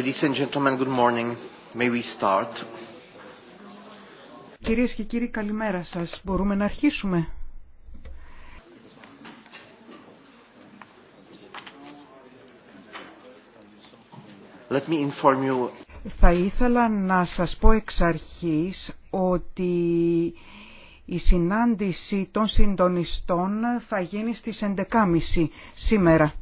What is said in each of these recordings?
Ladies Κυρίες και κύριοι, καλημέρα σας. Μπορούμε να αρχίσουμε. Θα ήθελα να σας πω εξ αρχής ότι η συνάντηση των συντονιστών θα γίνει στις 11.30 σήμερα.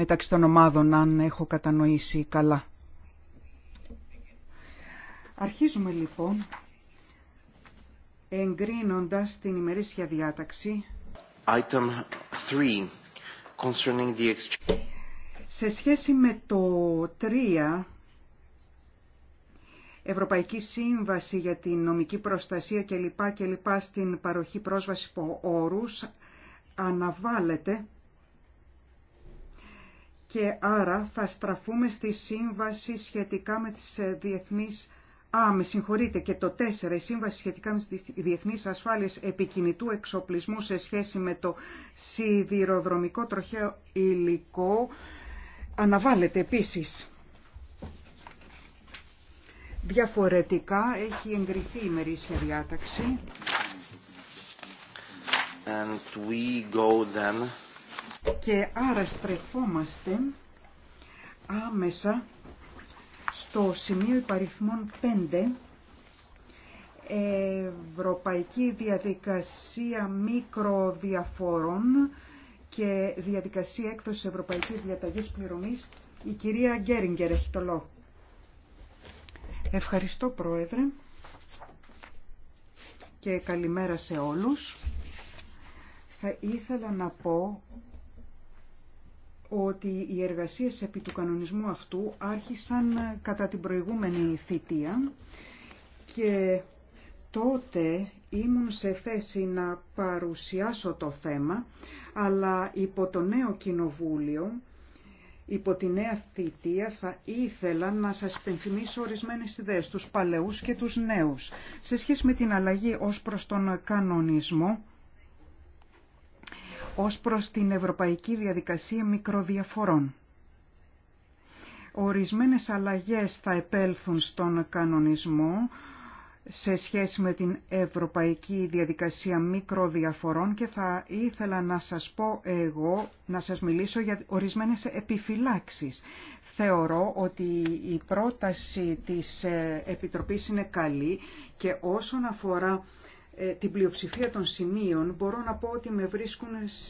μεταξύ των ομάδων, αν έχω κατανοήσει καλά. Αρχίζουμε λοιπόν εγκρίνοντας την ημερήσια διάταξη σε σχέση με το 3 Ευρωπαϊκή Σύμβαση για την νομική προστασία και κλπ. στην παροχή πρόσβαση από όρους αναβάλλεται και άρα θα στραφούμε στη σύμβαση σχετικά με τις ε, διεθνείς Α, με συγχωρείτε, και το 4, η σύμβαση σχετικά με τις διεθνείς ασφάλειες επικινητού εξοπλισμού σε σχέση με το σιδηροδρομικό τροχαίο υλικό αναβάλλεται επίσης. Διαφορετικά έχει εγκριθεί η ημερήσια διάταξη. And we go then και άρα στρεφόμαστε άμεσα στο σημείο υπαριθμών 5 Ευρωπαϊκή Διαδικασία Μικροδιαφορών και Διαδικασία Έκδοσης Ευρωπαϊκής Διαταγής Πληρωμής. Η κυρία Γκέριγκερ έχει το λόγο. Ευχαριστώ Πρόεδρε και καλημέρα σε όλους. Θα ήθελα να πω ότι οι εργασίες επί του κανονισμού αυτού άρχισαν κατά την προηγούμενη θητεία και τότε ήμουν σε θέση να παρουσιάσω το θέμα, αλλά υπό το νέο κοινοβούλιο, υπό τη νέα θητεία, θα ήθελα να σας υπενθυμίσω ορισμένες ιδέες, τους παλαιούς και τους νέους. Σε σχέση με την αλλαγή ως προς τον κανονισμό, ως προς την ευρωπαϊκή διαδικασία μικροδιαφορών. Ορισμένες αλλαγές θα επέλθουν στον κανονισμό σε σχέση με την ευρωπαϊκή διαδικασία μικροδιαφορών και θα ήθελα να σας πω εγώ, να σας μιλήσω για ορισμένες επιφυλάξεις. Θεωρώ ότι η πρόταση της Επιτροπής είναι καλή και όσον αφορά ε, την πλειοψηφία των σημείων μπορώ να πω ότι με βρίσκουν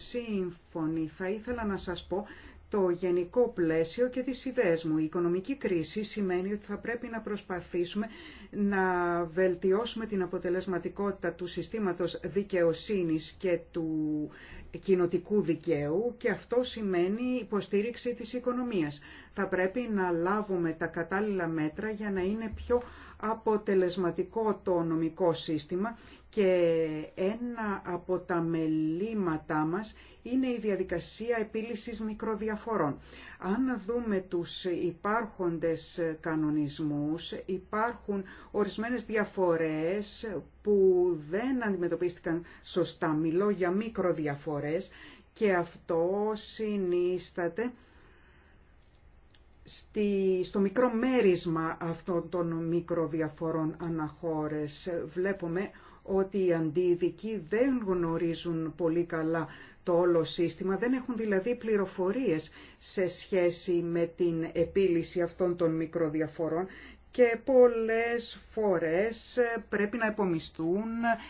σύμφωνοι. Θα ήθελα να σας πω το γενικό πλαίσιο και τις ιδέες μου. Η οικονομική κρίση σημαίνει ότι θα πρέπει να προσπαθήσουμε να βελτιώσουμε την αποτελεσματικότητα του συστήματος δικαιοσύνης και του κοινοτικού δικαίου και αυτό σημαίνει υποστήριξη της οικονομίας. Θα πρέπει να λάβουμε τα κατάλληλα μέτρα για να είναι πιο αποτελεσματικό το νομικό σύστημα και ένα από τα μελήματά μας είναι η διαδικασία επίλυσης μικροδιαφορών. Αν δούμε τους υπάρχοντες κανονισμούς, υπάρχουν ορισμένες διαφορές που δεν αντιμετωπίστηκαν σωστά. Μιλώ για μικροδιαφορές και αυτό συνίσταται στη, στο μικρό μέρισμα αυτών των μικροδιαφορών αναχώρες. Βλέπουμε ότι οι αντίδικοι δεν γνωρίζουν πολύ καλά το όλο σύστημα, δεν έχουν δηλαδή πληροφορίες σε σχέση με την επίλυση αυτών των μικροδιαφορών και πολλές φορές ε, πρέπει να επομιστούν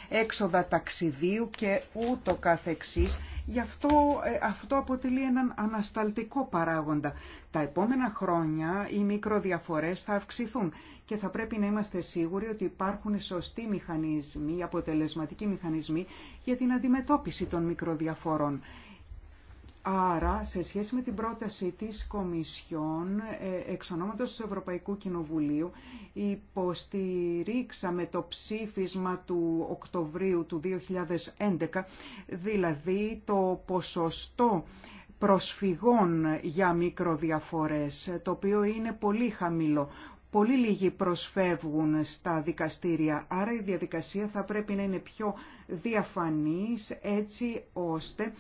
έξοδα ταξιδίου και ούτω καθεξής. Γι' αυτό ε, αυτό αποτελεί έναν ανασταλτικό παράγοντα. Τα επόμενα χρόνια οι μικροδιαφορές θα αυξηθούν και θα πρέπει να είμαστε σίγουροι ότι υπάρχουν σωστοί μηχανισμοί, αποτελεσματικοί μηχανισμοί για την αντιμετώπιση των μικροδιαφορών. Άρα, σε σχέση με την πρόταση της Κομισιόν, ε, εξ ονόματος του Ευρωπαϊκού Κοινοβουλίου, υποστηρίξαμε το ψήφισμα του Οκτωβρίου του 2011, δηλαδή το ποσοστό προσφυγών για μικροδιαφορές, το οποίο είναι πολύ χαμηλό. Πολύ λίγοι προσφεύγουν στα δικαστήρια, άρα η διαδικασία θα πρέπει να είναι πιο διαφανής έτσι ώστε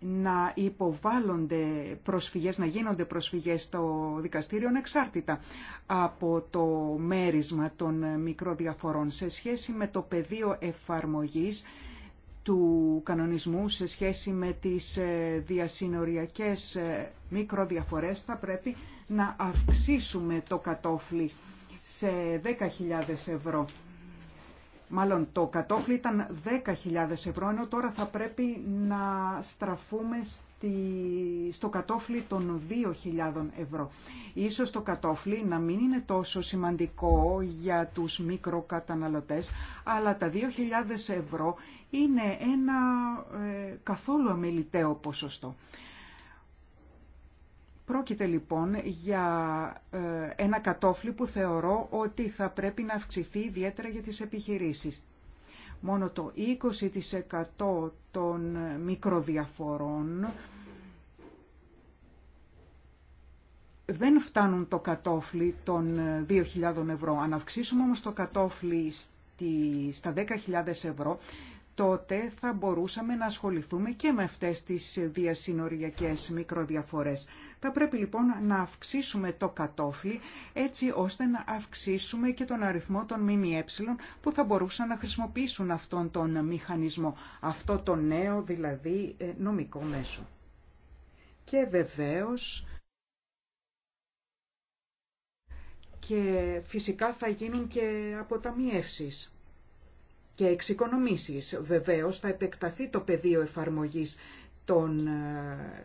να υποβάλλονται προσφυγές, να γίνονται προσφυγές στο δικαστήριο εξάρτητα από το μέρισμα των μικροδιαφορών σε σχέση με το πεδίο εφαρμογής του κανονισμού σε σχέση με τις διασυνοριακές μικροδιαφορές θα πρέπει να αυξήσουμε το κατόφλι σε 10.000 ευρώ. Μάλλον το κατόφλι ήταν 10.000 ευρώ, ενώ τώρα θα πρέπει να στραφούμε στη... στο κατόφλι των 2.000 ευρώ. Ίσως το κατόφλι να μην είναι τόσο σημαντικό για τους μικροκαταναλωτές, αλλά τα 2.000 ευρώ είναι ένα ε, καθόλου αμεληταίο ποσοστό. Πρόκειται λοιπόν για ε, ένα κατόφλι που θεωρώ ότι θα πρέπει να αυξηθεί ιδιαίτερα για τις επιχειρήσεις. Μόνο το 20% των μικροδιαφορών δεν φτάνουν το κατόφλι των 2.000 ευρώ. Αν αυξήσουμε όμως το κατόφλι στα 10.000 ευρώ τότε θα μπορούσαμε να ασχοληθούμε και με αυτές τις διασυνοριακές μικροδιαφορές. Θα πρέπει λοιπόν να αυξήσουμε το κατόφλι έτσι ώστε να αυξήσουμε και τον αριθμό των ΜΜΕ που θα μπορούσαν να χρησιμοποιήσουν αυτόν τον μηχανισμό, αυτό το νέο δηλαδή ε, νομικό μέσο. Και βεβαίως... Και φυσικά θα γίνουν και αποταμιεύσεις και εξοικονομήσεις. Βεβαίως θα επεκταθεί το πεδίο εφαρμογής των, ε,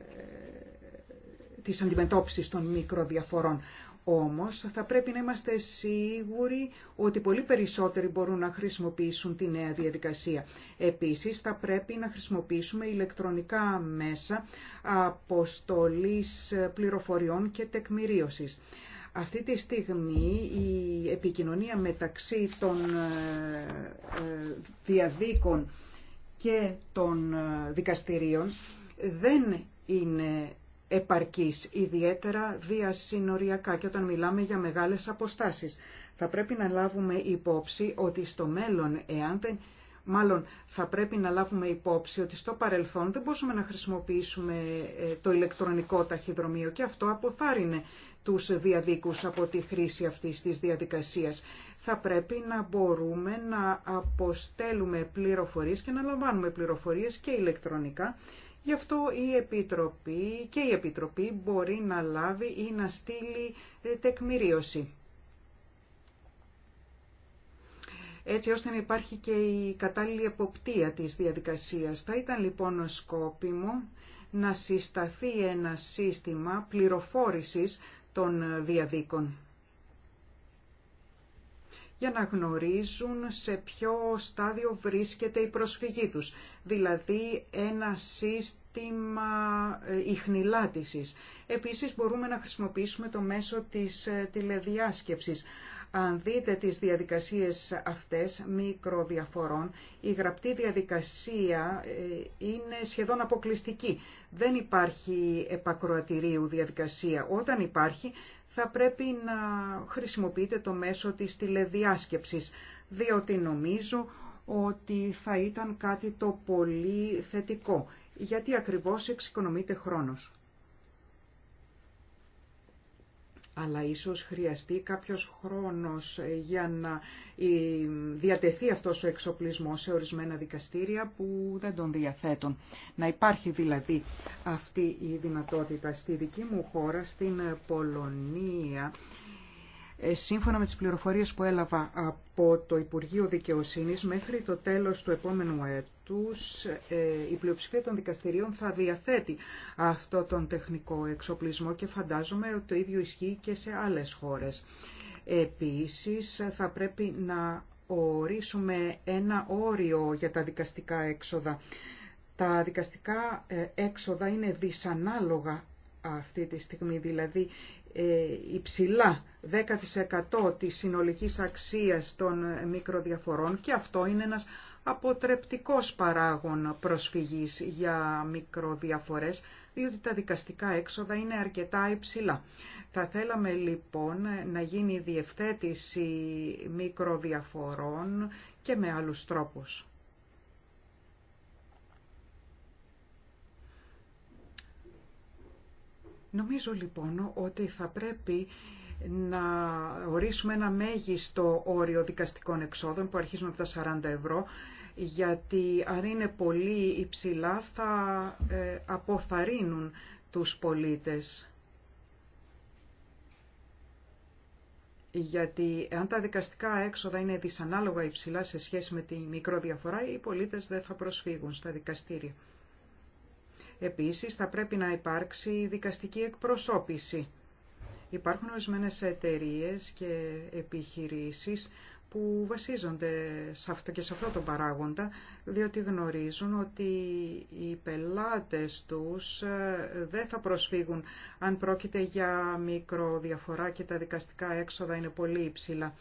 της αντιμετώπισης των μικροδιαφορών. Όμως θα πρέπει να είμαστε σίγουροι ότι πολύ περισσότεροι μπορούν να χρησιμοποιήσουν τη νέα διαδικασία. Επίσης θα πρέπει να χρησιμοποιήσουμε ηλεκτρονικά μέσα αποστολής πληροφοριών και τεκμηρίωσης. Αυτή τη στιγμή η επικοινωνία μεταξύ των ε, ε, διαδίκων και των ε, δικαστηρίων δεν είναι επαρκής, ιδιαίτερα διασυνοριακά και όταν μιλάμε για μεγάλες αποστάσεις. Θα πρέπει να λάβουμε υπόψη ότι στο μέλλον, εάν δεν, μάλλον θα πρέπει να λάβουμε υπόψη ότι στο παρελθόν δεν μπορούσαμε να χρησιμοποιήσουμε το ηλεκτρονικό ταχυδρομείο και αυτό αποθάρρυνε τους διαδίκους από τη χρήση αυτής της διαδικασίας. Θα πρέπει να μπορούμε να αποστέλουμε πληροφορίες και να λαμβάνουμε πληροφορίες και ηλεκτρονικά. Γι' αυτό η Επιτροπή και η Επιτροπή μπορεί να λάβει ή να στείλει ε, τεκμηρίωση. έτσι ώστε να υπάρχει και η κατάλληλη εποπτεία της διαδικασίας. Θα ήταν λοιπόν σκόπιμο να συσταθεί ένα σύστημα πληροφόρησης των διαδίκων για να γνωρίζουν σε ποιο στάδιο βρίσκεται η προσφυγή τους, δηλαδή ένα σύστημα ε, ιχνηλάτησης. Επίσης μπορούμε να χρησιμοποιήσουμε το μέσο της ε, τηλεδιάσκεψης. Αν δείτε τις διαδικασίες αυτές μικροδιαφορών, η γραπτή διαδικασία ε, είναι σχεδόν αποκλειστική. Δεν υπάρχει επακροατηρίου διαδικασία. Όταν υπάρχει θα πρέπει να χρησιμοποιείτε το μέσο της τηλεδιάσκεψης, διότι νομίζω ότι θα ήταν κάτι το πολύ θετικό, γιατί ακριβώς εξοικονομείται χρόνος. αλλά ίσως χρειαστεί κάποιος χρόνος ε, για να ε, διατεθεί αυτός ο εξοπλισμός σε ορισμένα δικαστήρια που δεν τον διαθέτουν. Να υπάρχει δηλαδή αυτή η δυνατότητα. Στη δική μου χώρα, στην Πολωνία, ε, σύμφωνα με τις πληροφορίες που έλαβα από το Υπουργείο Δικαιοσύνης, μέχρι το τέλος του επόμενου έτους ε, η πλειοψηφία των δικαστηρίων θα διαθέτει αυτό τον τεχνικό εξοπλισμό και φαντάζομαι ότι το ίδιο ισχύει και σε άλλες χώρες. Επίσης θα πρέπει να ορίσουμε ένα όριο για τα δικαστικά έξοδα. Τα δικαστικά ε, έξοδα είναι δυσανάλογα αυτή τη στιγμή, δηλαδή ε, υψηλά 10% της συνολικής αξίας των μικροδιαφορών και αυτό είναι ένας αποτρεπτικός παράγων προσφυγής για μικροδιαφορές, διότι τα δικαστικά έξοδα είναι αρκετά υψηλά. Θα θέλαμε λοιπόν να γίνει διευθέτηση μικροδιαφορών και με άλλους τρόπους. Νομίζω λοιπόν ότι θα πρέπει να ορίσουμε ένα μέγιστο όριο δικαστικών εξόδων που αρχίζουν από τα 40 ευρώ, γιατί αν είναι πολύ υψηλά θα ε, αποθαρρύνουν τους πολίτες. Γιατί αν τα δικαστικά έξοδα είναι δυσανάλογα υψηλά σε σχέση με τη μικροδιαφορά, οι πολίτες δεν θα προσφύγουν στα δικαστήρια. Επίσης, θα πρέπει να υπάρξει δικαστική εκπροσώπηση. Υπάρχουν ορισμένε εταιρείε και επιχειρήσεις που βασίζονται σε αυτό και σε αυτό τον παράγοντα, διότι γνωρίζουν ότι οι πελάτες τους ε, δεν θα προσφύγουν αν πρόκειται για μικροδιαφορά και τα δικαστικά έξοδα είναι πολύ υψηλά.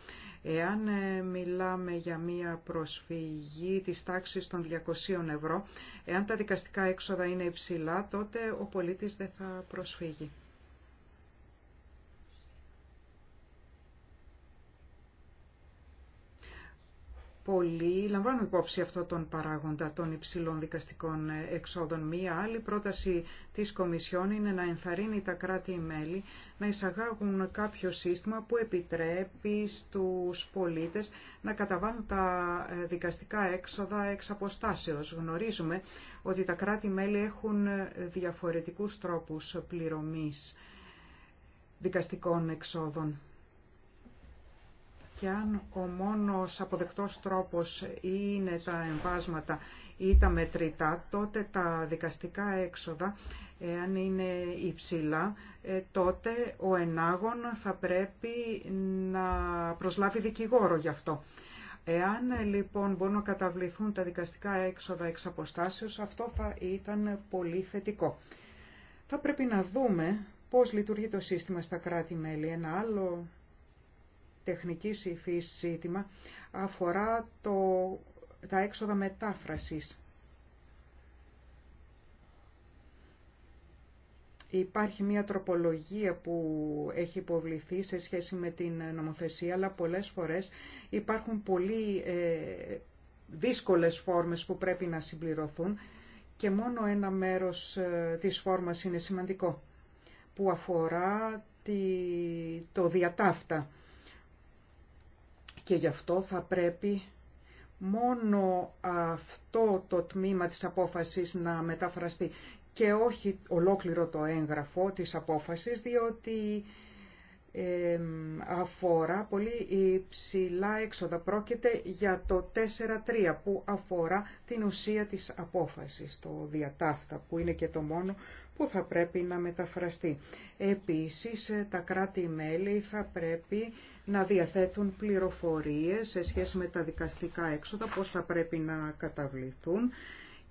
Εάν ε, μιλάμε για μία προσφυγή της τάξης των 200 ευρώ, εάν τα δικαστικά έξοδα είναι υψηλά, τότε ο πολίτης δεν θα προσφύγει. πολύ λαμβάνουν υπόψη αυτό τον παράγοντα των υψηλών δικαστικών εξόδων. Μία άλλη πρόταση της Κομισιόν είναι να ενθαρρύνει τα κράτη-μέλη να εισαγάγουν κάποιο σύστημα που επιτρέπει στους πολίτες να καταβάλουν τα ε, δικαστικά έξοδα εξ αποστάσεως. Γνωρίζουμε ότι τα κράτη-μέλη έχουν ε, διαφορετικούς τρόπους πληρωμής δικαστικών εξόδων. Και αν ο μόνος αποδεκτός τρόπος είναι τα εμβάσματα ή τα μετρητά, τότε τα δικαστικά έξοδα, εάν είναι υψηλά, ε, τότε ο ενάγων θα πρέπει να προσλάβει δικηγόρο γι' αυτό. Εάν λοιπόν μπορούν να καταβληθούν τα δικαστικά έξοδα εξ αποστάσεως, αυτό θα ήταν πολύ θετικό. Θα πρέπει να δούμε πώς λειτουργεί το σύστημα στα κράτη-μέλη. Ένα άλλο τεχνικής υφής ζήτημα αφορά το, τα έξοδα μετάφρασης. Υπάρχει μια τροπολογία που έχει υποβληθεί σε σχέση με την νομοθεσία, αλλά πολλές φορές υπάρχουν πολύ ε, δύσκολες φόρμες που πρέπει να συμπληρωθούν και μόνο ένα μέρος ε, της φόρμας είναι σημαντικό, που αφορά τη, το διατάφτα και γι' αυτό θα πρέπει μόνο αυτό το τμήμα της απόφασης να μεταφραστεί και όχι ολόκληρο το έγγραφο της απόφασης, διότι αφορά πολύ υψηλά έξοδα. Πρόκειται για το 4-3 που αφορά την ουσία της απόφασης, το διατάφτα που είναι και το μόνο που θα πρέπει να μεταφραστεί. Επίσης τα κράτη-μέλη θα πρέπει να διαθέτουν πληροφορίες σε σχέση με τα δικαστικά έξοδα, πώς θα πρέπει να καταβληθούν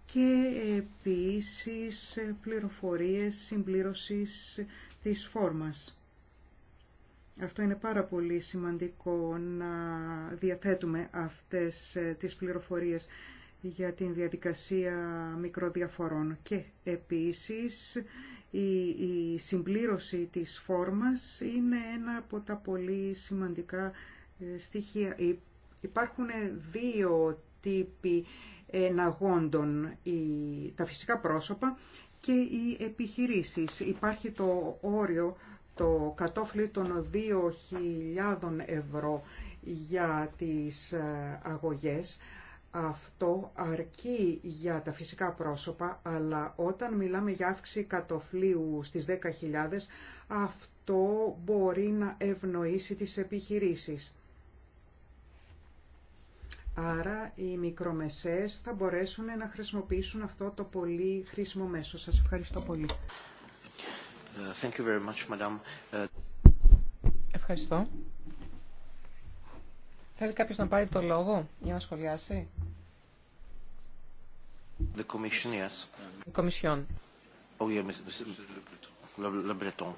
και επίσης πληροφορίες συμπλήρωσης της φόρμας. Αυτό είναι πάρα πολύ σημαντικό να διαθέτουμε αυτές τις πληροφορίες για την διαδικασία μικροδιαφορών και επίσης η, συμπλήρωση της φόρμας είναι ένα από τα πολύ σημαντικά ε, στοιχεία. Υπάρχουν δύο τύποι εναγόντων, τα φυσικά πρόσωπα και οι επιχειρήσεις. Υπάρχει το όριο, το κατόφλι των 2.000 ευρώ για τις ε, αγωγές, αυτό αρκεί για τα φυσικά πρόσωπα, αλλά όταν μιλάμε για αύξηση κατοφλίου στις 10.000, αυτό μπορεί να ευνοήσει τις επιχειρήσεις. Άρα οι μικρομεσές θα μπορέσουν να χρησιμοποιήσουν αυτό το πολύ χρήσιμο μέσο. Σας ευχαριστώ πολύ. Thank you very much, madam. Ευχαριστώ. Θέλει κάποιο να πάρει το λόγο για να σχολιάσει. The commission, yes. Η Commission. Oh, yeah, Le Breton.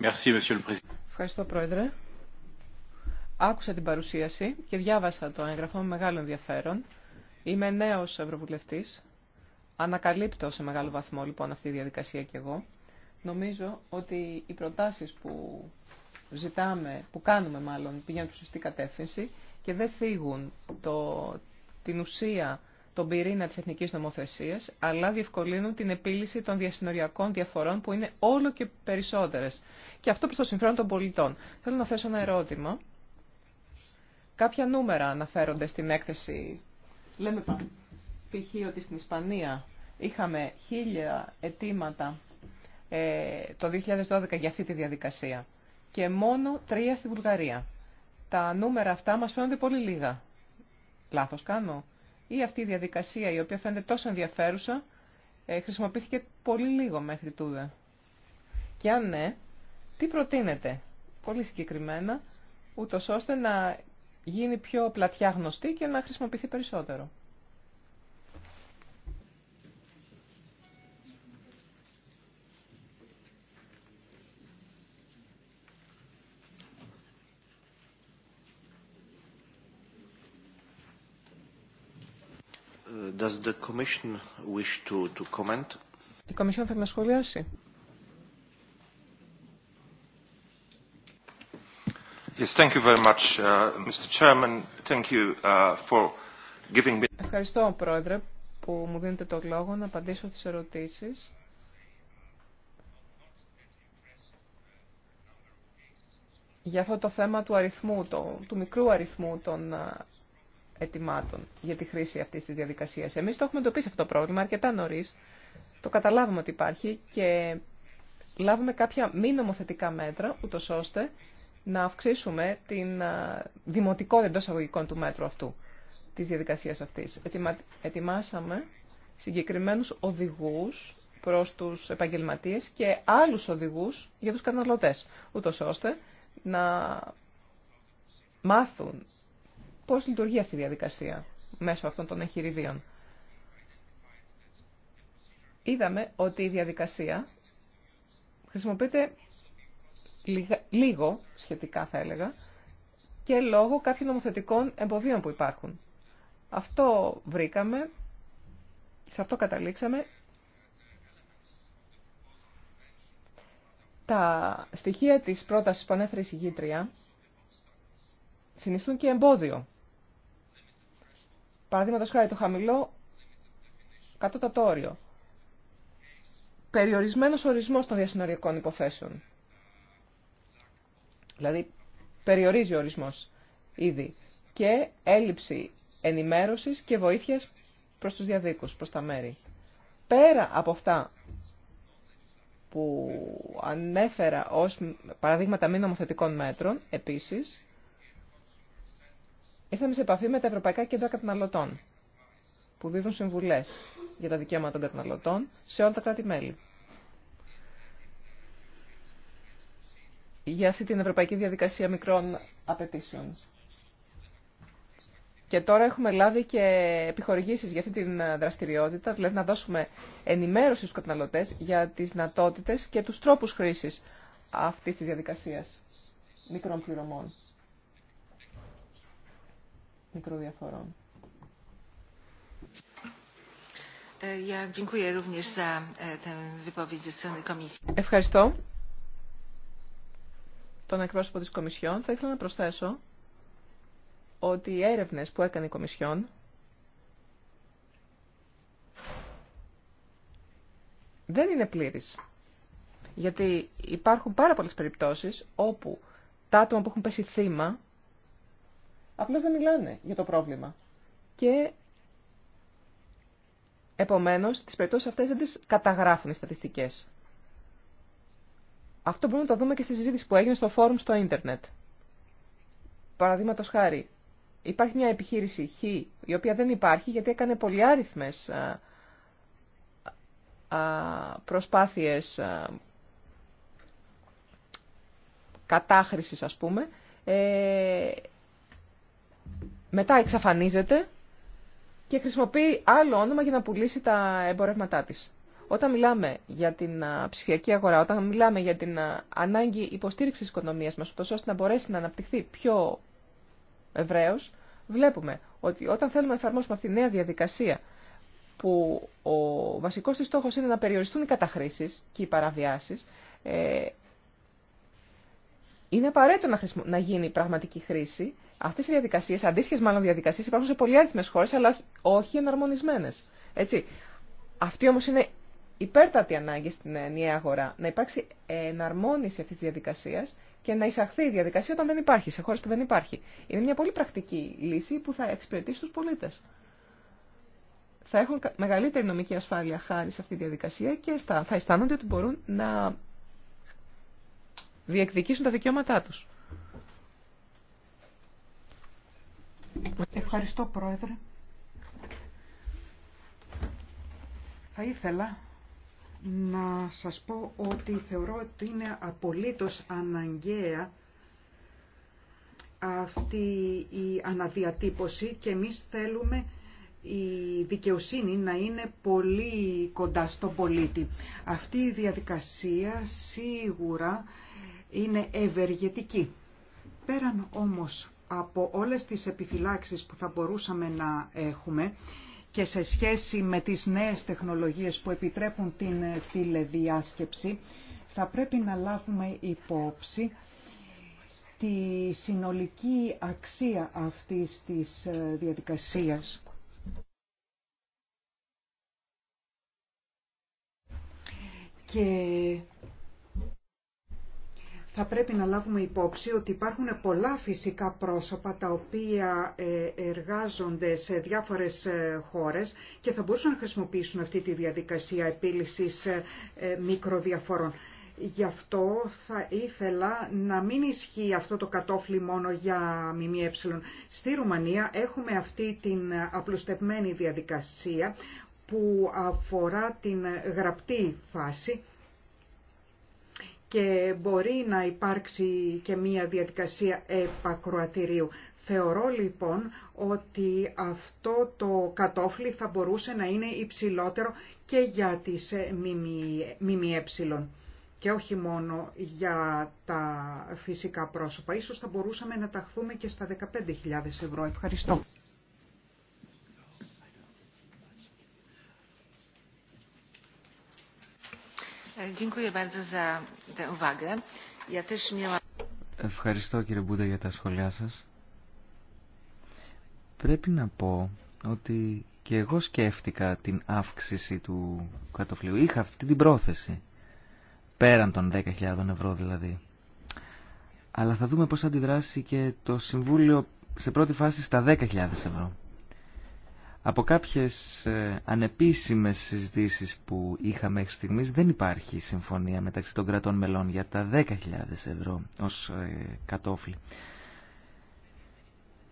Merci, Monsieur le Président. Ευχαριστώ, Πρόεδρε. Άκουσα την παρουσίαση και διάβασα το έγγραφο με μεγάλο ενδιαφέρον. Είμαι νέος Ευρωβουλευτής. Ανακαλύπτω σε μεγάλο βαθμό, λοιπόν, αυτή τη διαδικασία κι εγώ. Νομίζω ότι οι προτάσεις που ζητάμε, που κάνουμε μάλλον, πηγαίνουν στη σωστή κατεύθυνση και δεν φύγουν το, την ουσία, τον πυρήνα της εθνικής νομοθεσίας, αλλά διευκολύνουν την επίλυση των διασυνοριακών διαφορών που είναι όλο και περισσότερες. Και αυτό προς το συμφέρον των πολιτών. Θέλω να θέσω ένα ερώτημα. Κάποια νούμερα αναφέρονται στην έκθεση. Λέμε π.χ. ότι στην Ισπανία είχαμε χίλια αιτήματα ε, το 2012 για αυτή τη διαδικασία και μόνο τρία στη Βουλγαρία. Τα νούμερα αυτά μας φαίνονται πολύ λίγα. Λάθος κάνω. Ή αυτή η διαδικασία η οποία φαίνεται τόσο ενδιαφέρουσα ε, χρησιμοποιήθηκε πολύ λίγο μέχρι τούδε. Και αν ναι, τι προτείνετε; πολύ συγκεκριμένα, ούτω ώστε να γίνει πιο πλατιά γνωστή και να χρησιμοποιηθεί περισσότερο. Does the Commission wish to, to comment? Η Κομισιόν θέλει να σχολιάσει. Yes, thank you very much, uh, Mr. Chairman. Thank you uh, for giving me. Ευχαριστώ, Πρόεδρε, που μου δίνετε το λόγο να απαντήσω στις ερωτήσεις. Για αυτό το θέμα του αριθμού, το, του μικρού αριθμού των ετοιμάτων για τη χρήση αυτής της διαδικασίας. Εμείς το έχουμε εντοπίσει αυτό το πρόβλημα αρκετά νωρί. Το καταλάβουμε ότι υπάρχει και λάβουμε κάποια μη νομοθετικά μέτρα, ούτω ώστε να αυξήσουμε την δημοτικότητα εντό αγωγικών του μέτρου αυτού, τη διαδικασία αυτή. Ετοιμάσαμε συγκεκριμένους οδηγού προ του επαγγελματίε και άλλου οδηγού για του καταναλωτέ, ούτω ώστε να μάθουν πώς λειτουργεί αυτή η διαδικασία μέσω αυτών των εγχειριδίων. Είδαμε ότι η διαδικασία χρησιμοποιείται λίγο, σχετικά θα έλεγα, και λόγω κάποιων νομοθετικών εμποδίων που υπάρχουν. Αυτό βρήκαμε, σε αυτό καταλήξαμε. Τα στοιχεία της πρότασης που ανέφερε η συγγήτρια συνιστούν και εμπόδιο Παραδείγματος χάρη το χαμηλό κατώτατο όριο. Περιορισμένος ορισμός των διασυνοριακών υποθέσεων. Δηλαδή, περιορίζει ο ορισμός ήδη. Και έλλειψη ενημέρωσης και βοήθειας προς τους διαδίκους, προς τα μέρη. Πέρα από αυτά που ανέφερα ως παραδείγματα μη νομοθετικών μέτρων, επίσης, Ήρθαμε σε επαφή με τα Ευρωπαϊκά Κέντρα Καταναλωτών, που δίδουν συμβουλέ για τα δικαιώματα των καταναλωτών σε όλα τα κράτη-μέλη. Για αυτή την Ευρωπαϊκή Διαδικασία Μικρών Απαιτήσεων. Και τώρα έχουμε λάβει και επιχορηγήσεις για αυτή την δραστηριότητα, δηλαδή να δώσουμε ενημέρωση στους καταναλωτές για τις δυνατότητε και τους τρόπους χρήσης αυτής της διαδικασίας μικρών πληρωμών. Ε, e, Ευχαριστώ τον εκπρόσωπο της Κομισιόν. Θα ήθελα να προσθέσω ότι οι έρευνες που έκανε η Κομισιόν δεν είναι πλήρης. Γιατί υπάρχουν πάρα πολλές περιπτώσεις όπου τα άτομα που έχουν πέσει θύμα Απλώς δεν μιλάνε για το πρόβλημα. Και επομένως τις περιπτώσεις αυτές δεν τις καταγράφουν οι στατιστικές. Αυτό μπορούμε να το δούμε και στη συζήτηση που έγινε στο φόρουμ στο ίντερνετ. Παραδείγματο χάρη, υπάρχει μια επιχείρηση Χ, η οποία δεν υπάρχει γιατί έκανε πολυάριθμες α, προσπάθειες α, κατάχρησης, ας πούμε, ε, μετά εξαφανίζεται και χρησιμοποιεί άλλο όνομα για να πουλήσει τα εμπορεύματά της. Όταν μιλάμε για την ψηφιακή αγορά, όταν μιλάμε για την ανάγκη υποστήριξης της οικονομίας μας, ώστε να μπορέσει να αναπτυχθεί πιο ευρέως, βλέπουμε ότι όταν θέλουμε να εφαρμόσουμε αυτή τη νέα διαδικασία, που ο βασικός της στόχος είναι να περιοριστούν οι καταχρήσεις και οι παραβιάσεις, ε, είναι απαραίτητο να γίνει πραγματική χρήση Αυτέ οι διαδικασίε, αντίστοιχε μάλλον διαδικασίε, υπάρχουν σε πολυάριθμε χώρε, αλλά όχι εναρμονισμένε. Έτσι. Αυτή όμω είναι υπέρτατη ανάγκη στην ενιαία αγορά. Να υπάρξει εναρμόνιση αυτή τη διαδικασία και να εισαχθεί η διαδικασία όταν δεν υπάρχει, σε χώρε που δεν υπάρχει. Είναι μια πολύ πρακτική λύση που θα εξυπηρετήσει του πολίτε. Θα έχουν μεγαλύτερη νομική ασφάλεια χάρη σε αυτή τη διαδικασία και θα αισθάνονται ότι μπορούν να διεκδικήσουν τα δικαιώματά τους. Ευχαριστώ Πρόεδρε. Θα ήθελα να σας πω ότι θεωρώ ότι είναι απολύτως αναγκαία αυτή η αναδιατύπωση και εμείς θέλουμε η δικαιοσύνη να είναι πολύ κοντά στον πολίτη. Αυτή η διαδικασία σίγουρα είναι ευεργετική. Πέραν όμως από όλες τις επιφυλάξεις που θα μπορούσαμε να έχουμε και σε σχέση με τις νέες τεχνολογίες που επιτρέπουν την τηλεδιάσκεψη, θα πρέπει να λάβουμε υπόψη τη συνολική αξία αυτής της ε, διαδικασίας. Και θα πρέπει να λάβουμε υπόψη ότι υπάρχουν πολλά φυσικά πρόσωπα τα οποία ε, εργάζονται σε διάφορες ε, χώρες και θα μπορούσαν να χρησιμοποιήσουν αυτή τη διαδικασία επίλυσης ε, μικροδιαφορών. Γι' αυτό θα ήθελα να μην ισχύει αυτό το κατόφλι μόνο για ΜΜΕ. Στη Ρουμανία έχουμε αυτή την απλουστευμένη διαδικασία που αφορά την γραπτή φάση και μπορεί να υπάρξει και μία διαδικασία επακροατηρίου. Θεωρώ λοιπόν ότι αυτό το κατόφλι θα μπορούσε να είναι υψηλότερο και για τις ΜΜΕ ε και όχι μόνο για τα φυσικά πρόσωπα. Ίσως θα μπορούσαμε να ταχθούμε και στα 15.000 ευρώ. Ευχαριστώ. Ευχαριστώ κύριε Μπούντα για τα σχόλιά σας. Πρέπει να πω ότι και εγώ σκέφτηκα την αύξηση του κατοφλίου. Είχα αυτή την πρόθεση. Πέραν των 10.000 ευρώ δηλαδή. Αλλά θα δούμε πώς θα αντιδράσει και το Συμβούλιο σε πρώτη φάση στα 10.000 ευρώ. Από κάποιες ε, ανεπίσημες συζητήσεις που είχαμε μέχρι στιγμής δεν υπάρχει συμφωνία μεταξύ των κρατών μελών για τα 10.000 ευρώ ως ε, κατόφλι.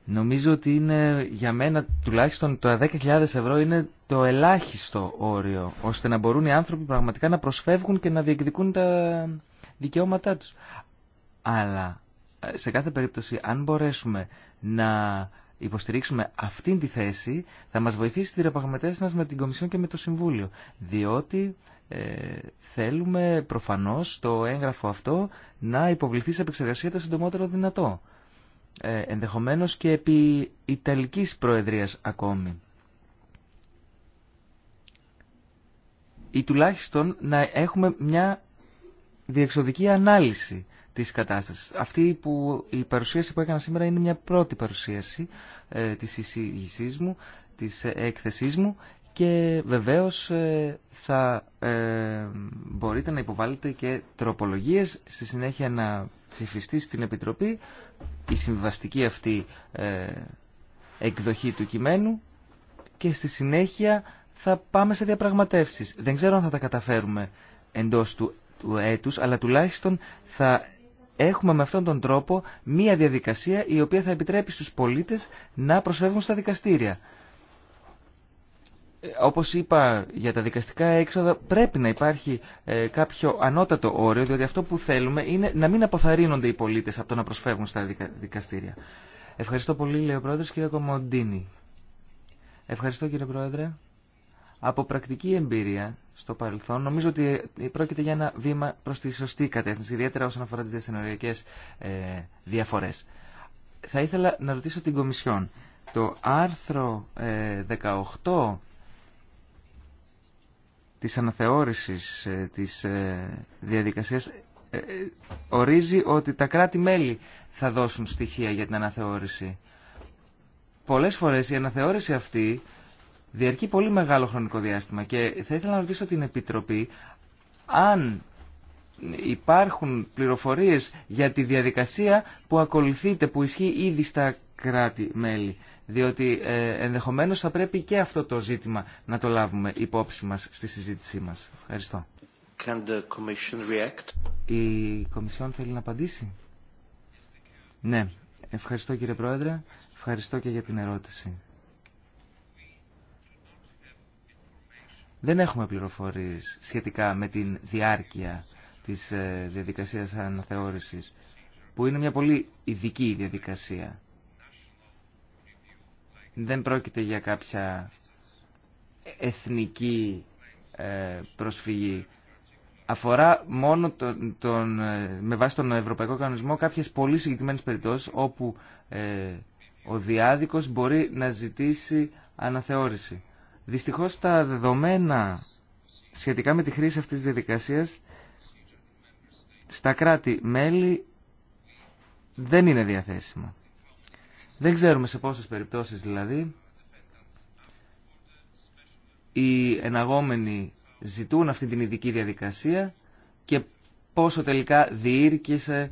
Νομίζω ότι είναι για μένα τουλάχιστον τα 10.000 ευρώ είναι το ελάχιστο όριο ώστε να μπορούν οι άνθρωποι πραγματικά να προσφεύγουν και να διεκδικούν τα δικαιώματά τους. Αλλά ε, σε κάθε περίπτωση αν μπορέσουμε να υποστηρίξουμε αυτήν τη θέση θα μας βοηθήσει τη διαπραγματεύση μας με την Κομισιόν και με το Συμβούλιο. Διότι ε, θέλουμε προφανώς το έγγραφο αυτό να υποβληθεί σε επεξεργασία το συντομότερο δυνατό. Ε, ενδεχομένως και επί Ιταλικής Προεδρίας ακόμη. Ή τουλάχιστον να έχουμε μια διεξοδική ανάλυση Τη κατάσταση. Αυτή που η παρουσίαση που έκανα σήμερα είναι μια πρώτη παρουσίαση ε, της εισηγησής μου, της ε, έκθεσής μου και βεβαίως ε, θα μπορείτε να υποβάλλετε και τροπολογίες στη συνέχεια να ψηφιστεί στην Επιτροπή η συμβαστική αυτή εκδοχή του κειμένου και στη συνέχεια θα πάμε σε διαπραγματεύσεις. Δεν ξέρω αν θα τα καταφέρουμε εντός του, του έτους, αλλά τουλάχιστον θα έχουμε με αυτόν τον τρόπο μία διαδικασία η οποία θα επιτρέπει στους πολίτες να προσφεύγουν στα δικαστήρια. Ε, όπως είπα για τα δικαστικά έξοδα πρέπει να υπάρχει ε, κάποιο ανώτατο όριο διότι αυτό που θέλουμε είναι να μην αποθαρρύνονται οι πολίτες από το να προσφεύγουν στα δικαστήρια. Ευχαριστώ πολύ λέει ο Πρόεδρος κύριε Κομοντίνη. Ευχαριστώ κύριε Πρόεδρε. Από πρακτική εμπειρία στο παρελθόν, νομίζω ότι πρόκειται για ένα βήμα προς τη σωστή κατεύθυνση, ιδιαίτερα όσον αφορά τις διασυνοριακές ε, διαφορές. Θα ήθελα να ρωτήσω την Κομισιόν. Το άρθρο 18 ε, της αναθεώρησης ε, της διαδικασίας ορίζει ότι τα κράτη-μέλη θα δώσουν στοιχεία για την αναθεώρηση. Πολλές φορές η αναθεώρηση αυτή διαρκεί πολύ μεγάλο χρονικό διάστημα και θα ήθελα να ρωτήσω την Επιτροπή αν υπάρχουν πληροφορίες για τη διαδικασία που ακολουθείται, που ισχύει ήδη στα κράτη-μέλη. Διότι ε, ενδεχομένως θα πρέπει και αυτό το ζήτημα να το λάβουμε υπόψη μας στη συζήτησή μας. Ευχαριστώ. Can the commission react? Η Κομισιόν θέλει να απαντήσει. Ναι. Ευχαριστώ κύριε Πρόεδρε. Ευχαριστώ και για την ερώτηση. Δεν έχουμε πληροφορίες σχετικά με την διάρκεια της ε, διαδικασίας αναθεώρησης, που είναι μια πολύ ειδική διαδικασία. Δεν πρόκειται για κάποια εθνική ε, προσφυγή. Αφορά μόνο τον, ε, με βάση τον Ευρωπαϊκό Κανονισμό κάποιες πολύ συγκεκριμένες περιπτώσεις όπου ο διάδικος μπορεί να ζητήσει αναθεώρηση. Δυστυχώς τα δεδομένα σχετικά με τη χρήση αυτής της διαδικασίας στα κράτη-μέλη δεν είναι διαθέσιμα. Δεν ξέρουμε σε πόσες περιπτώσεις δηλαδή οι εναγόμενοι ζητούν αυτή την ειδική διαδικασία και πόσο τελικά διήρκησε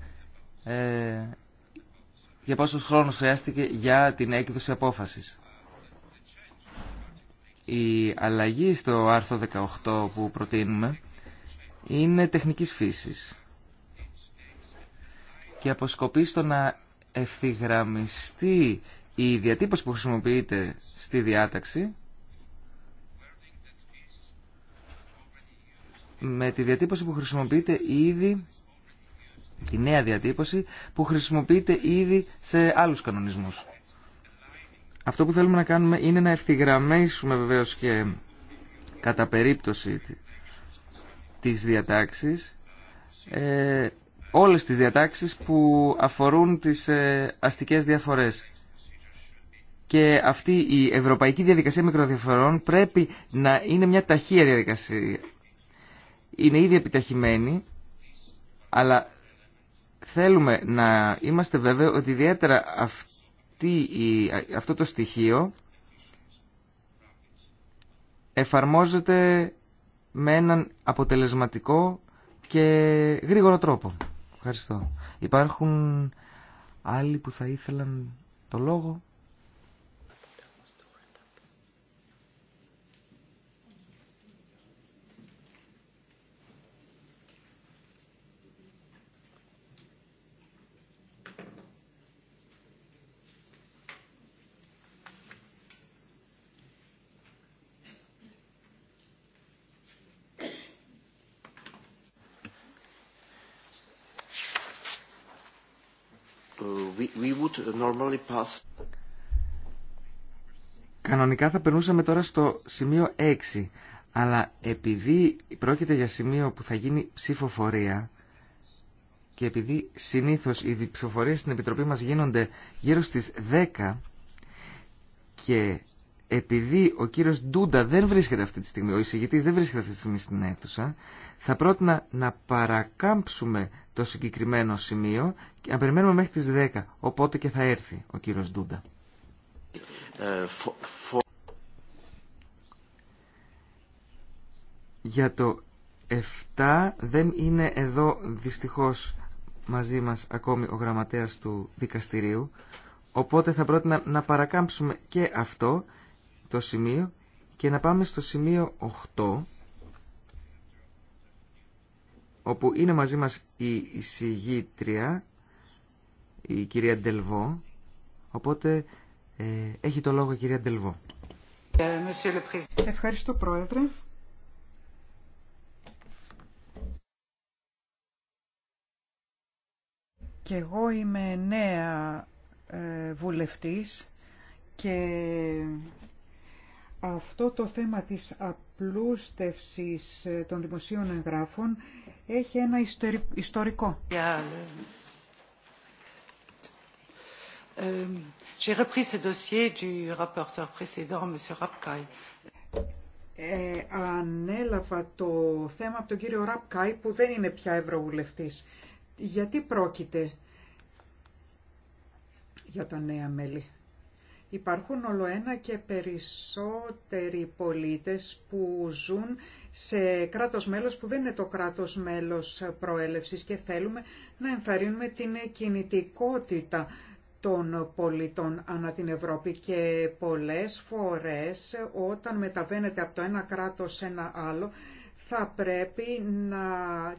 ε, για πόσος χρόνος χρειάστηκε για την έκδοση απόφασης. Η αλλαγή στο άρθρο 18 που προτείνουμε είναι τεχνικής φύσης και αποσκοπεί στο να ευθυγραμμιστεί η διατύπωση που χρησιμοποιείται στη διάταξη με τη διατύπωση που χρησιμοποιείται ήδη τη νέα διατύπωση που χρησιμοποιείται ήδη σε άλλους κανονισμούς. Αυτό που θέλουμε να κάνουμε είναι να ευθυγραμμίσουμε βεβαίως και κατά περίπτωση τις διατάξεις ε, όλες τις διατάξεις που αφορούν τις ε, αστικές διαφορές. Και αυτή η ευρωπαϊκή διαδικασία μικροδιαφορών πρέπει να είναι μια ταχεία διαδικασία. Είναι ήδη επιταχυμένη, αλλά θέλουμε να είμαστε βέβαιοι ότι ιδιαίτερα αυτή αυτή αυτό το στοιχείο εφαρμόζεται με έναν αποτελεσματικό και γρήγορο τρόπο. Ευχαριστώ. Υπάρχουν άλλοι που θα ήθελαν το λόγο. Κανονικά θα περνούσαμε τώρα στο σημείο 6, αλλά επειδή πρόκειται για σημείο που θα γίνει ψηφοφορία και επειδή συνήθως οι ψηφοφορίες στην Επιτροπή μας γίνονται γύρω στις 10 και επειδή ο κύριος Ντούντα δεν βρίσκεται αυτή τη στιγμή, ο εισηγητής δεν βρίσκεται αυτή τη στιγμή στην αίθουσα, θα πρότεινα να παρακάμψουμε το συγκεκριμένο σημείο και να περιμένουμε μέχρι τις 10, οπότε και θα έρθει ο κύριος Ντούντα. Ε, Για το 7 δεν είναι εδώ δυστυχώς μαζί μας ακόμη ο γραμματέας του δικαστηρίου, οπότε θα πρότεινα να παρακάμψουμε και αυτό το σημείο και να πάμε στο σημείο 8 όπου είναι μαζί μας η εισηγήτρια η κυρία Ντελβό οπότε ε, έχει το λόγο η κυρία Ντελβό Ευχαριστώ Πρόεδρε Και εγώ είμαι νέα ε, βουλευτής και αυτό το θέμα της απλούστευσης ε, των δημοσίων εγγράφων έχει ένα ιστορικό. ανέλαβα το θέμα από τον κύριο Ραπκάη που δεν είναι πια ευρωβουλευτής. Γιατί πρόκειται για τα νέα μέλη. Υπάρχουν όλο ένα και περισσότεροι πολίτες που ζουν σε κράτος μέλος που δεν είναι το κράτος μέλος προέλευσης και θέλουμε να ενθαρρύνουμε την κινητικότητα των πολιτών ανά την Ευρώπη και πολλές φορές όταν μεταβαίνετε από το ένα κράτος σε ένα άλλο θα πρέπει να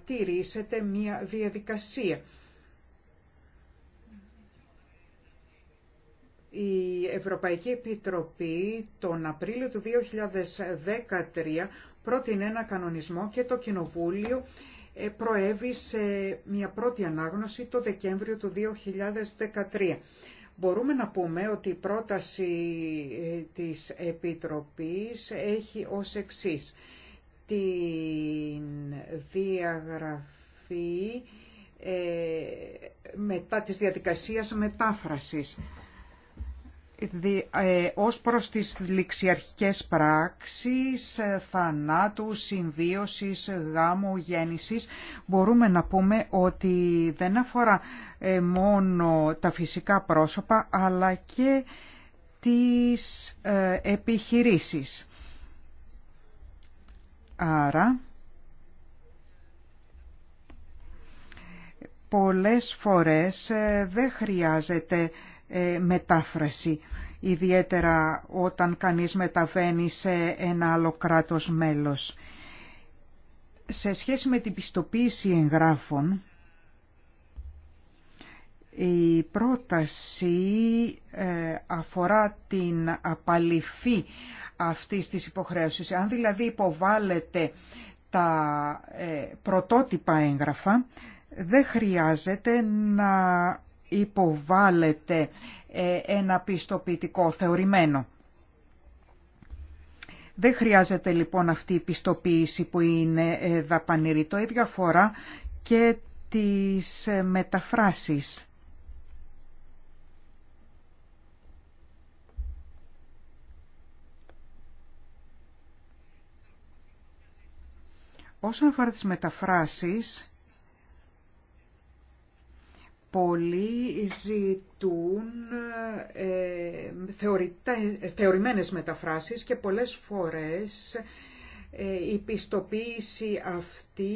τηρήσετε μία διαδικασία Η Ευρωπαϊκή Επιτροπή τον Απρίλιο του 2013 πρότεινε ένα κανονισμό και το Κοινοβούλιο ε, προέβη σε μια πρώτη ανάγνωση το Δεκέμβριο του 2013. Μπορούμε να πούμε ότι η πρόταση ε, της Επιτροπής έχει ως εξής. Την διαγραφή ε, μετά της διαδικασίας μετάφρασης. Ε, ως προς τις ληξιαρχικές πράξεις, ε, θανάτου, συμβίωσης, γάμου, γέννησης, μπορούμε να πούμε ότι δεν αφορά ε, μόνο τα φυσικά πρόσωπα, αλλά και τις επιχειρήσεις. Άρα, πολλές φορές δεν χρειάζεται ε, μετάφραση, ιδιαίτερα όταν κανείς μεταβαίνει σε ένα άλλο κράτος μέλος. Σε σχέση με την πιστοποίηση εγγράφων, η πρόταση ε, αφορά την απαλυφή αυτής της υποχρέωσης. Αν δηλαδή υποβάλετε τα ε, πρωτότυπα έγγραφα, δεν χρειάζεται να υποβάλλεται ε, ένα πιστοποιητικό θεωρημένο. Δεν χρειάζεται λοιπόν αυτή η πιστοποίηση που είναι ε, δαπανηρή. Το ίδιο αφορά και τις ε, μεταφράσεις. Όσον αφορά τις μεταφράσεις, πολλοί ζητούν ε, θεωρημένες μεταφράσεις και πολλές φορές ε, η πιστοποίηση αυτή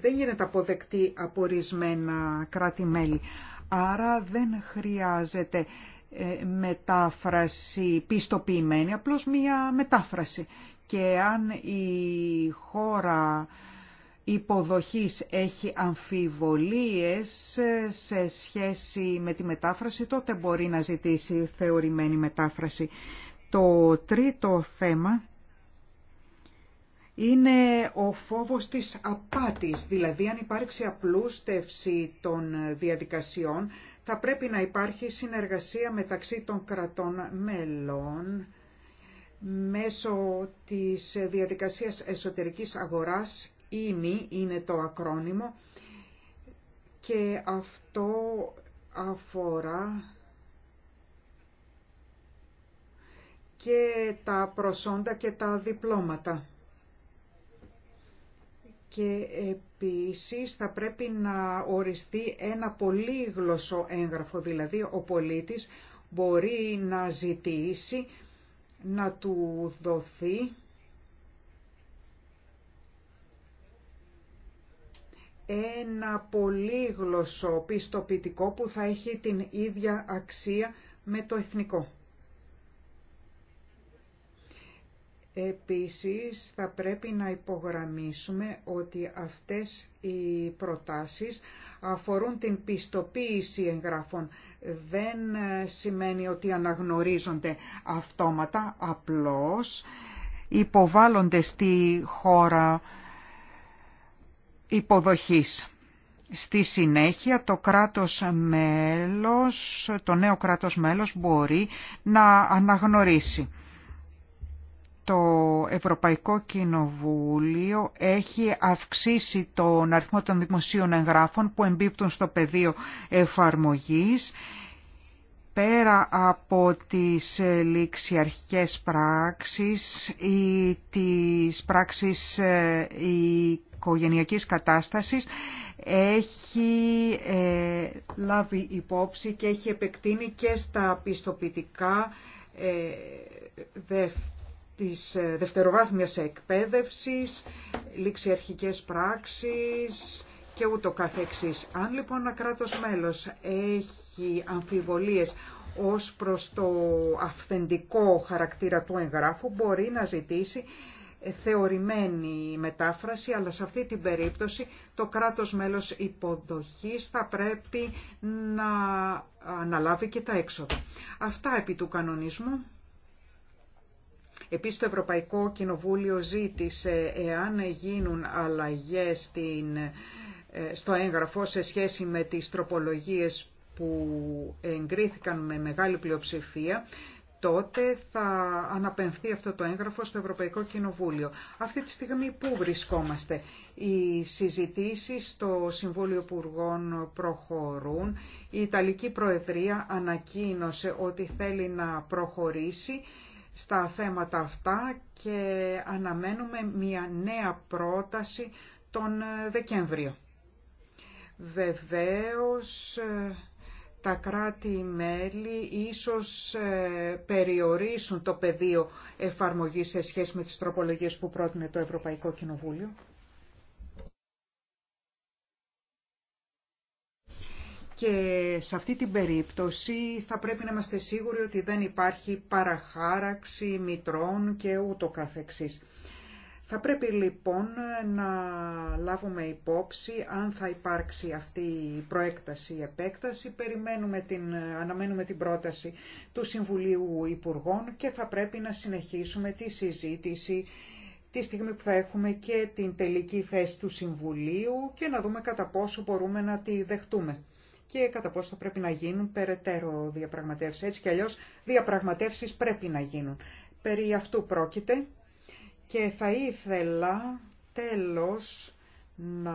δεν γίνεται αποδεκτή από ορισμένα κράτη-μέλη. Άρα δεν χρειάζεται ε, μετάφραση πιστοποιημένη, απλώς μία μετάφραση. Και αν η χώρα υποδοχής έχει αμφιβολίες ε, σε σχέση με τη μετάφραση, τότε μπορεί να ζητήσει θεωρημένη μετάφραση. Το τρίτο θέμα είναι ο φόβος της απάτης, δηλαδή αν υπάρξει απλούστευση των διαδικασιών, θα πρέπει να υπάρχει συνεργασία μεταξύ των κρατών μέλων μέσω της διαδικασίας εσωτερικής αγοράς ΙΜΗ είναι το ακρόνιμο και αυτό αφορά και τα προσόντα και τα διπλώματα. Και επίσης θα πρέπει να οριστεί ένα πολύγλωσσο έγγραφο, δηλαδή ο πολίτης μπορεί να ζητήσει να του δοθεί ένα πολύγλωσσο πιστοποιητικό που θα έχει την ίδια αξία με το εθνικό. Επίσης θα πρέπει να υπογραμμίσουμε ότι αυτές οι προτάσεις αφορούν την πιστοποίηση εγγράφων. Δεν σημαίνει ότι αναγνωρίζονται αυτόματα, απλώς υποβάλλονται στη χώρα υποδοχής. Στη συνέχεια το κράτος μέλος, το νέο κράτος μέλος μπορεί να αναγνωρίσει. Το Ευρωπαϊκό Κοινοβούλιο έχει αυξήσει τον αριθμό των δημοσίων εγγράφων που εμπίπτουν στο πεδίο εφαρμογής πέρα από τις ληξιαρχικές πράξεις ή τις πράξεις ε, οικογενειακής κατάστασης έχει ε, λάβει υπόψη και έχει επεκτείνει και στα πιστοποιητικά ε, δε, της ε, δευτεροβάθμιας εκπαίδευσης, πράξεις και ούτω καθεξής. Αν λοιπόν ένα κράτος μέλος έχει αμφιβολίες ως προς το αυθεντικό χαρακτήρα του εγγράφου μπορεί να ζητήσει θεωρημένη μετάφραση, αλλά σε αυτή την περίπτωση το κράτος μέλος υποδοχής θα πρέπει να αναλάβει και τα έξοδα. Αυτά επί του κανονισμού. Επίσης το Ευρωπαϊκό Κοινοβούλιο ζήτησε εάν γίνουν αλλαγές ε, στο έγγραφο σε σχέση με τις τροπολογίες που εγκρίθηκαν με μεγάλη πλειοψηφία τότε θα αναπαιμφθεί αυτό το έγγραφο στο Ευρωπαϊκό Κοινοβούλιο. Αυτή τη στιγμή πού βρισκόμαστε. Οι συζητήσεις στο Συμβούλιο Υπουργών προχωρούν. Η Ιταλική Προεδρία ανακοίνωσε ότι θέλει να προχωρήσει στα θέματα αυτά και αναμένουμε μια νέα πρόταση τον Δεκέμβριο. Βεβαίως ε, τα κράτη-μέλη ίσως ε, περιορίσουν το πεδίο εφαρμογής σε σχέση με τις τροπολογίες που πρότεινε το Ευρωπαϊκό Κοινοβούλιο. Και σε αυτή την περίπτωση θα πρέπει να είμαστε σίγουροι ότι δεν υπάρχει παραχάραξη μητρών και ούτω καθεξής. Θα πρέπει λοιπόν ε, να λάβουμε υπόψη αν θα υπάρξει αυτή η προέκταση ή επέκταση. Περιμένουμε την, ε, αναμένουμε την πρόταση του Συμβουλίου Υπουργών και θα πρέπει να συνεχίσουμε τη συζήτηση τη στιγμή που θα έχουμε και την τελική θέση του Συμβουλίου και να δούμε κατά πόσο μπορούμε να τη δεχτούμε και κατά πόσο θα πρέπει να γίνουν περαιτέρω διαπραγματεύσεις. Έτσι κι αλλιώς διαπραγματεύσεις πρέπει να γίνουν. Περί αυτού πρόκειται και θα ήθελα τέλος να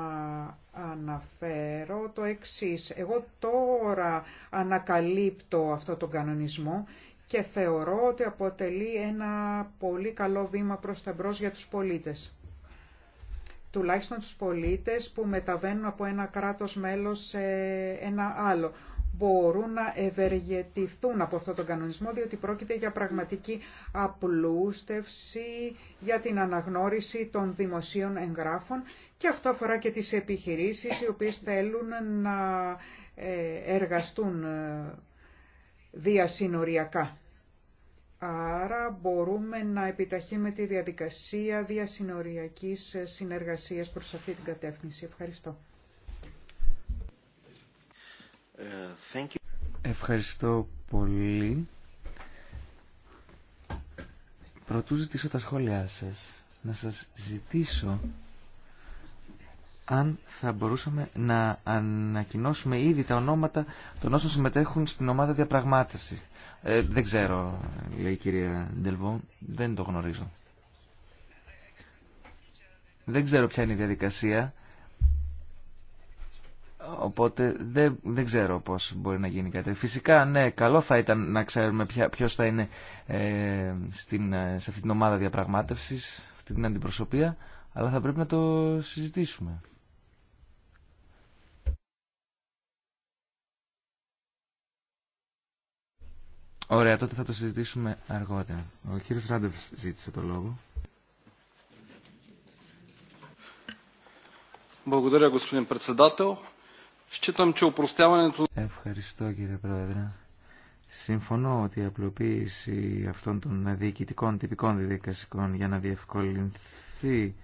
αναφέρω το εξής. Εγώ τώρα ανακαλύπτω αυτό τον κανονισμό και θεωρώ ότι αποτελεί ένα πολύ καλό βήμα προς τα μπρος για τους πολίτες. Τουλάχιστον τους πολίτες που μεταβαίνουν από ένα κράτος μέλος σε ένα άλλο μπορούν να ευεργετηθούν από αυτόν τον κανονισμό, διότι πρόκειται για πραγματική απλούστευση για την αναγνώριση των δημοσίων εγγράφων και αυτό αφορά και τις επιχειρήσεις οι οποίες θέλουν να ε, εργαστούν ε, διασυνοριακά. Άρα μπορούμε να επιταχύνουμε τη διαδικασία διασυνοριακής συνεργασίας προς αυτή την κατεύθυνση. Ευχαριστώ. Ευχαριστώ πολύ. Πρωτού ζητήσω τα σχόλιά σας, να σας ζητήσω αν θα μπορούσαμε να ανακοινώσουμε ήδη τα ονόματα των όσων συμμετέχουν στην ομάδα διαπραγμάτευσης. Ε, δεν ξέρω, λέει η κυρία Ντελβό, δεν το γνωρίζω. Δεν ξέρω ποια είναι η διαδικασία. Οπότε δεν, δεν ξέρω πώς μπορεί να γίνει κάτι. Φυσικά, ναι, καλό θα ήταν να ξέρουμε ποιο θα είναι ε, στην, ε, σε αυτή την ομάδα διαπραγμάτευσης, αυτή την αντιπροσωπεία, αλλά θα πρέπει να το συζητήσουμε. Ωραία, τότε θα το συζητήσουμε αργότερα. Ο κύριος Ράντεβ ζήτησε το λόγο. Благодаря, господин председател. Ευχαριστώ κύριε Πρόεδρε. Συμφωνώ ότι η απλοποίηση αυτών των διοικητικών τυπικών διδικασικών για να διευκολυνθεί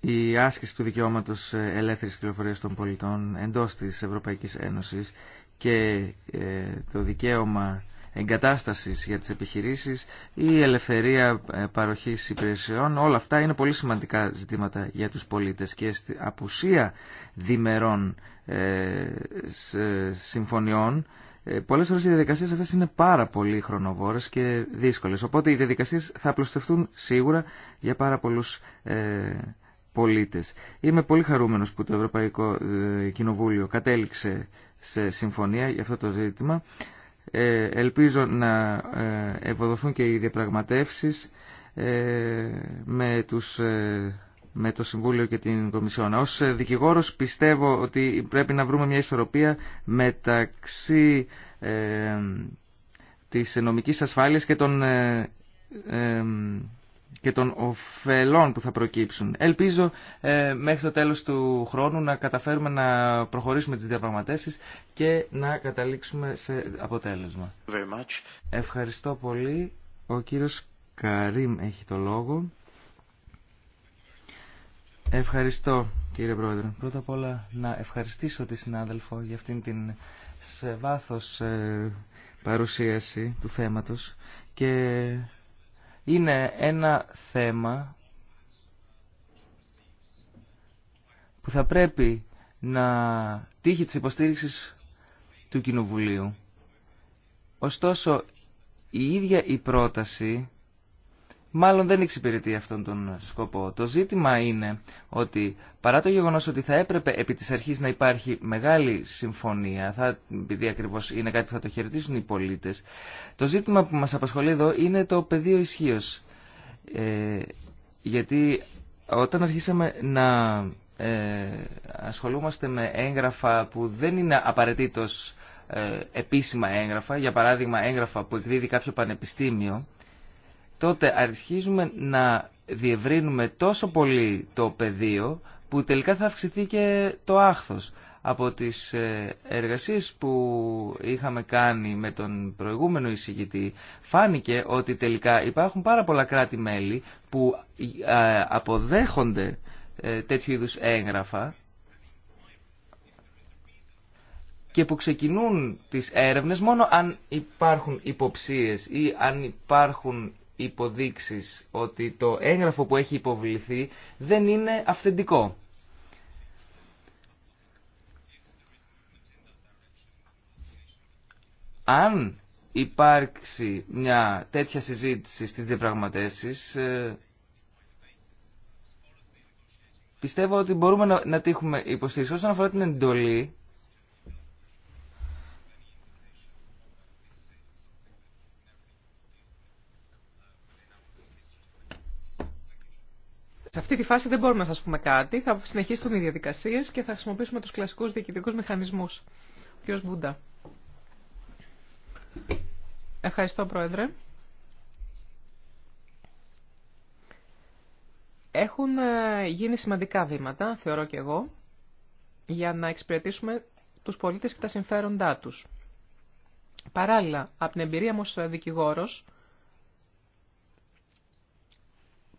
η άσκηση του δικαιώματος ελεύθερης κληροφορίας των πολιτών εντός της Ευρωπαϊκής Ένωσης και ε, το δικαίωμα εγκατάστασης για τις επιχειρήσεις, η ελευθερία ε, παροχής υπηρεσιών, όλα αυτά είναι πολύ σημαντικά ζητήματα για τους πολίτες και στην απουσία διμερών ε, ε, συμφωνιών Πολλέ φορέ οι διαδικασίε αυτέ είναι πάρα πολύ χρονοβόρε και δύσκολε. Οπότε οι διαδικασίε θα απλουστευτούν σίγουρα για πάρα πολλού ε, πολίτε. Είμαι πολύ χαρούμενο που το Ευρωπαϊκό Κοινοβούλιο κατέληξε σε συμφωνία για αυτό το ζήτημα. Ε, ελπίζω να ε, ευοδοθούν και οι διαπραγματεύσεις ε, με, τους, με το Συμβούλιο και την Κομισιόν. Ως δικηγόρος πιστεύω ότι πρέπει να βρούμε μια ισορροπία μεταξύ της νομικής ασφάλειας και των και των ωφελών που θα προκύψουν. Ελπίζω ε, μέχρι το τέλος του χρόνου να καταφέρουμε να προχωρήσουμε τις διαπραγματεύσεις και να καταλήξουμε σε αποτέλεσμα. Very much. Ευχαριστώ πολύ. Ο κύριος Καρίμ έχει το λόγο. Ευχαριστώ κύριε Πρόεδρε. Πρώτα απ' όλα να ευχαριστήσω τη συνάδελφο για αυτήν την σε βάθος ε, παρουσίαση του θέματος και είναι ένα θέμα που θα πρέπει να τύχει της υποστήριξης του Κοινοβουλίου. Ωστόσο, η ίδια η πρόταση μάλλον δεν εξυπηρετεί αυτόν τον σκοπό. Το ζήτημα είναι ότι παρά το γεγονός ότι θα έπρεπε επί της αρχής να υπάρχει μεγάλη συμφωνία, θα, επειδή ακριβώς είναι κάτι που θα το χαιρετήσουν οι πολίτες, το ζήτημα που μας απασχολεί εδώ είναι το πεδίο ισχύω. Ε, γιατί όταν αρχίσαμε να ε, ασχολούμαστε με έγγραφα που δεν είναι απαραίτητος ε, επίσημα έγγραφα, για παράδειγμα έγγραφα που εκδίδει κάποιο πανεπιστήμιο, τότε αρχίζουμε να διευρύνουμε τόσο πολύ το πεδίο που τελικά θα αυξηθεί και το άχθος. Από τις ε, εργασίες που είχαμε κάνει με τον προηγούμενο εισηγητή φάνηκε ότι τελικά υπάρχουν πάρα πολλά κράτη-μέλη που ε, αποδέχονται ε, τέτοιου είδους έγγραφα και που ξεκινούν τις έρευνες μόνο αν υπάρχουν υποψίες ή αν υπάρχουν υποδείξεις ότι το έγγραφο που έχει υποβληθεί δεν είναι αυθεντικό. Αν υπάρξει μια τέτοια συζήτηση στις διαπραγματεύσει. Ε, πιστεύω ότι μπορούμε να, να τύχουμε υποστήριξη όσον αφορά την εντολή Σε αυτή τη φάση δεν μπορούμε να σας πούμε κάτι. Θα συνεχίσουν οι διαδικασίες και θα χρησιμοποιήσουμε τους κλασικούς διοικητικούς μηχανισμούς. Κύριος Μπούντα. Ευχαριστώ, Πρόεδρε. Έχουν ε, γίνει σημαντικά βήματα, θεωρώ και εγώ, για να εξυπηρετήσουμε τους πολίτες και τα συμφέροντά τους. Παράλληλα, από την εμπειρία μου ως δικηγόρος,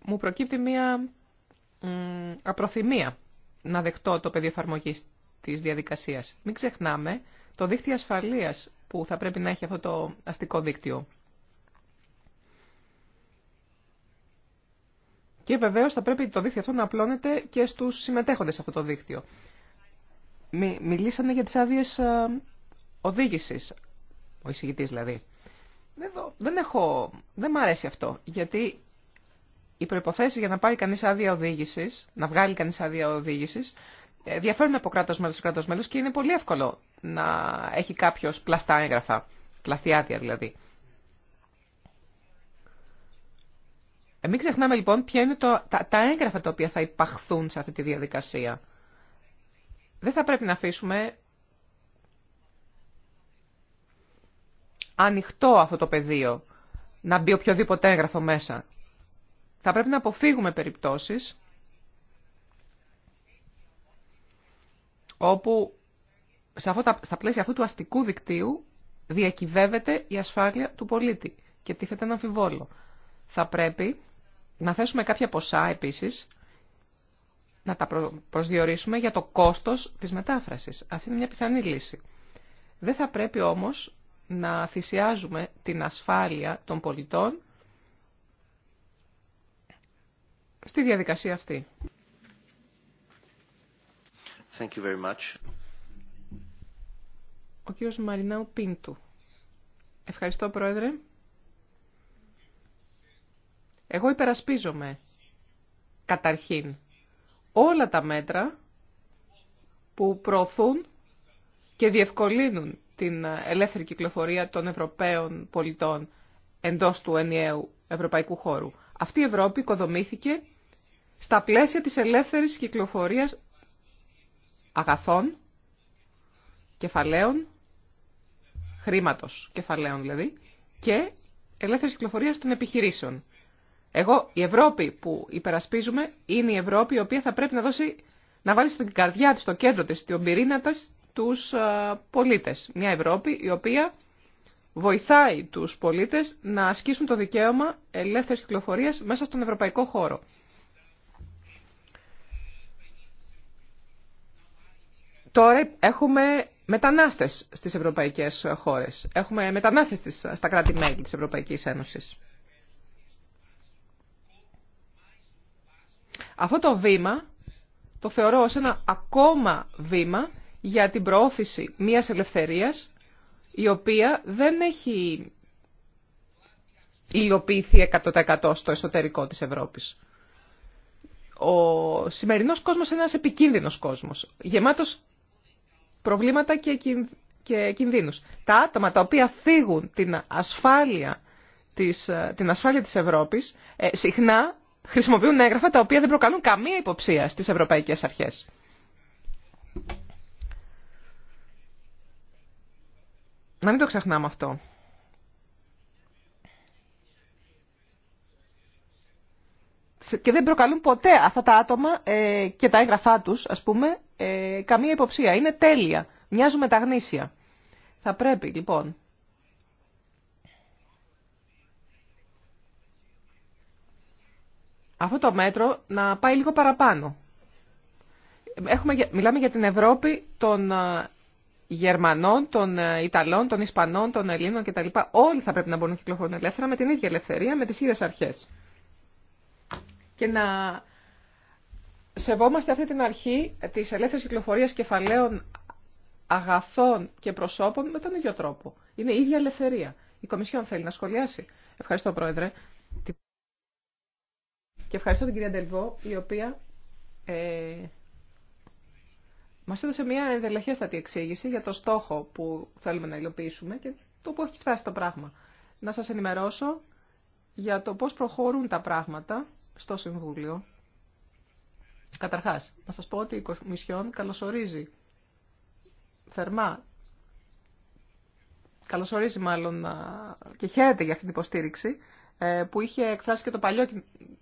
μου προκύπτει μία απροθυμία να δεχτώ το πεδίο εφαρμογή της διαδικασίας. Μην ξεχνάμε το δίκτυο ασφαλείας που θα πρέπει να έχει αυτό το αστικό δίκτυο. Και βεβαίω θα πρέπει το δίκτυο αυτό να απλώνεται και στους συμμετέχοντες σε αυτό το δίκτυο. μιλήσαμε για τι άδειε οδήγηση, ο εισηγητή δηλαδή. δεν έχω, δεν μ' αρέσει αυτό, γιατί οι προποθέσει για να πάρει κανεί άδεια οδήγηση, να βγάλει κανεί άδεια οδήγηση, ε, διαφέρουν από κράτο μέλο σε κράτο μέλο και είναι πολύ εύκολο να έχει κάποιο πλαστά έγγραφα. Πλαστή δηλαδή. Ε, μην ξεχνάμε λοιπόν ποια είναι τα, τα έγγραφα τα οποία θα υπαχθούν σε αυτή τη διαδικασία. Δεν θα πρέπει να αφήσουμε ανοιχτό αυτό το πεδίο, να μπει οποιοδήποτε έγγραφο μέσα θα πρέπει να αποφύγουμε περιπτώσεις όπου στα πλαίσια αυτού του αστικού δικτύου διακυβεύεται η ασφάλεια του πολίτη και τίθεται ένα αμφιβόλο. Θα πρέπει να θέσουμε κάποια ποσά επίσης, να τα προσδιορίσουμε για το κόστος της μετάφρασης. Αυτή είναι μια πιθανή λύση. Δεν θα πρέπει όμως να θυσιάζουμε την ασφάλεια των πολιτών στη διαδικασία αυτή. Thank Ο κύριος Μαρινάου Πίντου. Ευχαριστώ, Πρόεδρε. Εγώ υπερασπίζομαι, καταρχήν, όλα τα μέτρα που προωθούν και διευκολύνουν την ελεύθερη κυκλοφορία των Ευρωπαίων πολιτών εντός του ενιαίου ευρωπαϊκού χώρου. Αυτή η Ευρώπη οικοδομήθηκε στα πλαίσια της ελεύθερης κυκλοφορίας αγαθών, κεφαλαίων, χρήματος κεφαλαίων δηλαδή, και ελεύθερης κυκλοφορίας των επιχειρήσεων. Εγώ, η Ευρώπη που υπερασπίζουμε είναι η Ευρώπη η οποία θα πρέπει να δώσει, να βάλει στην καρδιά της, στο κέντρο της, στον πυρήνα της, τους πολίτες. Μια Ευρώπη η οποία βοηθάει τους πολίτες να ασκήσουν το δικαίωμα ελεύθερης κυκλοφορίας μέσα στον ευρωπαϊκό χώρο. Τώρα έχουμε μετανάστες στις ευρωπαϊκές χώρες. Έχουμε μετανάστες στα κράτη-μέλη της Ευρωπαϊκής Ένωσης. Αυτό το βήμα το θεωρώ ως ένα ακόμα βήμα για την προώθηση μιας ελευθερίας η οποία δεν έχει υλοποιηθεί 100% στο εσωτερικό της Ευρώπης. Ο σημερινός κόσμος είναι ένας επικίνδυνος κόσμος, γεμάτος προβλήματα και, και κινδύνους. Τα άτομα τα οποία φύγουν την ασφάλεια της, ε, την ασφάλεια της Ευρώπης ε, συχνά χρησιμοποιούν έγγραφα τα οποία δεν προκαλούν καμία υποψία στις ευρωπαϊκές αρχές. Να μην το ξεχνάμε αυτό. Και δεν προκαλούν ποτέ αυτά τα άτομα ε, και τα έγγραφά τους, ας πούμε, ε, καμία υποψία. Είναι τέλεια. Μοιάζουν με τα γνήσια. Θα πρέπει, λοιπόν, αυτό το μέτρο να πάει λίγο παραπάνω. Έχουμε, μιλάμε για την Ευρώπη των ε, Γερμανών, των ε, Ιταλών, των Ισπανών, των Ελλήνων κτλ. Όλοι θα πρέπει να μπορούν να κυκλοφορούν ελεύθερα με την ίδια ελευθερία, με τις ίδιες αρχές. Και να σεβόμαστε αυτή την αρχή της ελεύθερη κυκλοφορίας κεφαλαίων αγαθών και προσώπων με τον ίδιο τρόπο. Είναι η ίδια ελευθερία. Η Κομισιόν θέλει να σχολιάσει. Ευχαριστώ, Πρόεδρε. Και ευχαριστώ την κυρία Ντελβό, η οποία ε, Μα έδωσε μια ενδελεχέστατη εξήγηση για το στόχο που θέλουμε να υλοποιήσουμε και το που έχει φτάσει το πράγμα. Να σα ενημερώσω για το πώ προχωρούν τα πράγματα στο Συμβούλιο. Καταρχά να σα πω ότι η Κομισιόν καλωσορίζει θερμά, καλωσορίζει μάλλον και χαίρεται για αυτή την υποστήριξη ε, που είχε εκφράσει και το παλιό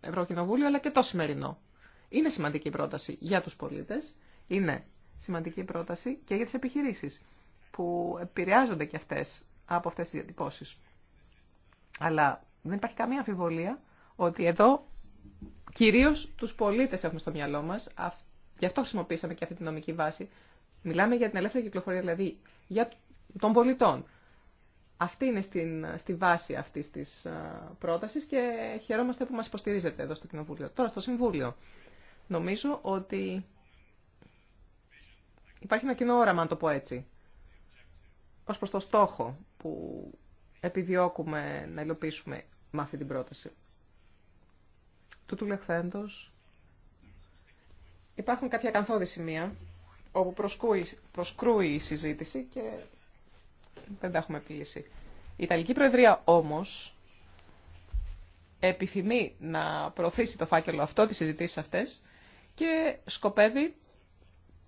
Ευρωκοινοβούλιο αλλά και το σημερινό. Είναι σημαντική πρόταση για τους πολίτες, είναι σημαντική πρόταση και για τις επιχειρήσεις που επηρεάζονται και αυτές από αυτές τις διατυπώσεις. Αλλά δεν υπάρχει καμία αμφιβολία ότι εδώ κυρίως τους πολίτες έχουμε στο μυαλό μας, γι' αυτό χρησιμοποίησαμε και αυτή τη νομική βάση. Μιλάμε για την ελεύθερη κυκλοφορία, δηλαδή για των πολιτών. Αυτή είναι στην, στη βάση αυτής της ε, πρότασης και χαιρόμαστε που μας υποστηρίζετε εδώ στο Κοινοβούλιο. Τώρα στο Συμβούλιο. Νομίζω ότι Υπάρχει ένα κοινό όραμα, να το πω έτσι, Ω προς το στόχο που επιδιώκουμε να υλοποιήσουμε με αυτή την πρόταση. Τούτου λεχθέντος. Υπάρχουν κάποια καθόδη σημεία όπου προσκρούει η συζήτηση και δεν τα έχουμε επιλύσει. Η Ιταλική Προεδρία όμως επιθυμεί να προωθήσει το φάκελο αυτό, τις συζητήσεις αυτές και σκοπεύει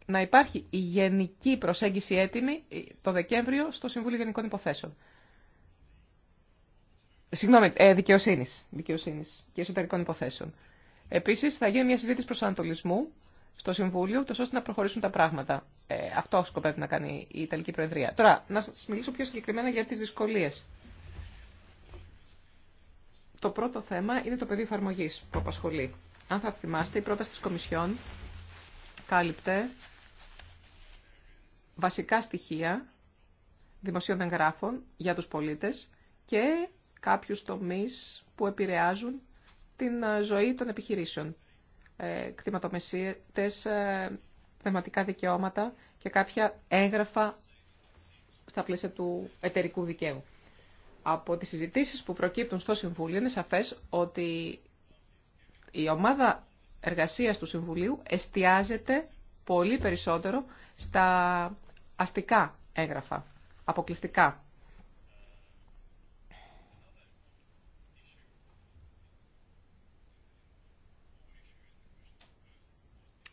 να υπάρχει η γενική προσέγγιση έτοιμη το Δεκέμβριο στο Συμβούλιο Γενικών Υποθέσεων. Συγγνώμη, ε, δικαιοσύνης, και εσωτερικών υποθέσεων. Επίση, θα γίνει μια συζήτηση προσανατολισμού στο Συμβούλιο, τόσο ώστε να προχωρήσουν τα πράγματα. Ε, αυτό σκοπεύει να κάνει η Ιταλική Προεδρία. Τώρα, να σα μιλήσω πιο συγκεκριμένα για τι δυσκολίε. Το πρώτο θέμα είναι το πεδίο εφαρμογή που απασχολεί. Αν θα θυμάστε, η πρόταση τη Κομισιόν κάλυπτε βασικά στοιχεία δημοσίων εγγράφων για τους πολίτες και κάποιους τομείς που επηρεάζουν την ε, ζωή των επιχειρήσεων. Ε, κτηματομεσίτες, ε, πνευματικά δικαιώματα και κάποια έγγραφα στα πλαίσια του εταιρικού δικαίου. Από τις συζητήσεις που προκύπτουν στο Συμβούλιο είναι σαφές ότι η ομάδα εργασίας του Συμβουλίου εστιάζεται πολύ περισσότερο στα αστικά έγγραφα, αποκλειστικά.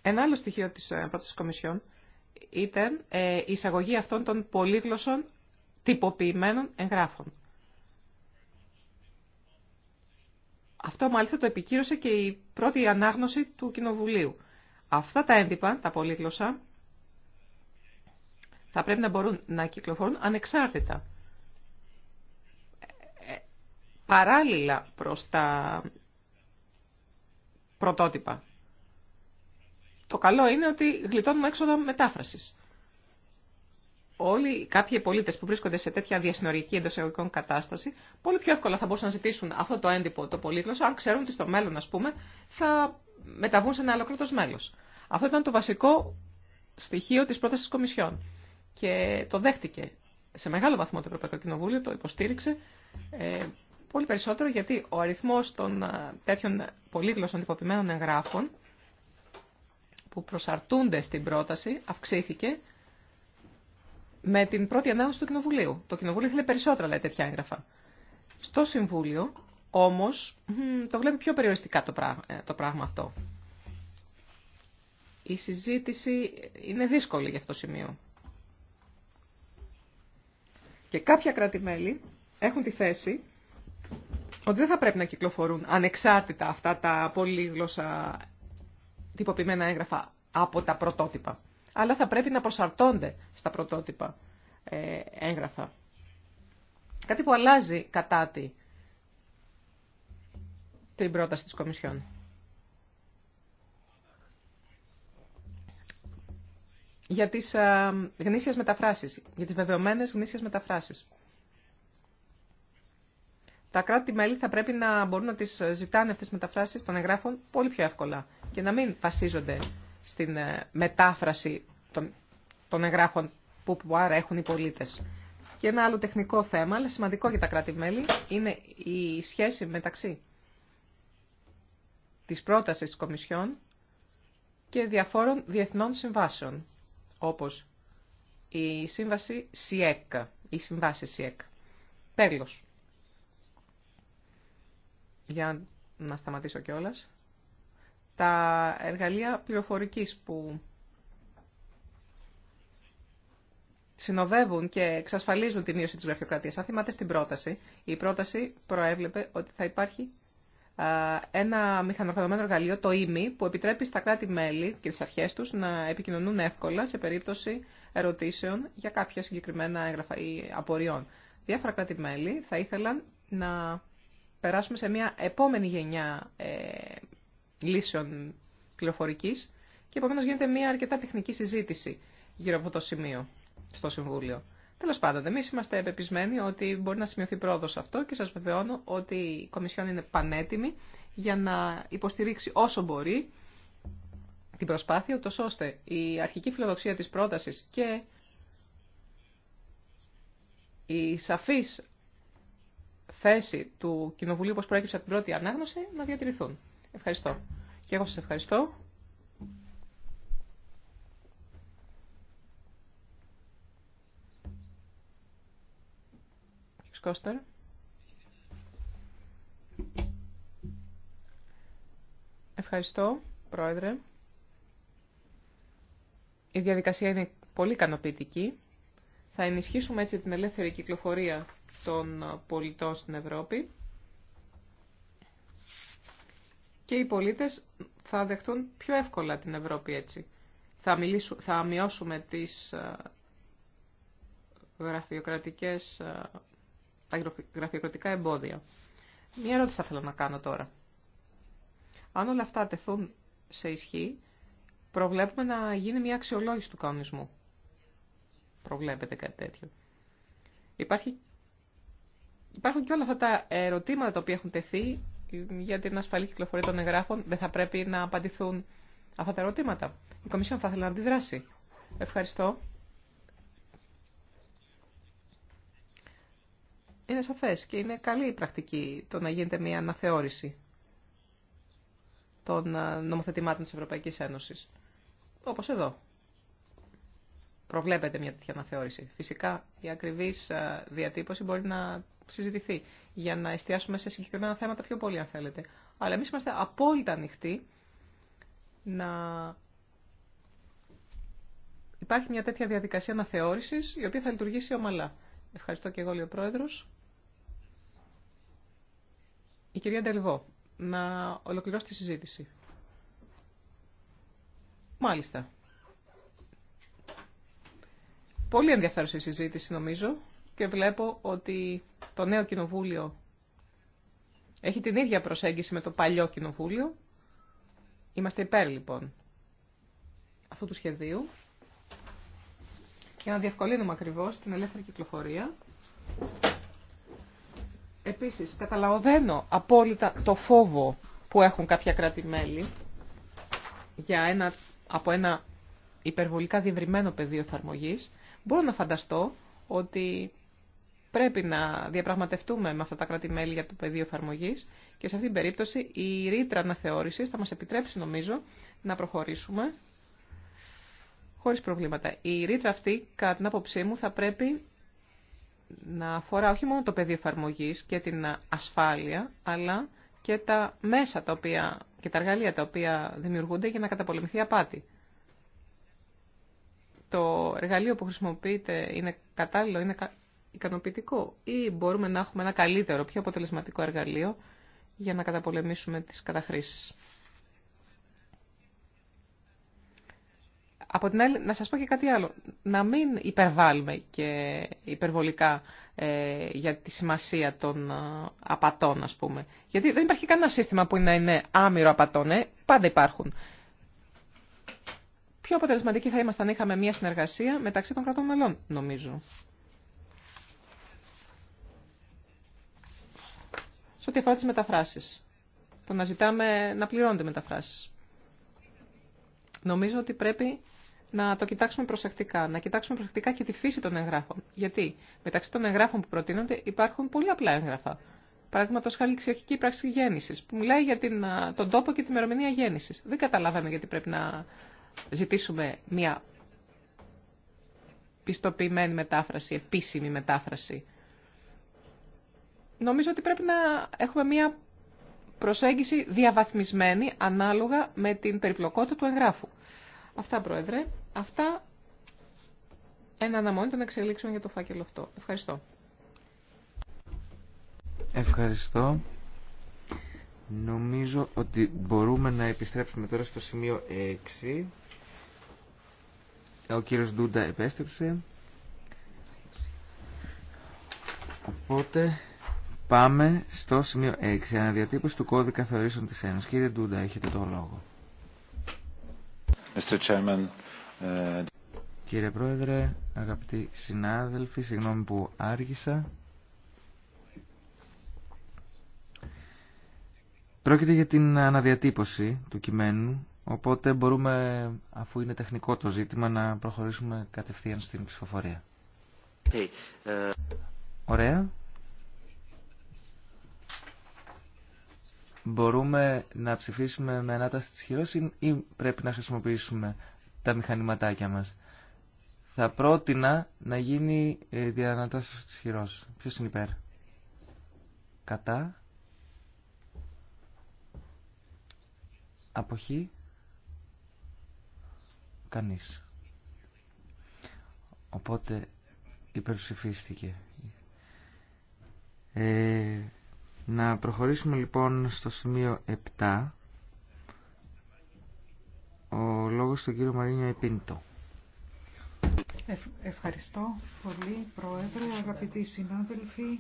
Ένα άλλο στοιχείο της ε, πρώτης Κομισιόν ήταν ε, η εισαγωγή αυτών των πολύγλωσσων τυποποιημένων εγγράφων. Αυτό μάλιστα το επικύρωσε και η πρώτη ανάγνωση του Κοινοβουλίου. Αυτά τα έντυπα, τα πολύγλωσσα, θα πρέπει να μπορούν να κυκλοφορούν ανεξάρτητα. Ε, παράλληλα προς τα πρωτότυπα. Το καλό είναι ότι γλιτώνουμε έξοδα μετάφρασης. Όλοι κάποιοι πολίτε που βρίσκονται σε τέτοια διασυνοριακή εντό εγωγικών κατάσταση, πολύ πιο εύκολα θα μπορούσαν να ζητήσουν αυτό το έντυπο, το πολύγλωσσο, αν ξέρουν ότι στο μέλλον, α πούμε, θα μεταβούν σε ένα άλλο κράτο μέλο. Αυτό ήταν το βασικό στοιχείο τη πρόταση τη Κομισιόν και το δέχτηκε σε μεγάλο βαθμό το Ευρωπαϊκό Κοινοβούλιο, το υποστήριξε ε, πολύ περισσότερο γιατί ο αριθμός των ε, τέτοιων πολύγλωσσων τυποποιημένων εγγράφων που προσαρτούνται στην πρόταση αυξήθηκε με την πρώτη ανάγνωση του Κοινοβουλίου. Το Κοινοβούλιο ήθελε περισσότερα λέει, τέτοια έγγραφα. Στο Συμβούλιο όμως το βλέπει πιο περιοριστικά το πράγμα, ε, το πράγμα αυτό. Η συζήτηση είναι δύσκολη για αυτό το σημείο. Και κάποια κράτη-μέλη έχουν τη θέση ότι δεν θα πρέπει να κυκλοφορούν ανεξάρτητα αυτά τα πολύγλωσσα τυποποιημένα έγγραφα από τα πρωτότυπα. Αλλά θα πρέπει να προσαρτώνται στα πρωτότυπα ε, έγγραφα. Κάτι που αλλάζει κατά τη την πρόταση της Κομισιόν. για τις α, γνήσιες μεταφράσεις, για τις βεβαιωμένες γνήσιες μεταφράσεις. Τα κράτη-μέλη θα πρέπει να μπορούν να τις ζητάνε αυτές τις μεταφράσεις των εγγράφων πολύ πιο εύκολα και να μην βασίζονται στην ε, μετάφραση των, εγγράφων που, που άρα έχουν οι πολίτες. Και ένα άλλο τεχνικό θέμα, αλλά σημαντικό για τα κράτη-μέλη, είναι η σχέση μεταξύ της πρότασης της και διαφόρων διεθνών συμβάσεων όπως η σύμβαση ΣΥΕΚ, η συμβάση ΣΥΕΚΑ. Τέλος. Για να σταματήσω κιόλα. Τα εργαλεία πληροφορικής που συνοδεύουν και εξασφαλίζουν τη μείωση της γραφειοκρατίας. Αν θυμάται στην πρόταση, η πρόταση προέβλεπε ότι θα υπάρχει ένα μηχανοκρατωμένο εργαλείο, το ΙΜΗ, που επιτρέπει στα κράτη-μέλη και τις αρχές τους να επικοινωνούν εύκολα σε περίπτωση ερωτήσεων για κάποια συγκεκριμένα έγγραφα ή απορριών. Διάφορα κράτη-μέλη θα ήθελαν να περάσουμε σε μια επόμενη γενιά ε, λύσεων πληροφορική και επομένως γίνεται μια αρκετά τεχνική συζήτηση γύρω από το σημείο στο Συμβούλιο. Τέλο πάντων, εμεί είμαστε επεπισμένοι ότι μπορεί να σημειωθεί πρόοδο αυτό και σα βεβαιώνω ότι η Κομισιόν είναι πανέτοιμη για να υποστηρίξει όσο μπορεί την προσπάθεια, ούτω ώστε η αρχική φιλοδοξία τη πρόταση και η σαφή θέση του Κοινοβουλίου, όπω προέκυψε από την πρώτη ανάγνωση, να διατηρηθούν. Ευχαριστώ. Και εγώ σα ευχαριστώ. Ευχαριστώ, Πρόεδρε. Η διαδικασία είναι πολύ ικανοποιητική. Θα ενισχύσουμε έτσι την ελεύθερη κυκλοφορία των πολιτών στην Ευρώπη και οι πολίτες θα δεχτούν πιο εύκολα την Ευρώπη έτσι. Θα, μειώσουμε τις ε, γραφειοκρατικές ε, τα γραφειοκρατικά εμπόδια. Μία ερώτηση θα θέλω να κάνω τώρα. Αν όλα αυτά τεθούν σε ισχύ, προβλέπουμε να γίνει μια αξιολόγηση του κανονισμού. Προβλέπετε κάτι τέτοιο. Υπάρχει... Υπάρχουν και όλα αυτά τα ερωτήματα τα οποία έχουν τεθεί για την ασφαλή κυκλοφορία των εγγράφων. Δεν θα πρέπει να απαντηθούν αυτά τα ερωτήματα. Η Κομισιόν θα ήθελε να αντιδράσει. Ευχαριστώ. είναι σαφές και είναι καλή η πρακτική το να γίνεται μια αναθεώρηση των ε, νομοθετημάτων της Ευρωπαϊκής Ένωσης. Όπως εδώ. Προβλέπεται μια τέτοια αναθεώρηση. Φυσικά η ακριβής ε, διατύπωση μπορεί να συζητηθεί για να εστιάσουμε σε συγκεκριμένα θέματα πιο πολύ αν θέλετε. Αλλά εμείς είμαστε απόλυτα ανοιχτοί να υπάρχει μια τέτοια διαδικασία αναθεώρησης η οποία θα λειτουργήσει ομαλά. Ευχαριστώ και εγώ, λέει Πρόεδρος. Η κυρία Ντελβό, να ολοκληρώσει τη συζήτηση. Μάλιστα. Πολύ ενδιαφέρουσα η συζήτηση νομίζω και βλέπω ότι το νέο κοινοβούλιο έχει την ίδια προσέγγιση με το παλιό κοινοβούλιο. Είμαστε υπέρ λοιπόν αυτού του σχεδίου για να διευκολύνουμε ακριβώς την ελεύθερη κυκλοφορία Επίσης, καταλαβαίνω απόλυτα το φόβο που έχουν κάποια κράτη-μέλη για ένα, από ένα υπερβολικά διευρυμένο πεδίο εφαρμογή. Μπορώ να φανταστώ ότι πρέπει να διαπραγματευτούμε με αυτά τα κράτη-μέλη για το πεδίο εφαρμογή και σε αυτήν την περίπτωση η ρήτρα αναθεώρηση θα μας επιτρέψει, νομίζω, να προχωρήσουμε χωρίς προβλήματα. Η ρήτρα αυτή, κατά την άποψή μου, θα πρέπει να αφορά όχι μόνο το πεδίο εφαρμογή και την ασφάλεια, αλλά και τα μέσα τα οποία, και τα εργαλεία τα οποία δημιουργούνται για να καταπολεμηθεί απάτη. Το εργαλείο που χρησιμοποιείτε είναι κατάλληλο, είναι ικανοποιητικό ή μπορούμε να έχουμε ένα καλύτερο, πιο αποτελεσματικό εργαλείο για να καταπολεμήσουμε τις καταχρήσεις. Από την άλλη, να σας πω και κάτι άλλο. Να μην υπερβάλλουμε και υπερβολικά ε, για τη σημασία των ε, απατών, ας πούμε. Γιατί δεν υπάρχει κανένα σύστημα που να είναι άμυρο απατών, ε. πάντα υπάρχουν. Πιο αποτελεσματικοί θα ήμασταν αν είχαμε μια συνεργασία μεταξύ των κρατών μελών, νομίζω. Σε ό,τι αφορά τις μεταφράσεις. Το να ζητάμε να πληρώνονται μεταφράσεις. Νομίζω ότι πρέπει να το κοιτάξουμε προσεκτικά. Να κοιτάξουμε προσεκτικά και τη φύση των εγγράφων. Γιατί μεταξύ των εγγράφων που προτείνονται υπάρχουν πολύ απλά έγγραφα. Παραδείγματο χάρη πράξη γέννηση, που μιλάει για την, τον τόπο και τη μερομηνία γέννηση. Δεν καταλαβαίνω γιατί πρέπει να ζητήσουμε μια πιστοποιημένη μετάφραση, επίσημη μετάφραση. Νομίζω ότι πρέπει να έχουμε μια προσέγγιση διαβαθμισμένη ανάλογα με την περιπλοκότητα του εγγράφου. Αυτά, Πρόεδρε. Αυτά ένα αναμονή των εξελίξεων για το φάκελο αυτό. Ευχαριστώ. Ευχαριστώ. Νομίζω ότι μπορούμε να επιστρέψουμε τώρα στο σημείο 6. Ο κύριος Ντούντα επέστρεψε. Οπότε πάμε στο σημείο 6. Αναδιατύπωση του κώδικα θεωρήσεων της Ένωσης. Κύριε Ντούντα, έχετε το λόγο. Ε, Κύριε Πρόεδρε, αγαπητοί συνάδελφοι, συγγνώμη που άργησα. Πρόκειται για την αναδιατύπωση του κειμένου, οπότε μπορούμε, αφού είναι τεχνικό το ζήτημα, να προχωρήσουμε κατευθείαν στην ψηφοφορία. Hey, ε, Ωραία. μπορούμε να ψηφίσουμε με ανάταση της χειρός ή πρέπει να χρησιμοποιήσουμε τα μηχανηματάκια μας. Θα πρότεινα να γίνει ε, διανατάσταση της χειρός. Ποιος είναι υπέρ. Κατά. Αποχή. Κανείς. Οπότε υπερψηφίστηκε. Ε, να προχωρήσουμε λοιπόν στο σημείο 7. Ο λόγος του κύριο Μαρίνια Επίντο. Ευχαριστώ πολύ, Πρόεδρε, αγαπητοί συνάδελφοι.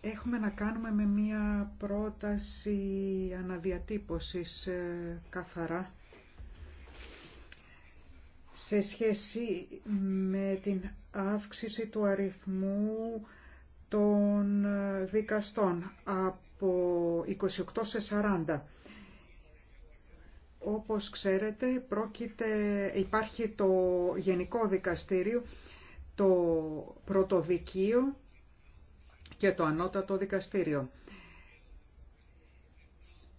Έχουμε να κάνουμε με μία πρόταση αναδιατύπωσης ε, καθαρά σε σχέση με την αύξηση του αριθμού των ε, δικαστών από 28 σε 40. Όπως ξέρετε, πρόκειται, υπάρχει το Γενικό Δικαστήριο, το Πρωτοδικείο και το Ανώτατο Δικαστήριο.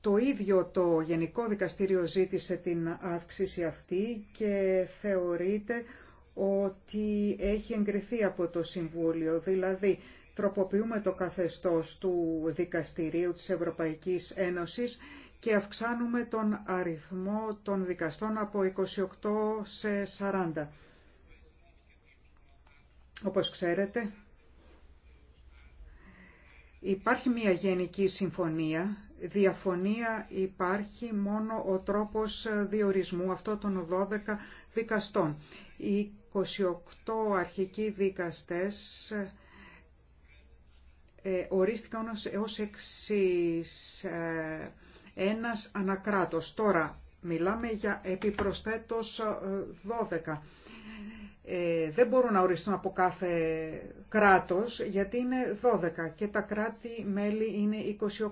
Το ίδιο το Γενικό Δικαστήριο ζήτησε την αύξηση αυτή και θεωρείται ότι έχει εγκριθεί από το Συμβούλιο, δηλαδή τροποποιούμε το καθεστώς του Δικαστηρίου της Ευρωπαϊκής Ένωσης και αυξάνουμε τον αριθμό των δικαστών από 28 σε 40. Όπως ξέρετε, υπάρχει μια γενική συμφωνία, διαφωνία υπάρχει μόνο ο τρόπος διορισμού αυτών των 12 δικαστών. Οι 28 αρχικοί δικαστές ε, ορίστηκαν ως, ως εξής ε, ένας ανακράτος. Τώρα μιλάμε για επιπροσθέτως 12. Ε, ε, δεν μπορούν να οριστούν από κάθε κράτος γιατί είναι 12 και τα κράτη-μέλη είναι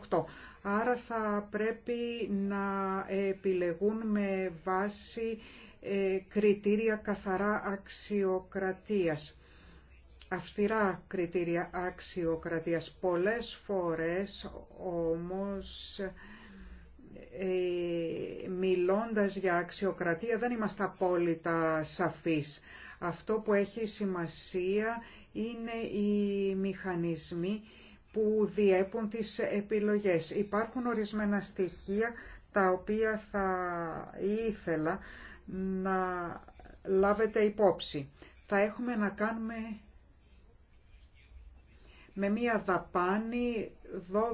28. Άρα θα πρέπει να επιλεγούν με βάση κριτήρια καθαρά αξιοκρατίας αυστηρά κριτήρια αξιοκρατίας. Πολλές φορές όμως ε, μιλώντας για αξιοκρατία δεν είμαστε απόλυτα σαφείς. Αυτό που έχει σημασία είναι οι μηχανισμοί που διέπουν τις επιλογές. Υπάρχουν ορισμένα στοιχεία τα οποία θα ήθελα να λάβετε υπόψη. Θα έχουμε να κάνουμε με μία δαπάνη 12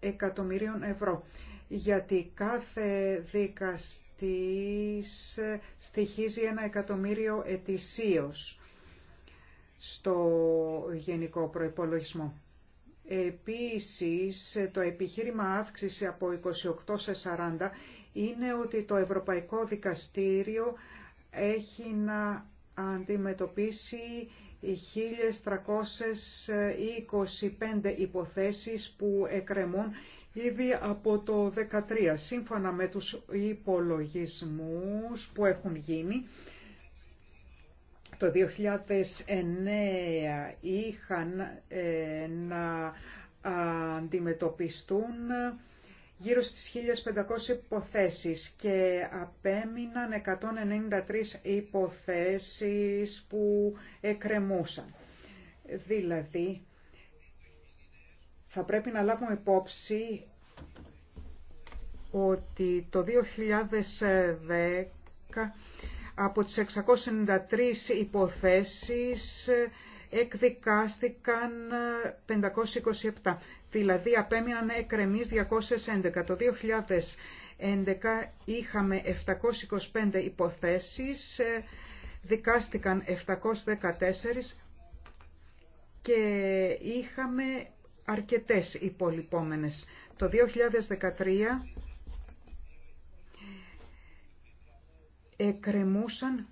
εκατομμυρίων ευρώ. Γιατί κάθε δικαστής στοιχίζει ένα εκατομμύριο ετησίως στο γενικό προϋπολογισμό. Επίσης, το επιχείρημα αύξηση από 28 σε 40 είναι ότι το Ευρωπαϊκό Δικαστήριο έχει να αντιμετωπίσει 1.325 υποθέσεις που εκκρεμούν ήδη από το 2013. Σύμφωνα με τους υπολογισμούς που έχουν γίνει, το 2009 είχαν ε, να αντιμετωπιστούν γύρω στις 1500 υποθέσεις και απέμειναν 193 υποθέσεις που εκκρεμούσαν. Δηλαδή, θα πρέπει να λάβουμε υπόψη ότι το 2010 από τις 693 υποθέσεις εκδικάστηκαν 527, ε, δηλαδή απέμειναν εκρεμείς 211. Το 2011 είχαμε 725 υποθέσεις, ε, δικάστηκαν 714 και είχαμε αρκετές υπολοιπόμενες. Το 2013 εκρεμούσαν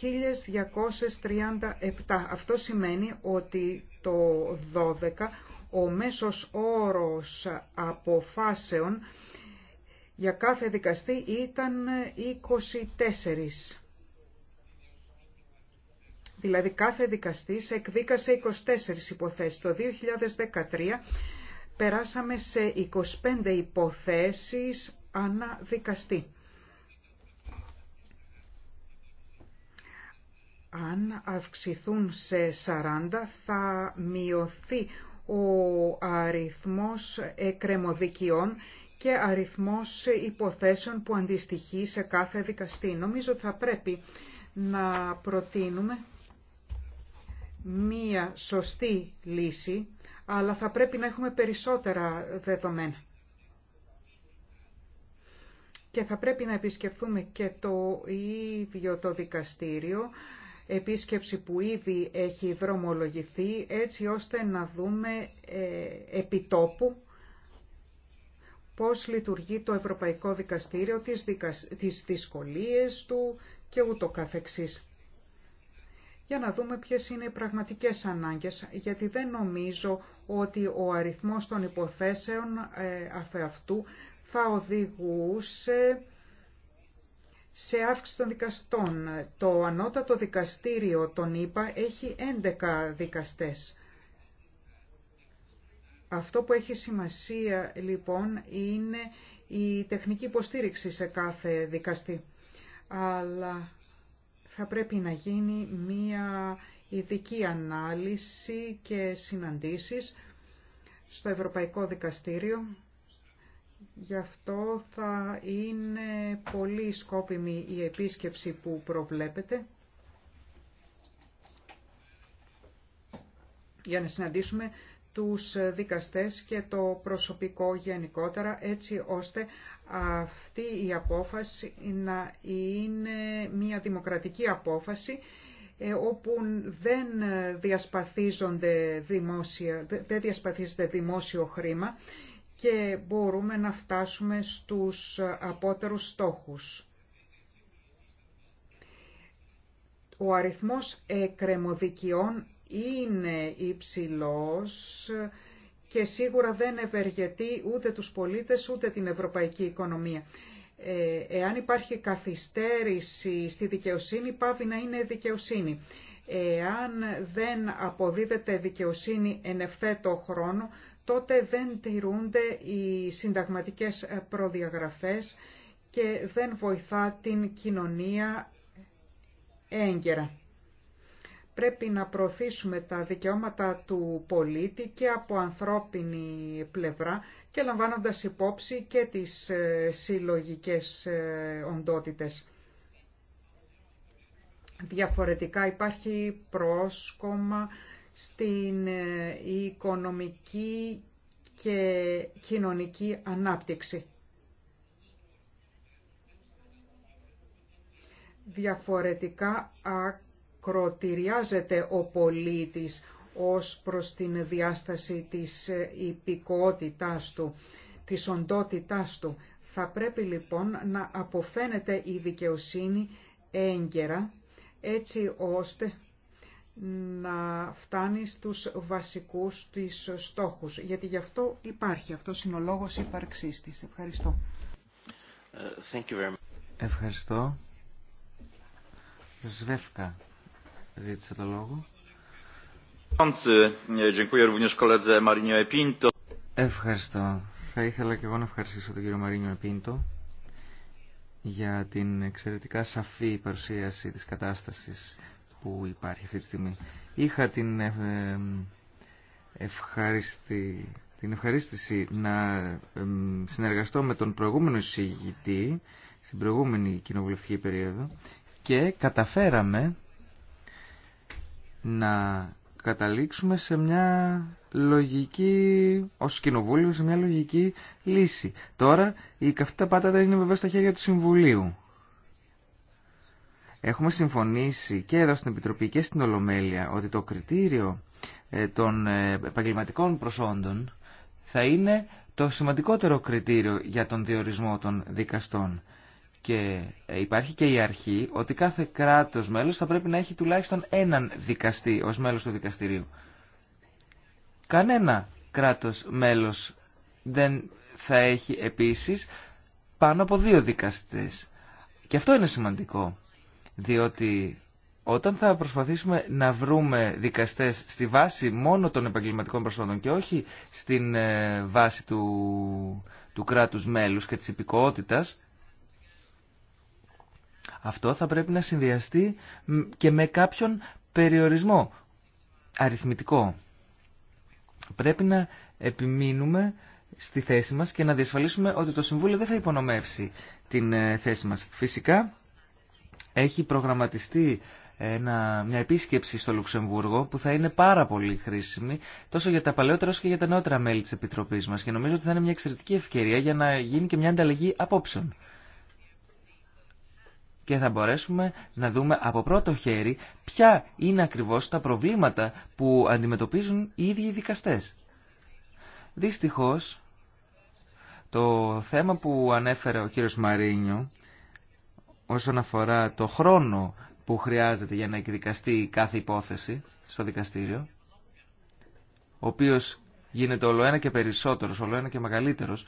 1237. Αυτό σημαίνει ότι το 12 ο μέσος όρος αποφάσεων για κάθε δικαστή ήταν 24. Δηλαδή κάθε δικαστής εκδίκασε 24 υποθέσεις. Το 2013 περάσαμε σε 25 υποθέσεις ανά δικαστή. αν αυξηθούν σε 40 θα μειωθεί ο αριθμός εκκρεμοδικιών και αριθμός υποθέσεων που αντιστοιχεί σε κάθε δικαστή. Νομίζω ότι θα πρέπει να προτείνουμε μία σωστή λύση, αλλά θα πρέπει να έχουμε περισσότερα δεδομένα. Και θα πρέπει να επισκεφθούμε και το ίδιο το δικαστήριο επίσκεψη που ήδη έχει δρομολογηθεί έτσι ώστε να δούμε ε, επιτόπου πώς λειτουργεί το Ευρωπαϊκό Δικαστήριο, τις, δικασ... τις δυσκολίες του και ούτω καθεξής. Για να δούμε ποιες είναι οι πραγματικές ανάγκες, γιατί δεν νομίζω ότι ο αριθμός των υποθέσεων ε, αυτού θα οδηγούσε σε αύξηση των δικαστών. Το ανώτατο δικαστήριο, τον είπα, έχει 11 δικαστές. Αυτό που έχει σημασία λοιπόν είναι η τεχνική υποστήριξη σε κάθε δικαστή. Αλλά θα πρέπει να γίνει μία ειδική ανάλυση και συναντήσεις στο Ευρωπαϊκό Δικαστήριο Γι' αυτό θα είναι πολύ σκόπιμη η επίσκεψη που προβλέπετε για να συναντήσουμε τους δικαστές και το προσωπικό γενικότερα, έτσι ώστε αυτή η απόφαση να είναι μια δημοκρατική απόφαση ε, όπου δεν διασπαθίζονται δημόσια, δεν διασπαθίζεται δημόσιο χρήμα και μπορούμε να φτάσουμε στους απότερους στόχους. Ο αριθμός εκκρεμοδικιών είναι υψηλός και σίγουρα δεν ευεργετεί ούτε τους πολίτες ούτε την ευρωπαϊκή οικονομία. Ε, εάν υπάρχει καθυστέρηση στη δικαιοσύνη, πάβει να είναι δικαιοσύνη. Εάν δεν αποδίδεται δικαιοσύνη εν ευθέτω χρόνο, τότε δεν τηρούνται οι συνταγματικές προδιαγραφές και δεν βοηθά την κοινωνία έγκαιρα. Πρέπει να προωθήσουμε τα δικαιώματα του πολίτη και από ανθρώπινη πλευρά και λαμβάνοντας υπόψη και τις ε, συλλογικές ε, οντότητες. Διαφορετικά υπάρχει πρόσκομα στην ε, οικονομική και κοινωνική ανάπτυξη. Διαφορετικά ακροτηριάζεται ο πολίτης ως προς την διάσταση της ε, υπηκότητάς του, της οντότητάς του. Θα πρέπει λοιπόν να αποφαίνεται η δικαιοσύνη έγκαιρα έτσι ώστε να φτάνει στους βασικούς της στόχους, γιατί γι' αυτό υπάρχει, αυτό είναι ο λόγος ύπαρξής της. Ευχαριστώ. Thank you very much. Ευχαριστώ. Ζβεύκα ζήτησε το λόγο. Ευχαριστώ. Θα ήθελα και εγώ να ευχαριστήσω τον κύριο Μαρίνιο Επίντο για την εξαιρετικά σαφή παρουσίαση της κατάστασης που υπάρχει αυτή τη στιγμή. Είχα την ε, ευχαριστη, την ευχαρίστηση να συνεργαστώ με τον προηγούμενο συγητή στην προηγούμενη κοινοβουλευτική περίοδο και καταφέραμε να καταλήξουμε σε μια λογική, ως κοινοβούλιο, σε μια λογική λύση. Τώρα η καυτή πατάτα είναι βέβαια στα χέρια του Συμβουλίου. Έχουμε συμφωνήσει και εδώ στην Επιτροπή και στην Ολομέλεια ότι το κριτήριο ε, των ε, επαγγελματικών προσόντων θα είναι το σημαντικότερο κριτήριο για τον διορισμό των δικαστών. Και ε, υπάρχει και η αρχή ότι κάθε κράτος μέλος θα πρέπει να έχει τουλάχιστον έναν δικαστή ως μέλος του δικαστηρίου. Κανένα κράτος μέλος δεν θα έχει επίσης πάνω από δύο δικαστές. Και αυτό είναι σημαντικό διότι όταν θα προσπαθήσουμε να βρούμε δικαστές στη βάση μόνο των επαγγελματικών προσόντων και όχι στην ε, βάση του, του κράτους μέλους και της υπηκότητας, αυτό θα πρέπει να συνδυαστεί και με κάποιον περιορισμό αριθμητικό. Πρέπει να επιμείνουμε στη θέση μας και να διασφαλίσουμε ότι το Συμβούλιο δεν θα υπονομεύσει την ε, θέση μας. Φυσικά, έχει προγραμματιστεί μια επίσκεψη στο Λουξεμβούργο που θα είναι πάρα πολύ χρήσιμη τόσο για τα παλαιότερα όσο και για τα νεότερα μέλη της Επιτροπής μας και νομίζω ότι θα είναι μια εξαιρετική ευκαιρία για να γίνει και μια ανταλλαγή απόψεων. Και θα μπορέσουμε να δούμε από πρώτο χέρι ποια είναι ακριβώς τα προβλήματα που αντιμετωπίζουν οι ίδιοι οι δικαστές. Δυστυχώς, το θέμα που ανέφερε ο κύριος Μαρίνιο όσον αφορά το χρόνο που χρειάζεται για να εκδικαστεί κάθε υπόθεση στο δικαστήριο, ο οποίος γίνεται όλο ένα και περισσότερος, όλο ένα και μεγαλύτερος,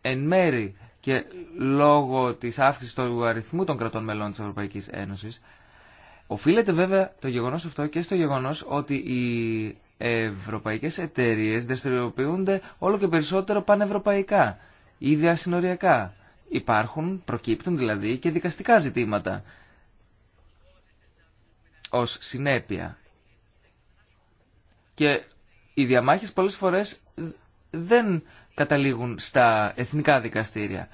εν μέρη και λόγω της αύξησης του αριθμού των κρατών μελών της Ευρωπαϊκής Ένωσης, οφείλεται βέβαια το γεγονός αυτό και στο γεγονός ότι οι ευρωπαϊκές εταιρείες δραστηριοποιούνται όλο και περισσότερο πανευρωπαϊκά ή διασυνοριακά υπάρχουν, προκύπτουν δηλαδή και δικαστικά ζητήματα ως συνέπεια. Και οι διαμάχες πολλές φορές δεν καταλήγουν στα εθνικά δικαστήρια.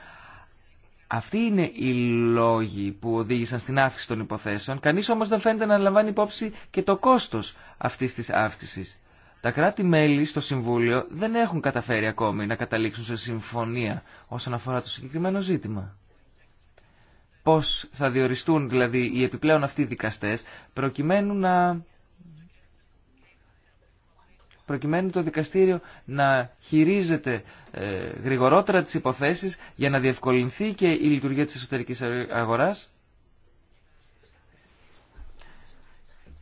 Αυτοί είναι οι λόγοι που οδήγησαν στην αύξηση των υποθέσεων. Κανείς όμως δεν φαίνεται να λαμβάνει υπόψη και το κόστος αυτής της αύξησης. Τα κράτη-μέλη στο Συμβούλιο δεν έχουν καταφέρει ακόμη να καταλήξουν σε συμφωνία όσον αφορά το συγκεκριμένο ζήτημα. Πώς θα διοριστούν δηλαδή οι επιπλέον αυτοί δικαστές προκειμένου να προκειμένου το δικαστήριο να χειρίζεται ε, γρηγορότερα τις υποθέσεις για να διευκολυνθεί και η λειτουργία της εσωτερικής αγοράς.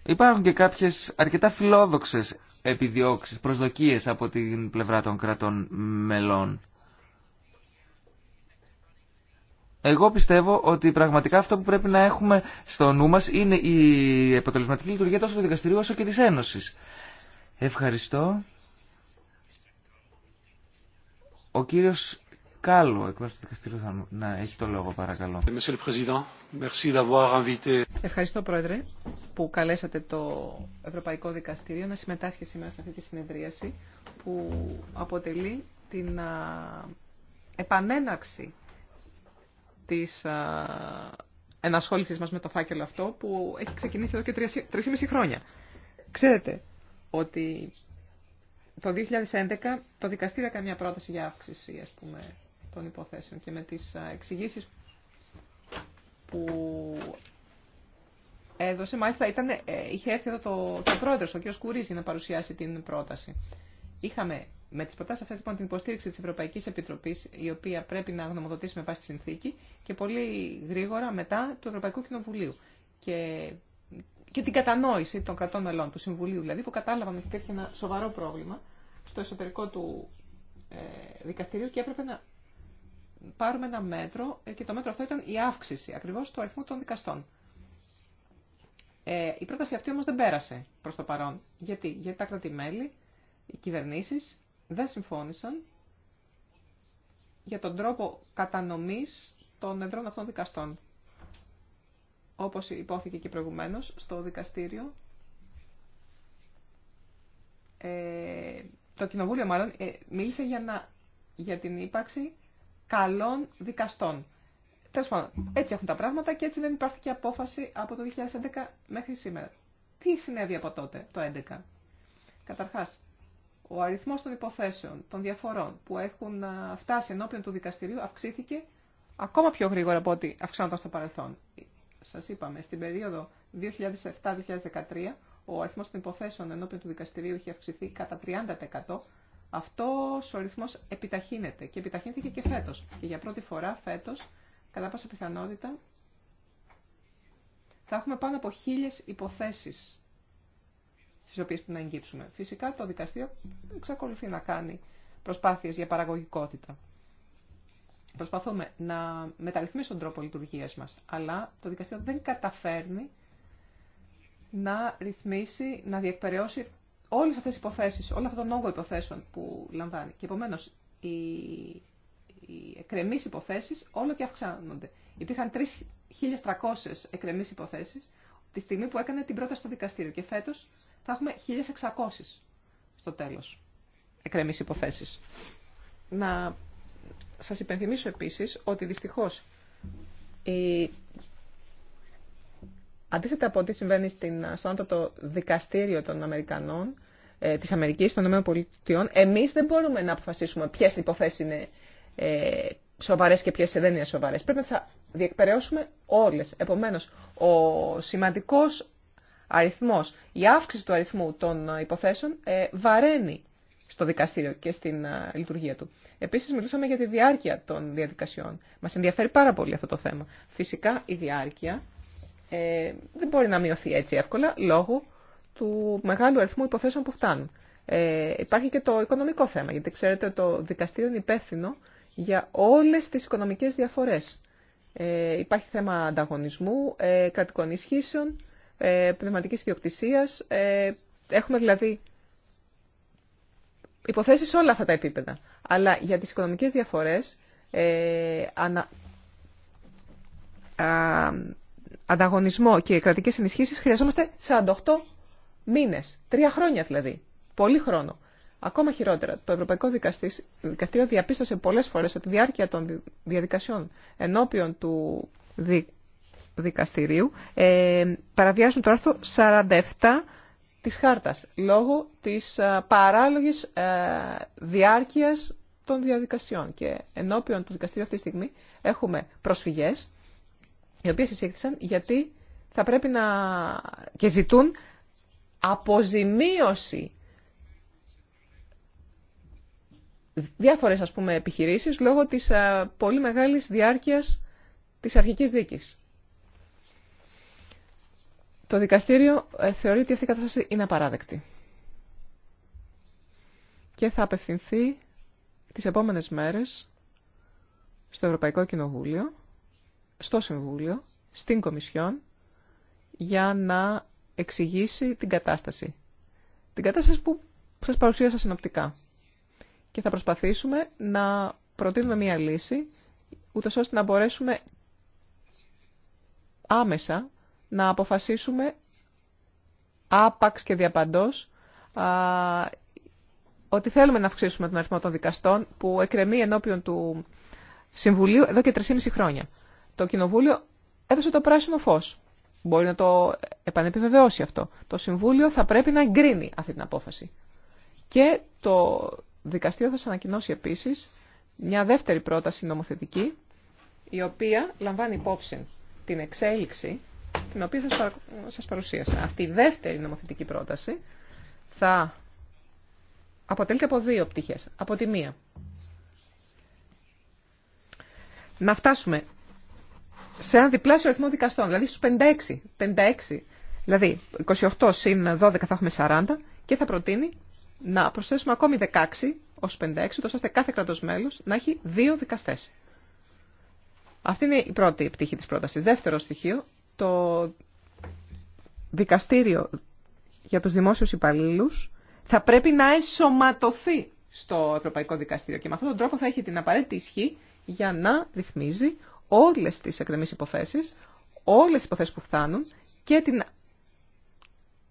Υπάρχουν και κάποιες αρκετά φιλόδοξες επιδιώξεις, προσδοκίες από την πλευρά των κρατών μελών. Εγώ πιστεύω ότι πραγματικά αυτό που πρέπει να έχουμε στο νου μας είναι η αποτελεσματική λειτουργία τόσο του δικαστηρίου όσο και της Ένωσης. Ευχαριστώ. Ο κύριος του να έχει το λόγο, παρακαλώ. Ευχαριστώ, Πρόεδρε, που καλέσατε το Ευρωπαϊκό Δικαστήριο να συμμετάσχει σήμερα σε αυτή τη συνεδρίαση, που αποτελεί την επανέναξη της ενασχόλησης μας με το φάκελο αυτό, που έχει ξεκινήσει εδώ και μισή χρόνια. Ξέρετε ότι το 2011 το δικαστήριο έκανε μια πρόταση για αύξηση, ας πούμε, των υποθέσεων και με τις εξηγήσει που έδωσε. Μάλιστα ήταν, ε, είχε έρθει εδώ το, το πρόεδρος, ο κ. Κουρίζη, να παρουσιάσει την πρόταση. Είχαμε με τις προτάσεις αυτές λοιπόν την υποστήριξη της Ευρωπαϊκής Επιτροπής, η οποία πρέπει να γνωμοδοτήσει με βάση τη συνθήκη και πολύ γρήγορα μετά του Ευρωπαϊκού Κοινοβουλίου. Και, και την κατανόηση των κρατών μελών, του Συμβουλίου δηλαδή, που κατάλαβαν ότι υπήρχε ένα σοβαρό πρόβλημα στο εσωτερικό του ε, δικαστηρίου και έπρεπε να πάρουμε ένα μέτρο ε, και το μέτρο αυτό ήταν η αύξηση ακριβώς του αριθμού των δικαστών. Ε, η πρόταση αυτή όμως δεν πέρασε προς το παρόν. Γιατί, Γιατί τα κρατημέλη, οι κυβερνήσεις δεν συμφώνησαν για τον τρόπο κατανομής των εδρών αυτών δικαστών. Όπως υπόθηκε και προηγουμένως στο δικαστήριο, ε, το κοινοβούλιο μάλλον ε, μίλησε για, να, για την ύπαρξη καλών δικαστών. Τέλο πάντων, έτσι έχουν τα πράγματα και έτσι δεν υπάρχει και απόφαση από το 2011 μέχρι σήμερα. Τι συνέβη από τότε, το 2011. Καταρχά, ο αριθμό των υποθέσεων, των διαφορών που έχουν φτάσει ενώπιον του δικαστηρίου αυξήθηκε ακόμα πιο γρήγορα από ό,τι αυξάνονταν στο παρελθόν. Σα είπαμε, στην περίοδο 2007-2013 ο αριθμό των υποθέσεων ενώπιον του δικαστηρίου είχε αυξηθεί κατά 30% αυτό ο ρυθμός επιταχύνεται και επιταχύνθηκε και φέτος. Και για πρώτη φορά φέτος, κατά πάσα πιθανότητα, θα έχουμε πάνω από χίλιες υποθέσεις στις οποίες πρέπει να εγγύψουμε. Φυσικά το δικαστήριο εξακολουθεί να κάνει προσπάθειες για παραγωγικότητα. Προσπαθούμε να μεταρρυθμίσουμε τον τρόπο λειτουργίας μας, αλλά το δικαστήριο δεν καταφέρνει να ρυθμίσει, να διεκπαιρεώσει όλες αυτές οι υποθέσεις, όλο αυτόν τον όγκο υποθέσεων που λαμβάνει. Και επομένω, οι, οι υποθέσει υποθέσεις όλο και αυξάνονται. Υπήρχαν 3.300 εκκρεμεί υποθέσεις τη στιγμή που έκανε την πρόταση στο δικαστήριο και φέτος θα έχουμε 1.600 στο τέλος εκκρεμεί υποθέσεις. Να σας υπενθυμίσω επίσης ότι δυστυχώ. Αντίθετα από ό,τι συμβαίνει στην, στο το δικαστήριο των Αμερικανών, ε, της Αμερικής, των ΗΠΑ, εμείς δεν μπορούμε να αποφασίσουμε ποιες υποθέσεις είναι ε, σοβαρές και ποιες δεν είναι σοβαρές. Πρέπει να τις διεκπαιρεώσουμε όλες. Επομένως, ο σημαντικός αριθμός, η αύξηση του αριθμού των υποθέσεων ε, βαραίνει στο δικαστήριο και στην ε, λειτουργία του. Επίσης μιλούσαμε για τη διάρκεια των διαδικασιών. Μας ενδιαφέρει πάρα πολύ αυτό το θέμα. Φυσικά η διάρκεια ε, δεν μπορεί να μειωθεί έτσι εύκολα λόγω του μεγάλου αριθμού υποθέσεων που φτάνουν. Ε, υπάρχει και το οικονομικό θέμα, γιατί ξέρετε το δικαστήριο είναι υπεύθυνο για όλες τις οικονομικές διαφορές. Ε, υπάρχει θέμα ανταγωνισμού, ε, κρατικών ισχύσεων, ε, πνευματικής ιδιοκτησίας. Ε, έχουμε δηλαδή υποθέσεις σε όλα αυτά τα επίπεδα. Αλλά για τις οικονομικές διαφορές ε, ανα ανταγωνισμό και κρατικέ ενισχύσει χρειαζόμαστε 48 μήνε. Τρία χρόνια δηλαδή. Πολύ χρόνο. Ακόμα χειρότερα, το Ευρωπαϊκό Δικαστήριο διαπίστωσε πολλέ φορέ ότι η διάρκεια των διαδικασιών ενώπιον του δικαστηρίου ε, παραβιάζουν το άρθρο 47 της χάρτας λόγω της α, ε, παράλογης ε, διάρκειας των διαδικασιών. Και ενώπιον του δικαστηρίου αυτή τη στιγμή έχουμε προσφυγές οι οποίες εισήχθησαν γιατί θα πρέπει να... και ζητούν αποζημίωση διάφορες ας πούμε επιχειρήσεις λόγω της ε, πολύ μεγάλης διάρκειας της αρχικής δίκης. Το δικαστήριο ε, θεωρεί ότι αυτή η κατάσταση είναι απαράδεκτη. Και θα απευθυνθεί τις επόμενες μέρες στο Ευρωπαϊκό Κοινοβούλιο στο Συμβούλιο, στην Κομισιόν, για να εξηγήσει την κατάσταση. Την κατάσταση που σας παρουσίασα συνοπτικά. Και θα προσπαθήσουμε να προτείνουμε μία λύση, ούτως ώστε να μπορέσουμε άμεσα να αποφασίσουμε άπαξ και διαπαντός α, ότι θέλουμε να αυξήσουμε τον αριθμό των δικαστών που εκρεμεί ενώπιον του Συμβουλίου εδώ και 3,5 χρόνια. Το Κοινοβούλιο έδωσε το πράσινο φως. Μπορεί να το επανεπιβεβαιώσει αυτό. Το Συμβούλιο θα πρέπει να εγκρίνει αυτή την απόφαση. Και το δικαστήριο θα σα ανακοινώσει επίσης μια δεύτερη πρόταση νομοθετική, η οποία λαμβάνει υπόψη την εξέλιξη, την οποία σας, παρουσίασα. Αυτή η δεύτερη νομοθετική πρόταση θα αποτελείται από δύο πτυχές. Από τη μία. Να φτάσουμε σε ένα διπλάσιο αριθμό δικαστών, δηλαδή στους 56. 56. Δηλαδή 28 συν 12 θα έχουμε 40 και θα προτείνει να προσθέσουμε ακόμη 16 ως 56, τόσο ώστε κάθε κρατός μέλος να έχει δύο δικαστές. Αυτή είναι η πρώτη πτυχή της πρότασης. Δεύτερο στοιχείο, το δικαστήριο για τους δημόσιους υπαλλήλου θα πρέπει να εσωματωθεί στο Ευρωπαϊκό Δικαστήριο και με αυτόν τον τρόπο θα έχει την απαραίτητη ισχύ για να ρυθμίζει όλες τις εκκρεμείς υποθέσεις, όλες οι υποθέσεις που φτάνουν και, την...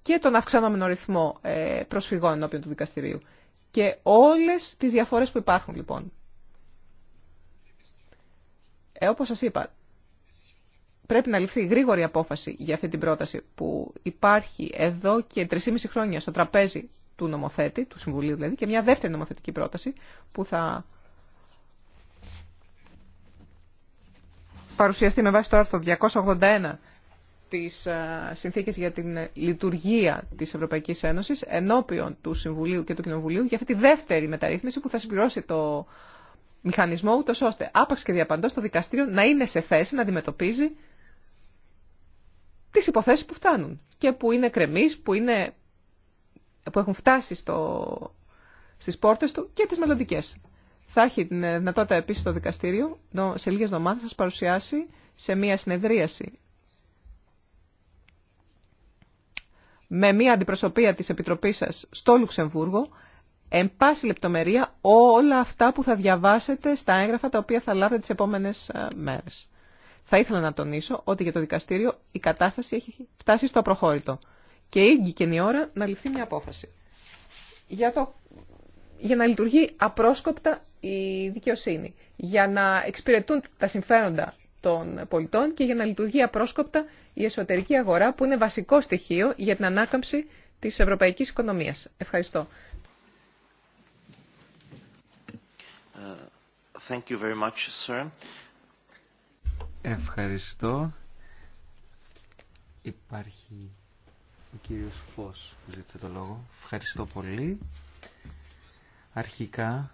και τον αυξανόμενο ρυθμό ε, προσφυγών ενώπιον του δικαστηρίου και όλες τις διαφορές που υπάρχουν λοιπόν. Ε, όπως σας είπα, πρέπει να ληφθεί γρήγορη απόφαση για αυτή την πρόταση που υπάρχει εδώ και 3,5 χρόνια στο τραπέζι του νομοθέτη, του Συμβουλίου δηλαδή, και μια δεύτερη νομοθετική πρόταση που θα παρουσιαστεί με βάση το άρθρο 281 της ε, Συνθήκης για την Λειτουργία της Ευρωπαϊκής Ένωσης ενώπιον του Συμβουλίου και του Κοινοβουλίου για αυτή τη δεύτερη μεταρρύθμιση που θα συμπληρώσει το μηχανισμό ούτως ώστε άπαξ και διαπαντός το δικαστήριο να είναι σε θέση να αντιμετωπίζει τις υποθέσεις που φτάνουν και που είναι κρεμείς, που, είναι, που έχουν φτάσει στο, στις πόρτες του και τις μελλοντικέ θα έχει την ε, δυνατότητα επίση το δικαστήριο σε λίγε εβδομάδε να σας παρουσιάσει σε μία συνεδρίαση με μία αντιπροσωπεία τη επιτροπή σα στο Λουξεμβούργο, εν πάση λεπτομερία όλα αυτά που θα διαβάσετε στα έγγραφα τα οποία θα λάβετε τι επόμενε ε, μέρε. Θα ήθελα να τονίσω ότι για το δικαστήριο η κατάσταση έχει φτάσει στο προχώρητο και ήγηκε η ώρα να ληφθεί μια απόφαση. Για το για να λειτουργεί απρόσκοπτα η δικαιοσύνη, για να εξυπηρετούν τα συμφέροντα των πολιτών και για να λειτουργεί απρόσκοπτα η εσωτερική αγορά που είναι βασικό στοιχείο για την ανάκαμψη της ευρωπαϊκής οικονομίας. Ευχαριστώ. Uh, thank you very much, sir. Ευχαριστώ. Υπάρχει ο κύριος Φως που ζήτησε το λόγο. Ευχαριστώ πολύ. Αρχικά,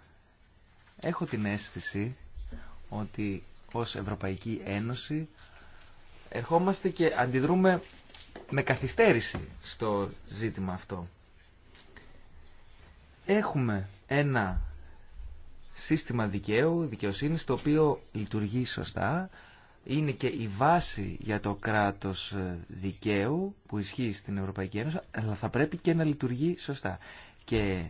έχω την αίσθηση ότι ως Ευρωπαϊκή Ένωση ερχόμαστε και αντιδρούμε με καθυστέρηση στο ζήτημα αυτό. Έχουμε ένα σύστημα δικαίου, δικαιοσύνης, το οποίο λειτουργεί σωστά, είναι και η βάση για το κράτος ε, δικαίου που ισχύει στην Ευρωπαϊκή Ένωση, αλλά θα πρέπει και να λειτουργεί σωστά. Και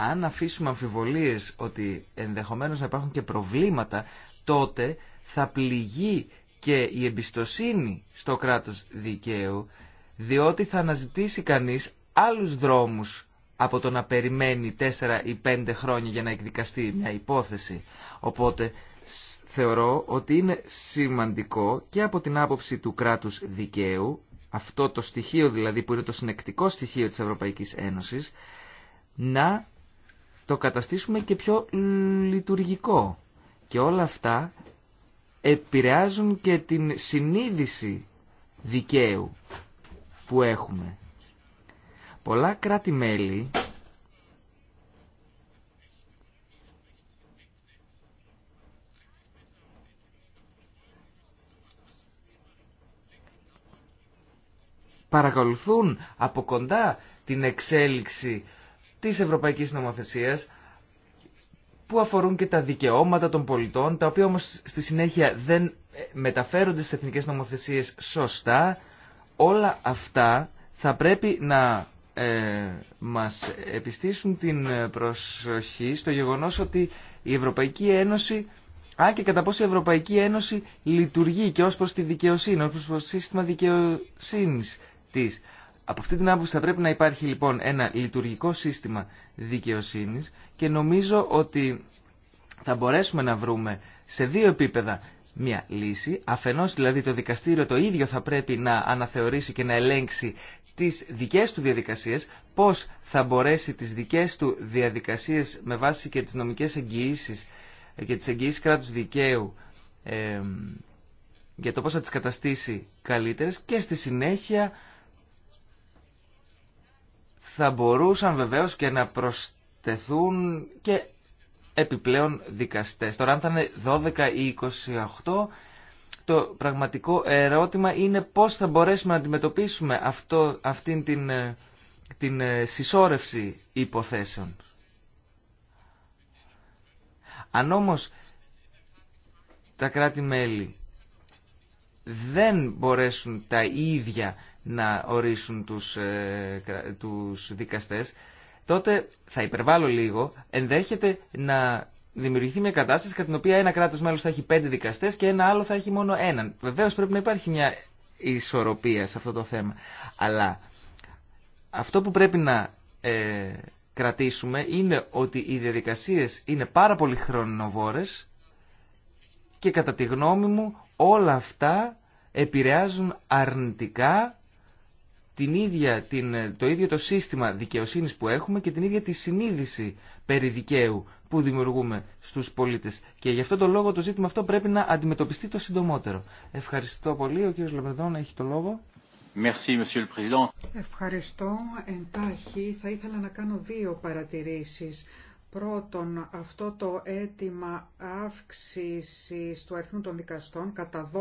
αν αφήσουμε αμφιβολίες ότι ενδεχομένως να υπάρχουν και προβλήματα, τότε θα πληγεί και η εμπιστοσύνη στο κράτος δικαίου, διότι θα αναζητήσει κανείς άλλους δρόμους από το να περιμένει 4 ή 5 χρόνια για να εκδικαστεί μια υπόθεση. Οπότε θεωρώ ότι είναι σημαντικό και από την άποψη του κράτους δικαίου, αυτό το στοιχείο δηλαδή που είναι το συνεκτικό στοιχείο της Ευρωπαϊκής Ένωσης, να το καταστήσουμε και πιο λειτουργικό. Και όλα αυτά επηρεάζουν και την συνείδηση δικαίου που έχουμε. Πολλά κράτη-μέλη παρακολουθούν από κοντά την εξέλιξη της Ευρωπαϊκής Νομοθεσίας που αφορούν και τα δικαιώματα των πολιτών, τα οποία όμως στη συνέχεια δεν ε, μεταφέρονται στις εθνικές νομοθεσίες σωστά. Όλα αυτά θα πρέπει να ε, μας επιστήσουν την ε, προσοχή στο γεγονός ότι η Ευρωπαϊκή Ένωση, αν κατά πόσο η Ευρωπαϊκή Ένωση λειτουργεί και ως προς τη δικαιοσύνη, ως προς το σύστημα δικαιοσύνης της. Από αυτή την άποψη θα πρέπει να υπάρχει λοιπόν ένα λειτουργικό σύστημα δικαιοσύνης και νομίζω ότι θα μπορέσουμε να βρούμε σε δύο επίπεδα μια λύση. Αφενός δηλαδή το δικαστήριο το ίδιο θα πρέπει να αναθεωρήσει και να ελέγξει τις δικές του διαδικασίες, πώς θα μπορέσει τις δικές του διαδικασίες με βάση και τις νομικές εγγυήσει και τις εγγυήσεις κράτους δικαίου για το πώς θα τις καταστήσει καλύτερες και στη συνέχεια θα μπορούσαν βεβαίως και να προσθεθούν και επιπλέον δικαστές. Τώρα αν θα είναι 12 ή 28, το πραγματικό ερώτημα είναι πώς θα μπορέσουμε να αντιμετωπίσουμε αυτό, αυτήν την, ε, την ε, συσσόρευση υποθέσεων. Αν όμως τα κράτη-μέλη δεν μπορέσουν τα ίδια να ορίσουν τους, ε, τους δικαστές, τότε θα υπερβάλλω λίγο, ενδέχεται να δημιουργηθεί μια κατάσταση κατά την οποία ένα κράτος μέλος θα έχει πέντε δικαστές και ένα άλλο θα έχει μόνο έναν. Βεβαίως πρέπει να υπάρχει μια ισορροπία σε αυτό το θέμα. Αλλά αυτό που πρέπει να ε, κρατήσουμε είναι ότι οι διαδικασίες είναι πάρα πολύ χρονοβόρες και κατά τη γνώμη μου όλα αυτά επηρεάζουν αρνητικά την ίδια, την, το ίδιο το σύστημα δικαιοσύνης που έχουμε και την ίδια τη συνείδηση περί δικαίου που δημιουργούμε στους πολίτες. Και γι' αυτό το λόγο το ζήτημα αυτό πρέπει να αντιμετωπιστεί το συντομότερο. Ευχαριστώ πολύ. Ο κύριος Λεπεδόν έχει το λόγο. Merci, le Ευχαριστώ. Εντάχει θα ήθελα να κάνω δύο παρατηρήσεις. Πρώτον, αυτό το αίτημα αύξησης του αριθμού των δικαστών κατά 12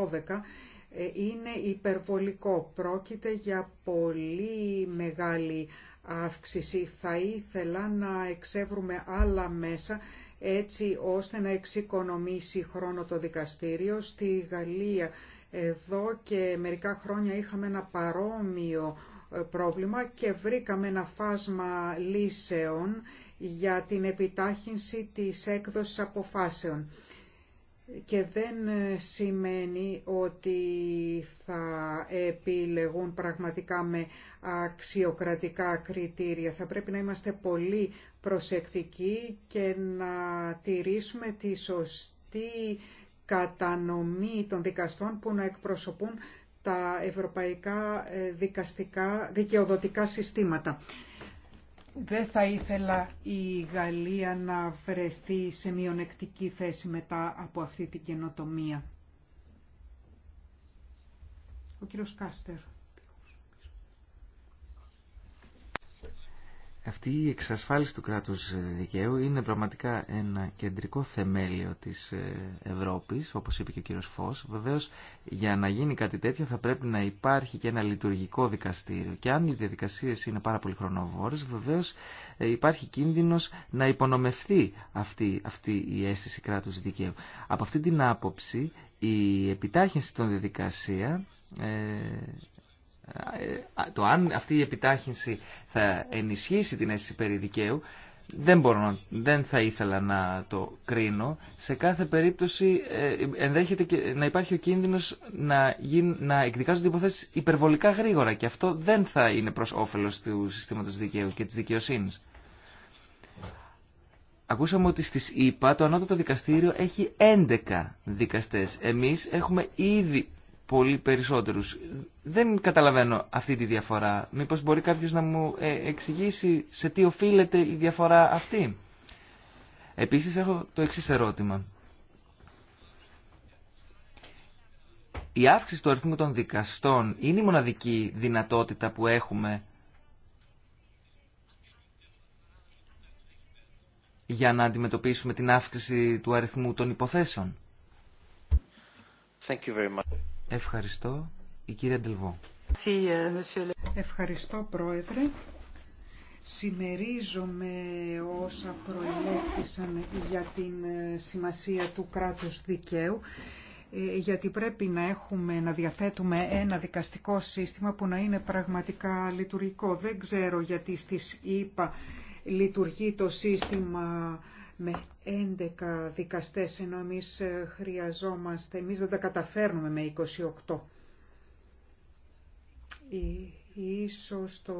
ε, είναι υπερβολικό. Πρόκειται για πολύ μεγάλη αύξηση. Θα ήθελα να εξεύρουμε άλλα μέσα έτσι ώστε να εξοικονομήσει χρόνο το δικαστήριο. Στη Γαλλία εδώ και μερικά χρόνια είχαμε ένα παρόμοιο ε, πρόβλημα και βρήκαμε ένα φάσμα λύσεων για την επιτάχυνση της έκδοσης αποφάσεων και δεν ε, σημαίνει ότι θα επιλεγούν πραγματικά με αξιοκρατικά κριτήρια. Θα πρέπει να είμαστε πολύ προσεκτικοί και να τηρήσουμε τη σωστή κατανομή των δικαστών που να εκπροσωπούν τα ευρωπαϊκά ε, δικαστικά δικαιοδοτικά συστήματα. Δεν θα ήθελα η Γαλλία να βρεθεί σε μειονεκτική θέση μετά από αυτή την καινοτομία. Ο κύριος Κάστερ. αυτή η εξασφάλιση του κράτους ε, δικαίου είναι πραγματικά ένα κεντρικό θεμέλιο της ε, Ευρώπης, όπως είπε και ο κύριος Φως. Βεβαίως, για να γίνει κάτι τέτοιο θα πρέπει να υπάρχει και ένα λειτουργικό δικαστήριο. Και αν οι διαδικασίες είναι πάρα πολύ χρονοβόρες, βεβαίως ε, υπάρχει κίνδυνος να υπονομευθεί αυτή, αυτή η αίσθηση κράτους δικαίου. Από αυτή την άποψη, η επιτάχυνση των διαδικασία... Ε, το αν αυτή η επιτάχυνση θα ενισχύσει την αίσθηση περί δικαίου, δεν, μπορώ, δεν θα ήθελα να το κρίνω. Σε κάθε περίπτωση ε, ενδέχεται και να υπάρχει ο κίνδυνος να, γίν, να εκδικάζονται υποθέσεις υπερβολικά γρήγορα και αυτό δεν θα είναι προς όφελος του συστήματος δικαίου και της δικαιοσύνης. Ακούσαμε ότι στις ΙΠΑ το ανώτατο δικαστήριο έχει 11 δικαστές. Εμείς έχουμε ήδη πολύ περισσότερους. Δεν καταλαβαίνω αυτή τη διαφορά. Μήπως μπορεί κάποιο να μου ε, εξηγήσει σε τι οφείλεται η διαφορά αυτή. Επίσης έχω το εξής ερώτημα. Η αύξηση του αριθμού των δικαστών είναι η μοναδική δυνατότητα που έχουμε για να αντιμετωπίσουμε την αύξηση του αριθμού των υποθέσεων. Ευχαριστώ. Η κυρία Ντελβό. Euh, Ευχαριστώ πρόεδρε. Συμμερίζομαι όσα προελέχθησαν για την ε, σημασία του κράτους δικαίου ε, γιατί πρέπει να έχουμε, να διαθέτουμε ένα δικαστικό σύστημα που να είναι πραγματικά λειτουργικό. Δεν ξέρω γιατί στις ΗΠΑ λειτουργεί το σύστημα με 11 δικαστές, ενώ εμείς ε, χρειαζόμαστε, εμείς δεν τα καταφέρνουμε με 28. Ίσως το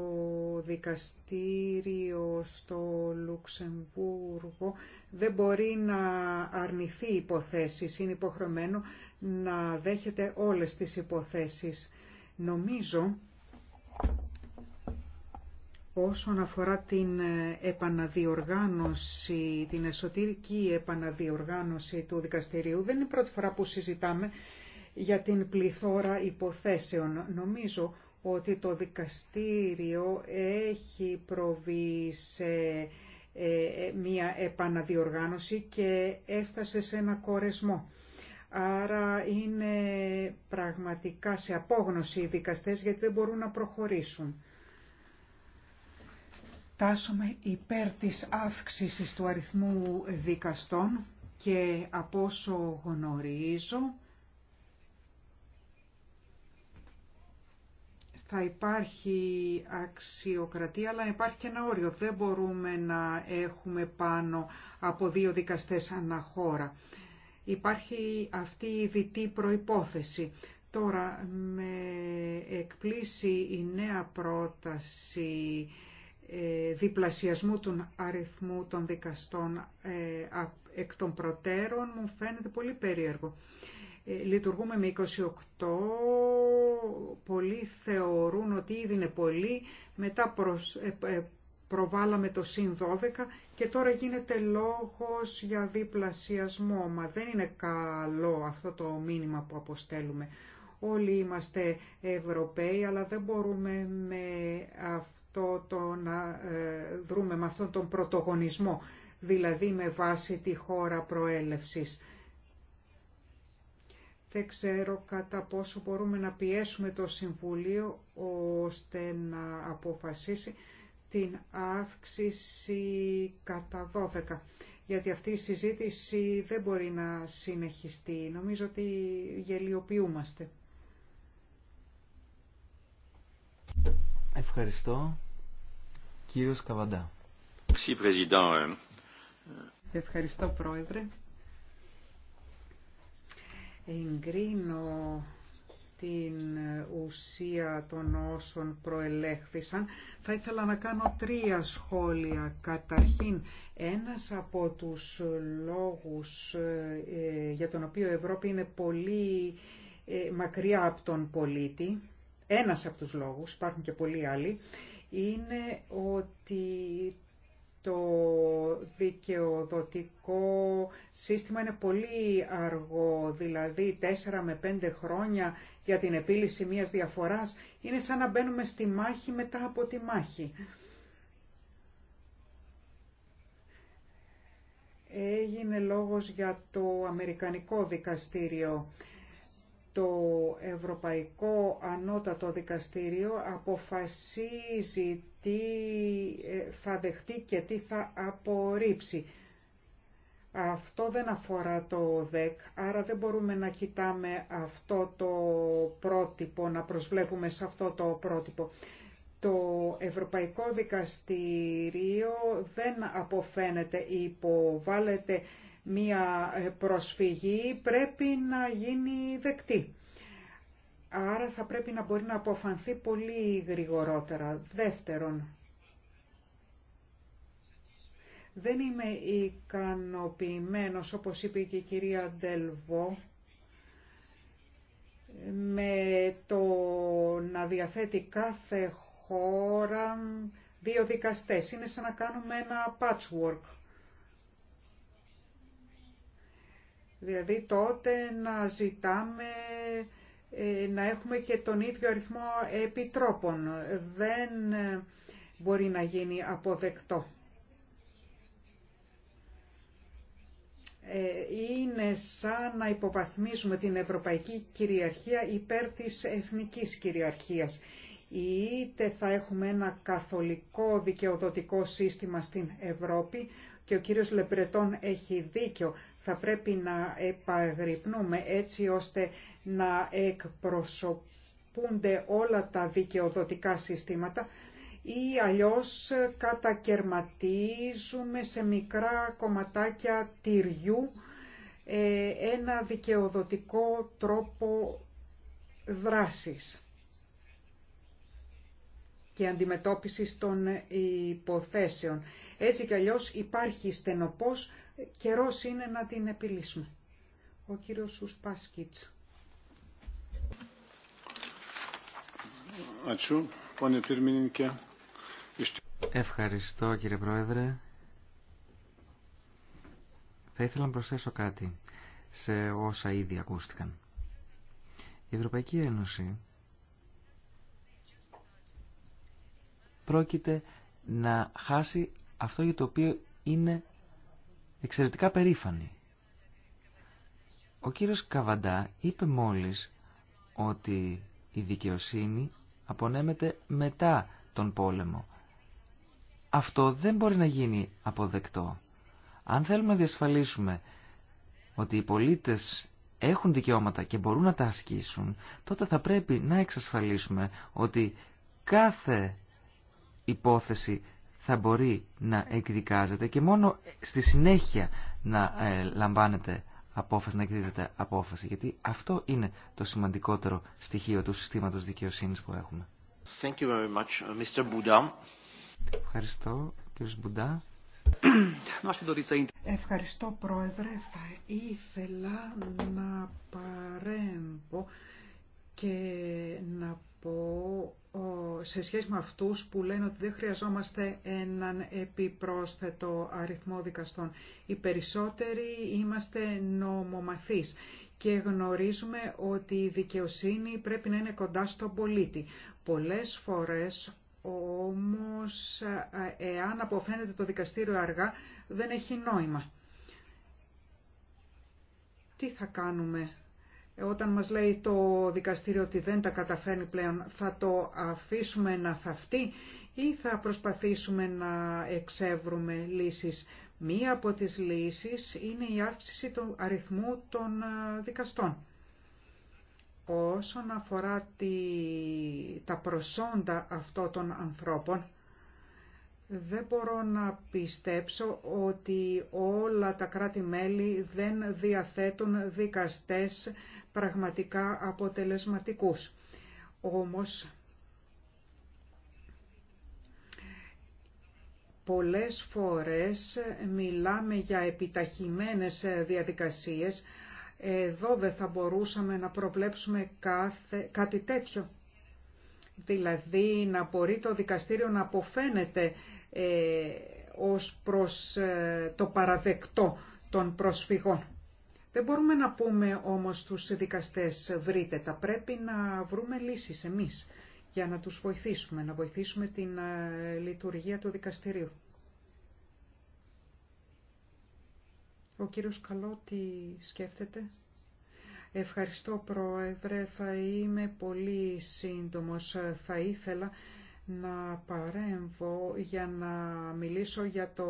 δικαστήριο στο Λουξεμβούργο δεν μπορεί να αρνηθεί υποθέσεις, είναι υποχρεωμένο να δέχεται όλες τις υποθέσεις. Νομίζω όσον αφορά την ε, επαναδιοργάνωση, την εσωτερική επαναδιοργάνωση του δικαστηρίου, δεν είναι η πρώτη φορά που συζητάμε για την πληθώρα υποθέσεων. Νομίζω ότι το δικαστήριο έχει προβεί σε ε, ε, μία επαναδιοργάνωση και έφτασε σε ένα κορεσμό. Άρα είναι πραγματικά σε απόγνωση οι δικαστές γιατί δεν μπορούν να προχωρήσουν τάσουμε υπέρ της αύξησης του αριθμού δικαστών και από όσο γνωρίζω θα υπάρχει αξιοκρατία, αλλά υπάρχει και ένα όριο. Δεν μπορούμε να έχουμε πάνω από δύο δικαστές ανά χώρα. Υπάρχει αυτή η διτή προϋπόθεση. Τώρα με εκπλήσει η νέα πρόταση ε, διπλασιασμού του αριθμού των δικαστών ε, εκ των προτέρων μου φαίνεται πολύ περίεργο. Ε, λειτουργούμε με 28, πολλοί θεωρούν ότι ήδη είναι πολύ. μετά προβάλαμε το ΣΥΝ 12 και τώρα γίνεται λόγος για διπλασιασμό. Μα δεν είναι καλό αυτό το μήνυμα που αποστέλουμε. Όλοι είμαστε Ευρωπαίοι, αλλά δεν μπορούμε με το να ε, δρούμε με αυτόν τον πρωτογονισμό, δηλαδή με βάση τη χώρα προέλευσης. Δεν ξέρω κατά πόσο μπορούμε να πιέσουμε το Συμβουλίο ώστε να αποφασίσει την αύξηση κατά 12. Γιατί αυτή η συζήτηση δεν μπορεί να συνεχιστεί. Νομίζω ότι γελιοποιούμαστε. Ευχαριστώ. Κύριος Καβαντά. Ε, ε, Ευχαριστώ, Πρόεδρε. Εγκρίνω την ουσία των όσων προελέχθησαν. Θα ήθελα να κάνω τρία σχόλια. Καταρχήν, ένας από τους λόγους ε, για τον οποίο η Ευρώπη είναι πολύ μακριά από τον πολίτη, ένας από τους λόγους, υπάρχουν και πολλοί άλλοι, είναι ότι το δικαιοδοτικό σύστημα είναι πολύ αργό, δηλαδή 4 με 5 χρόνια για την επίλυση μιας διαφοράς. Είναι σαν να μπαίνουμε στη μάχη μετά από τη μάχη. Έγινε λόγος για το Αμερικανικό Δικαστήριο το Ευρωπαϊκό Ανώτατο Δικαστήριο αποφασίζει τι ε, θα δεχτεί και τι θα απορρίψει. Αυτό δεν αφορά το ΔΕΚ, άρα δεν μπορούμε να κοιτάμε αυτό το πρότυπο, να προσβλέπουμε σε αυτό το πρότυπο. Το Ευρωπαϊκό Δικαστήριο δεν αποφαίνεται, υποβάλλεται μία ε, προσφυγή πρέπει να γίνει δεκτή. Άρα θα πρέπει να μπορεί να αποφανθεί πολύ γρηγορότερα. Δεύτερον, δεν είμαι ικανοποιημένος, όπως είπε και η κυρία Ντελβό, με το να διαθέτει κάθε χώρα δύο δικαστές. Είναι σαν να κάνουμε ένα patchwork. Δηλαδή τότε να ζητάμε ε, να έχουμε και τον ίδιο αριθμό επιτρόπων. Δεν ε, μπορεί να γίνει αποδεκτό. Ε, είναι σαν να υποβαθμίζουμε την ευρωπαϊκή κυριαρχία υπέρ της εθνικής κυριαρχίας. Είτε θα έχουμε ένα καθολικό δικαιοδοτικό σύστημα στην Ευρώπη και ο κύριος Λεπρετών έχει δίκιο θα πρέπει να επαγρυπνούμε έτσι ώστε να εκπροσωπούνται όλα τα δικαιοδοτικά συστήματα ή αλλιώς κατακερματίζουμε σε μικρά κομματάκια τυριού ε, ένα δικαιοδοτικό τρόπο δράσης και αντιμετώπισης των υποθέσεων. Έτσι κι αλλιώς υπάρχει στενοπός καιρός είναι να την επιλύσουμε. Ο κύριος Σουσπάσκιτς. Ευχαριστώ κύριε Πρόεδρε. Θα ήθελα να προσθέσω κάτι σε όσα ήδη ακούστηκαν. Η Ευρωπαϊκή Ένωση πρόκειται να χάσει αυτό για το οποίο είναι εξαιρετικά περήφανοι. Ο κύριος Καβαντά είπε μόλις ότι η δικαιοσύνη απονέμεται μετά τον πόλεμο. Αυτό δεν μπορεί να γίνει αποδεκτό. Αν θέλουμε να διασφαλίσουμε ότι οι πολίτες έχουν δικαιώματα και μπορούν να τα ασκήσουν, τότε θα πρέπει να εξασφαλίσουμε ότι κάθε υπόθεση θα μπορεί να εκδικάζεται και μόνο στη συνέχεια να ε, λαμβάνετε απόφαση, να εκδίδεται απόφαση. Γιατί αυτό είναι το σημαντικότερο στοιχείο του συστήματος δικαιοσύνης που έχουμε. Thank you very much, uh, Mr. Buddha. Ευχαριστώ, κύριε Μπουντά. Ευχαριστώ, Πρόεδρε. Θα ήθελα να παρέμβω και να σε σχέση με αυτούς που λένε ότι δεν χρειαζόμαστε έναν επιπρόσθετο αριθμό δικαστών. Οι περισσότεροι είμαστε νομομαθείς και γνωρίζουμε ότι η δικαιοσύνη πρέπει να είναι κοντά στον πολίτη. Πολλές φορές όμως εάν αποφαίνεται το δικαστήριο αργά δεν έχει νόημα. Τι θα κάνουμε όταν μας λέει το δικαστήριο ότι δεν τα καταφέρνει πλέον, θα το αφήσουμε να θαυτεί ή θα προσπαθήσουμε να εξεύρουμε λύσεις. Μία από τις λύσεις είναι η αύξηση του αριθμού των ε, δικαστών. Όσον αφορά τη, τα προσόντα αυτών των ανθρώπων, δεν μπορώ να πιστέψω ότι όλα τα κράτη-μέλη δεν διαθέτουν δικαστές πραγματικά αποτελεσματικούς. Όμως, πολλές φορές μιλάμε για επιταχυμένες διαδικασίες. Εδώ δεν θα μπορούσαμε να προβλέψουμε κάθε, κάτι τέτοιο. Δηλαδή να μπορεί το δικαστήριο να αποφαίνεται ε, ως προς ε, το παραδεκτό των προσφυγών. Δεν μπορούμε να πούμε όμως τους δικαστές βρείτε τα, πρέπει να βρούμε λύσεις εμείς για να τους βοηθήσουμε, να βοηθήσουμε την ε, λειτουργία του δικαστηρίου. Ο κύριος Καλό τι σκέφτεται. Ευχαριστώ Πρόεδρε, θα είμαι πολύ σύντομος. Θα ήθελα να παρέμβω για να μιλήσω για το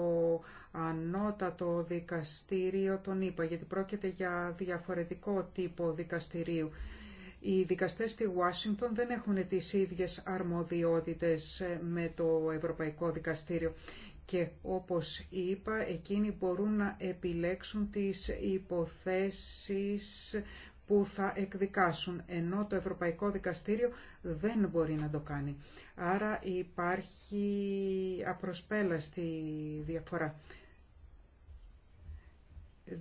ανώτατο δικαστήριο τον είπα, γιατί πρόκειται για διαφορετικό τύπο δικαστηρίου. Οι δικαστές στη Ουάσιγκτον δεν έχουν τις ίδιες αρμοδιότητες ε, με το Ευρωπαϊκό Δικαστήριο και όπως είπα εκείνοι μπορούν να επιλέξουν τις υποθέσεις που θα εκδικάσουν, ενώ το Ευρωπαϊκό Δικαστήριο δεν μπορεί να το κάνει. Άρα υπάρχει απροσπέλαστη διαφορά.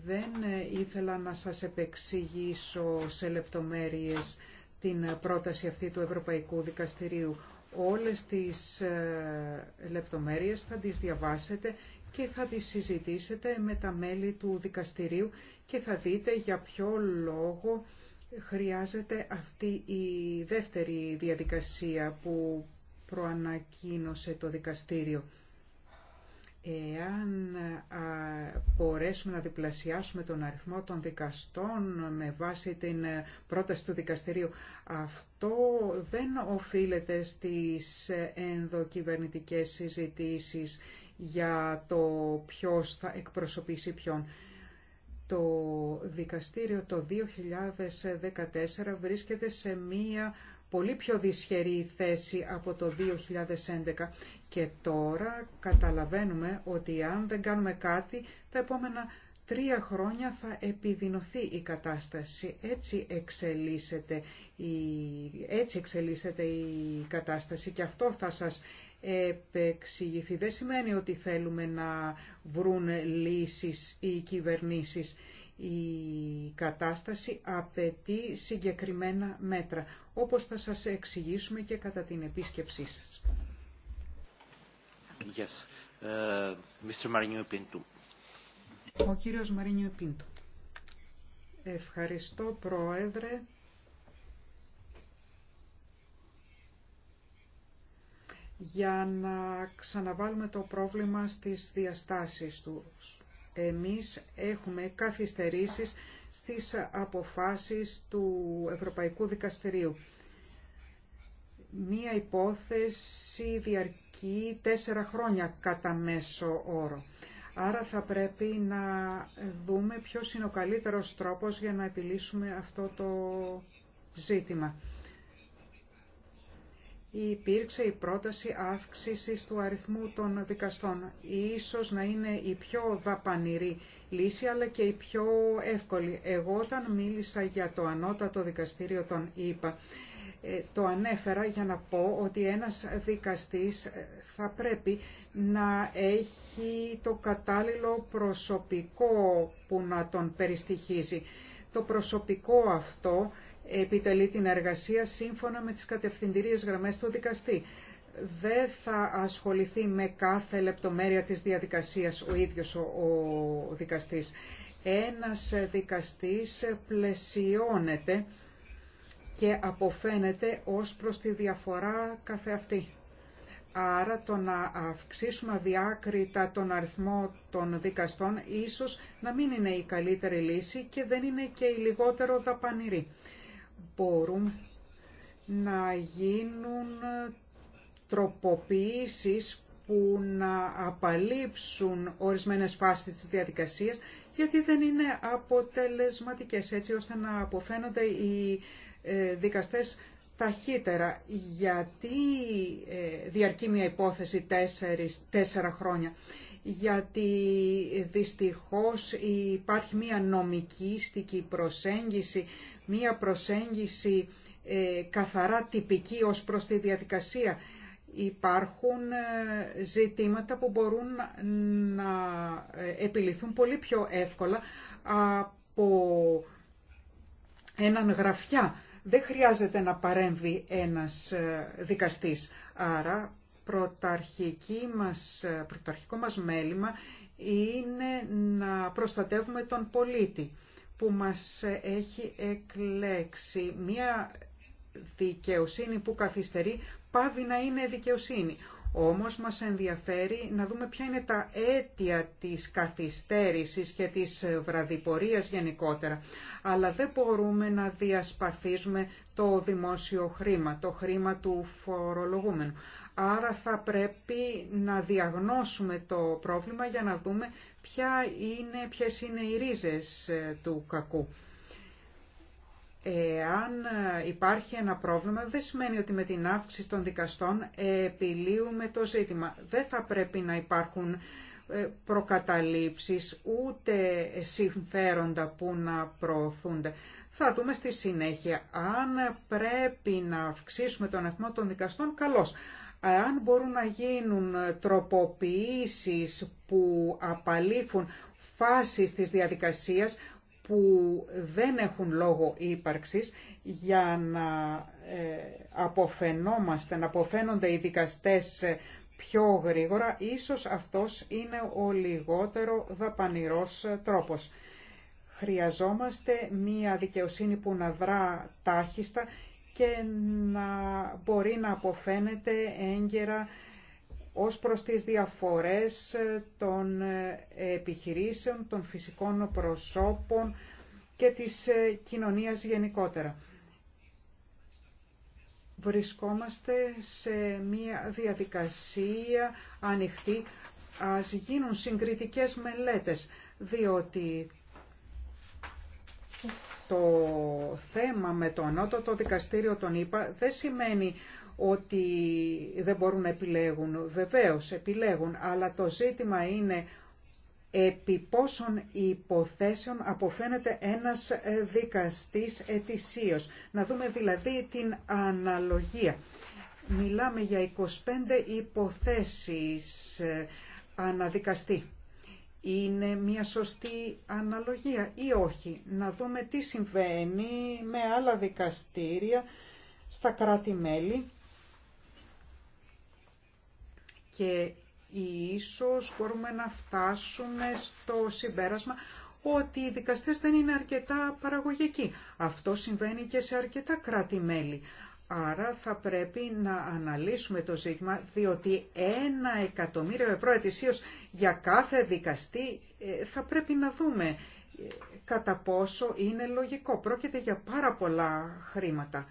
Δεν ήθελα να σας επεξηγήσω σε λεπτομέρειες την πρόταση αυτή του Ευρωπαϊκού Δικαστηρίου. Όλες τις ε, λεπτομέρειες θα τις διαβάσετε και θα τη συζητήσετε με τα μέλη του δικαστηρίου και θα δείτε για ποιο λόγο χρειάζεται αυτή η δεύτερη διαδικασία που προανακοίνωσε το δικαστήριο. Εάν μπορέσουμε να διπλασιάσουμε τον αριθμό των δικαστών με βάση την ε, πρόταση του δικαστηρίου, αυτό δεν οφείλεται στις ε, ενδοκυβερνητικές συζητήσεις για το ποιος θα εκπροσωπήσει ποιον. Το δικαστήριο το 2014 βρίσκεται σε μία πολύ πιο δυσχερή θέση από το 2011 και τώρα καταλαβαίνουμε ότι αν δεν κάνουμε κάτι τα επόμενα τρία χρόνια θα επιδεινωθεί η κατάσταση. Έτσι εξελίσσεται η, έτσι εξελίσσεται η κατάσταση και αυτό θα σας επεξηγηθεί. Δεν σημαίνει ότι θέλουμε να βρουν λύσεις Η κυβερνήσεις. Η κατάσταση απαιτεί συγκεκριμένα μέτρα, όπως θα σας εξηγήσουμε και κατά την επίσκεψή σας. Yes. Uh, Ο κύριος Μαρίνιο Πίντου. Ευχαριστώ, Πρόεδρε. για να ξαναβάλουμε το πρόβλημα στις διαστάσεις του. Εμείς έχουμε καθυστερήσεις στις αποφάσεις του Ευρωπαϊκού Δικαστηρίου. Μία υπόθεση διαρκεί τέσσερα χρόνια κατά μέσο όρο. Άρα θα πρέπει να δούμε ποιος είναι ο καλύτερος τρόπος για να επιλύσουμε αυτό το ζήτημα υπήρξε η πρόταση αύξησης του αριθμού των δικαστών. Ίσως να είναι η πιο δαπανηρή λύση, αλλά και η πιο εύκολη. Εγώ όταν μίλησα για το ανώτατο δικαστήριο των είπα, ε, το ανέφερα για να πω ότι ένας δικαστής ε, θα πρέπει να έχει το κατάλληλο προσωπικό που να τον περιστοιχίζει. Το προσωπικό αυτό επιτελεί την εργασία σύμφωνα με τις κατευθυντηρίες γραμμές του δικαστή. Δεν θα ασχοληθεί με κάθε λεπτομέρεια της διαδικασίας ο ίδιος ο, δικαστής. Ένας δικαστής πλαισιώνεται και αποφαίνεται ως προς τη διαφορά καθεαυτή. Άρα το να αυξήσουμε αδιάκριτα τον αριθμό των δικαστών ίσως να μην είναι η καλύτερη λύση και δεν είναι και η λιγότερο δαπανηρή μπορούν να γίνουν τροποποιήσεις που να απαλείψουν ορισμένες φάσεις της διαδικασίας, γιατί δεν είναι αποτελεσματικές, έτσι ώστε να αποφαίνονται οι ε, δικαστές ταχύτερα. Γιατί ε, διαρκεί μια υπόθεση τέσσερις, τέσσερα χρόνια. Γιατί δυστυχώς υπάρχει μια νομικήστικη προσέγγιση μία προσέγγιση ε, καθαρά τυπική ως προς τη διαδικασία. Υπάρχουν ε, ζητήματα που μπορούν να ε, επιληθούν πολύ πιο εύκολα από έναν γραφιά. Δεν χρειάζεται να παρέμβει ένας δικαστής. Άρα πρωταρχική μας, πρωταρχικό μας μέλημα είναι να προστατεύουμε τον πολίτη που μας έχει εκλέξει. Μία δικαιοσύνη που καθυστερεί πάβει να είναι δικαιοσύνη. Όμως μας ενδιαφέρει να δούμε ποια είναι τα αίτια της καθυστέρησης και της βραδιπορίας γενικότερα. Αλλά δεν μπορούμε να διασπαθίζουμε το δημόσιο χρήμα, το χρήμα του φορολογούμενου. Άρα θα πρέπει να διαγνώσουμε το πρόβλημα για να δούμε ποια είναι, ποιες είναι οι ρίζες ε, του κακού. Εάν ε, υπάρχει ένα πρόβλημα, δεν σημαίνει ότι με την αύξηση των δικαστών επιλύουμε το ζήτημα. Δεν θα πρέπει να υπάρχουν ε, προκαταλήψεις, ούτε συμφέροντα που να προωθούνται. Θα δούμε στη συνέχεια. Αν πρέπει να αυξήσουμε τον αριθμό των δικαστών, καλώς. Αν μπορούν να γίνουν τροποποιήσεις που απαλήφουν φάσεις της διαδικασίας που δεν έχουν λόγο ύπαρξης για να ε, αποφαινόμαστε, να αποφαίνονται οι δικαστές πιο γρήγορα, ίσως αυτός είναι ο λιγότερο δαπανηρός τρόπος. Χρειαζόμαστε μία δικαιοσύνη που να δρά τάχιστα και να μπορεί να αποφαίνεται έγκαιρα ως προς τις διαφορές των επιχειρήσεων, των φυσικών προσώπων και της κοινωνίας γενικότερα. Βρισκόμαστε σε μία διαδικασία ανοιχτή. Ας γίνουν συγκριτικές μελέτες, διότι το θέμα με το ανώτατο δικαστήριο τον είπα, δεν σημαίνει ότι δεν μπορούν να επιλέγουν. Βεβαίως επιλέγουν, αλλά το ζήτημα είναι επί πόσων υποθέσεων αποφαίνεται ένας ε, δικαστής ετησίως. Να δούμε δηλαδή την αναλογία. Μιλάμε για 25 υποθέσεις ε, αναδικαστή είναι μια σωστή αναλογία ή όχι. Να δούμε τι συμβαίνει με άλλα δικαστήρια στα κράτη-μέλη και ίσως μπορούμε να φτάσουμε στο συμπέρασμα ότι οι δικαστές δεν είναι αρκετά παραγωγικοί. Αυτό συμβαίνει και σε αρκετά κράτη-μέλη. Άρα θα πρέπει να αναλύσουμε το ζήτημα, διότι ένα εκατομμύριο ευρώ ετησίως για κάθε δικαστή ε, θα πρέπει να δούμε ε, κατά πόσο είναι λογικό. Πρόκειται για πάρα πολλά χρήματα.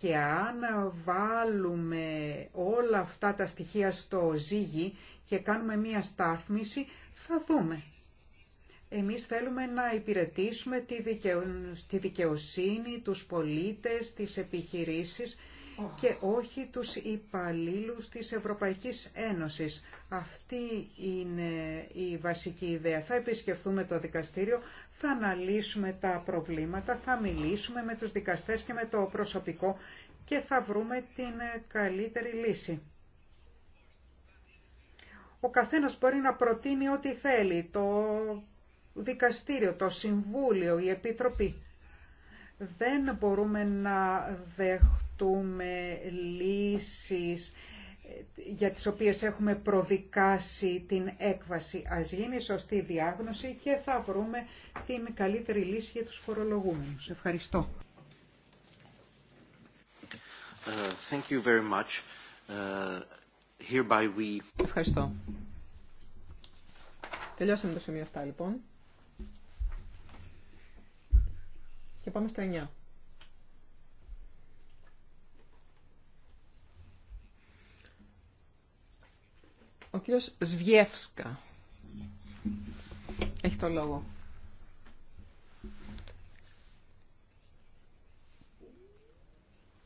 Και αν βάλουμε όλα αυτά τα στοιχεία στο ζύγι και κάνουμε μία στάθμιση, θα δούμε εμείς θέλουμε να υπηρετήσουμε τη δικαιοσύνη, τους πολίτες, τις επιχειρήσεις και όχι τους υπαλλήλους της Ευρωπαϊκής Ένωσης. Αυτή είναι η βασική ιδέα. Θα επισκεφθούμε το δικαστήριο, θα αναλύσουμε τα προβλήματα, θα μιλήσουμε με τους δικαστές και με το προσωπικό και θα βρούμε την καλύτερη λύση. Ο καθένας μπορεί να προτείνει ό,τι θέλει, το δικαστήριο, το Συμβούλιο, η Επιτροπή. Δεν μπορούμε να δεχτούμε λύσεις ε, για τις οποίες έχουμε προδικάσει την έκβαση. Ας γίνει σωστή διάγνωση και θα βρούμε την καλύτερη λύση για τους φορολογούμενους. Ευχαριστώ. Ε, thank you ε, Ευχαριστώ. Τελειώσαμε το σημείο αυτά λοιπόν. Και πάμε στο 9. Ο κύριος Σβιεύσκα έχει το λόγο.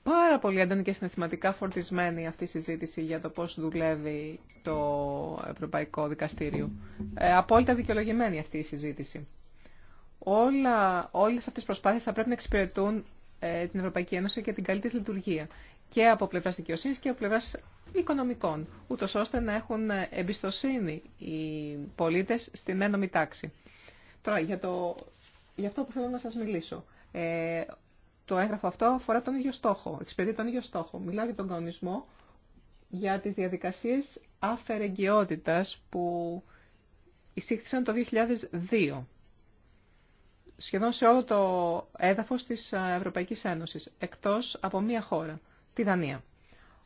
Πάρα πολύ έντονη και συναισθηματικά φορτισμένη αυτή η συζήτηση για το πώς δουλεύει το Ευρωπαϊκό Δικαστήριο. Ε, απόλυτα δικαιολογημένη αυτή η συζήτηση όλα, όλες αυτές τις προσπάθειες θα πρέπει να εξυπηρετούν ε, την Ευρωπαϊκή Ένωση και την καλύτερη λειτουργία και από πλευράς δικαιοσύνης και από πλευράς οικονομικών, ούτω ώστε να έχουν ε, εμπιστοσύνη οι πολίτες στην ένωμη τάξη. Τώρα, για, το, για αυτό που θέλω να σας μιλήσω. Ε, το έγγραφο αυτό αφορά τον ίδιο στόχο, εξυπηρετεί τον ίδιο στόχο. Μιλάει για τον κανονισμό για τις διαδικασίες αφαιρεγγιότητας που εισήχθησαν το 2002 σχεδόν σε όλο το έδαφος της ε, Ευρωπαϊκής Ένωσης, εκτός από μία χώρα, τη Δανία.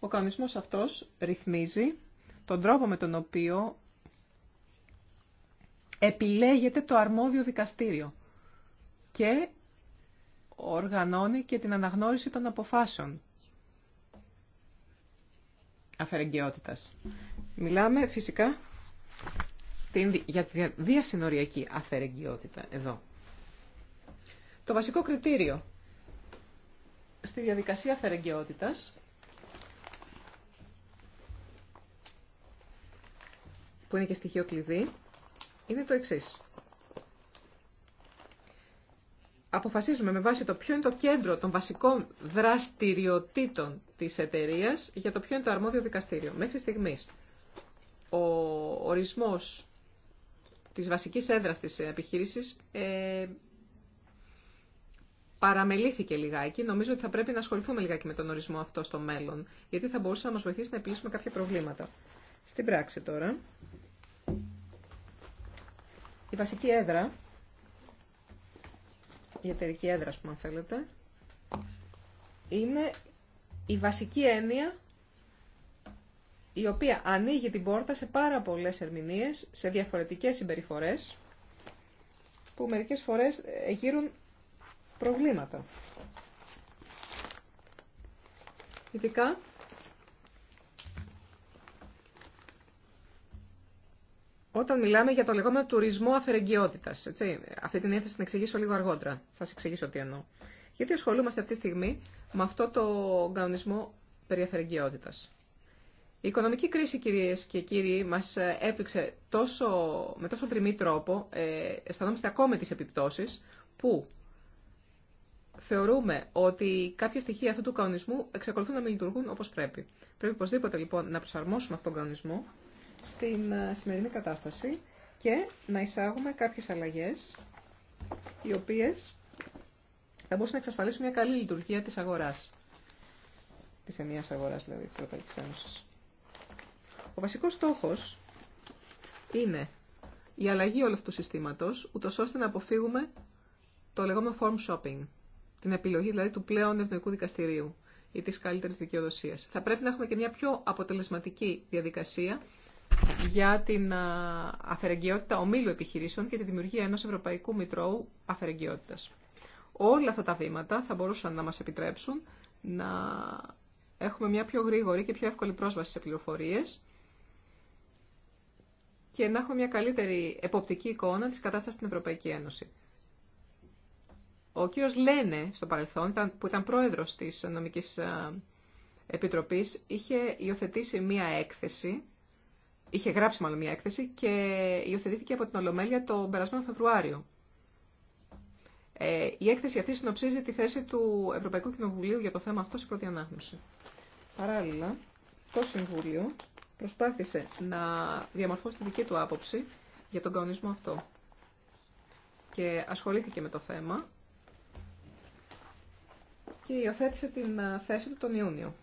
Ο κανονισμός αυτός ρυθμίζει τον τρόπο με τον οποίο επιλέγεται το αρμόδιο δικαστήριο και οργανώνει και την αναγνώριση των αποφάσεων αφαιρεγγιότητας. Μιλάμε φυσικά για τη διασυνοριακή αφαιρεγγιότητα εδώ. Το βασικό κριτήριο στη διαδικασία φερεγγιότητας που είναι και στοιχείο κλειδί, είναι το εξή. Αποφασίζουμε με βάση το ποιο είναι το κέντρο των βασικών δραστηριοτήτων της εταιρεία για το ποιο είναι το αρμόδιο δικαστήριο. Μέχρι στιγμής, ο ορισμός της βασικής έδρας της επιχείρησης ε, παραμελήθηκε λιγάκι. Νομίζω ότι θα πρέπει να ασχοληθούμε λιγάκι με τον ορισμό αυτό στο μέλλον, γιατί θα μπορούσε να μα βοηθήσει να επιλύσουμε κάποια προβλήματα. Στην πράξη τώρα, η βασική έδρα, η εταιρική έδρα, που αν θέλετε, είναι η βασική έννοια η οποία ανοίγει την πόρτα σε πάρα πολλές ερμηνείες, σε διαφορετικές συμπεριφορές, που μερικές φορές γύρουν προβλήματα. Ειδικά όταν μιλάμε για το λεγόμενο τουρισμό αφαιρεγγιότητας. Έτσι. Αυτή την ένθεση την εξηγήσω λίγο αργότερα. Θα σα εξηγήσω τι εννοώ. Γιατί ασχολούμαστε αυτή τη στιγμή με αυτό το κανονισμό περί αφαιρεγγιότητας. Η οικονομική κρίση, κυρίες και κύριοι, μας έπληξε τόσο, με τόσο τριμή τρόπο, ε, αισθανόμαστε ακόμη τις επιπτώσεις, που θεωρούμε ότι κάποια στοιχεία αυτού του κανονισμού εξακολουθούν να μην λειτουργούν όπως πρέπει. Πρέπει οπωσδήποτε λοιπόν να προσαρμόσουμε αυτόν τον κανονισμό στην ε, σημερινή κατάσταση και να εισάγουμε κάποιες αλλαγές οι οποίες θα μπορούσαν να εξασφαλίσουν μια καλή λειτουργία της αγοράς. Της ενιαίας αγοράς δηλαδή της Ευρωπαϊκής Ένωσης. Ο βασικός στόχος είναι η αλλαγή όλου αυτού του συστήματος, ούτως ώστε να αποφύγουμε το λεγόμενο form shopping την επιλογή δηλαδή του πλέον ευνοϊκού δικαστηρίου ή της καλύτερης δικαιοδοσίας. Θα πρέπει να έχουμε και μια πιο αποτελεσματική διαδικασία για την αφαιρεγκαιότητα ομίλου επιχειρήσεων και τη δημιουργία ενός Ευρωπαϊκού Μητρώου αφαιρεγκαιότητας. Όλα αυτά τα βήματα θα μπορούσαν να μας επιτρέψουν να έχουμε μια πιο γρήγορη και πιο εύκολη πρόσβαση σε πληροφορίες και να έχουμε μια καλύτερη εποπτική εικόνα της κατάστασης στην Ευρωπαϊκή Ένωση. Ο κύριος Λένε στο παρελθόν, που ήταν πρόεδρος της νομικής ε, επιτροπής, είχε υιοθετήσει μία έκθεση, είχε γράψει μάλλον μία έκθεση και υιοθετήθηκε από την Ολομέλεια το περασμένο Φεβρουάριο. Ε, η έκθεση αυτή συνοψίζει τη θέση του Ευρωπαϊκού Κοινοβουλίου για το θέμα αυτό σε πρώτη ανάγνωση. Παράλληλα, το Συμβούλιο προσπάθησε να διαμορφώσει τη δική του άποψη για τον κανονισμό αυτό και ασχολήθηκε με το θέμα και υιοθέτησε την ε, θέση του τον Ιούνιο.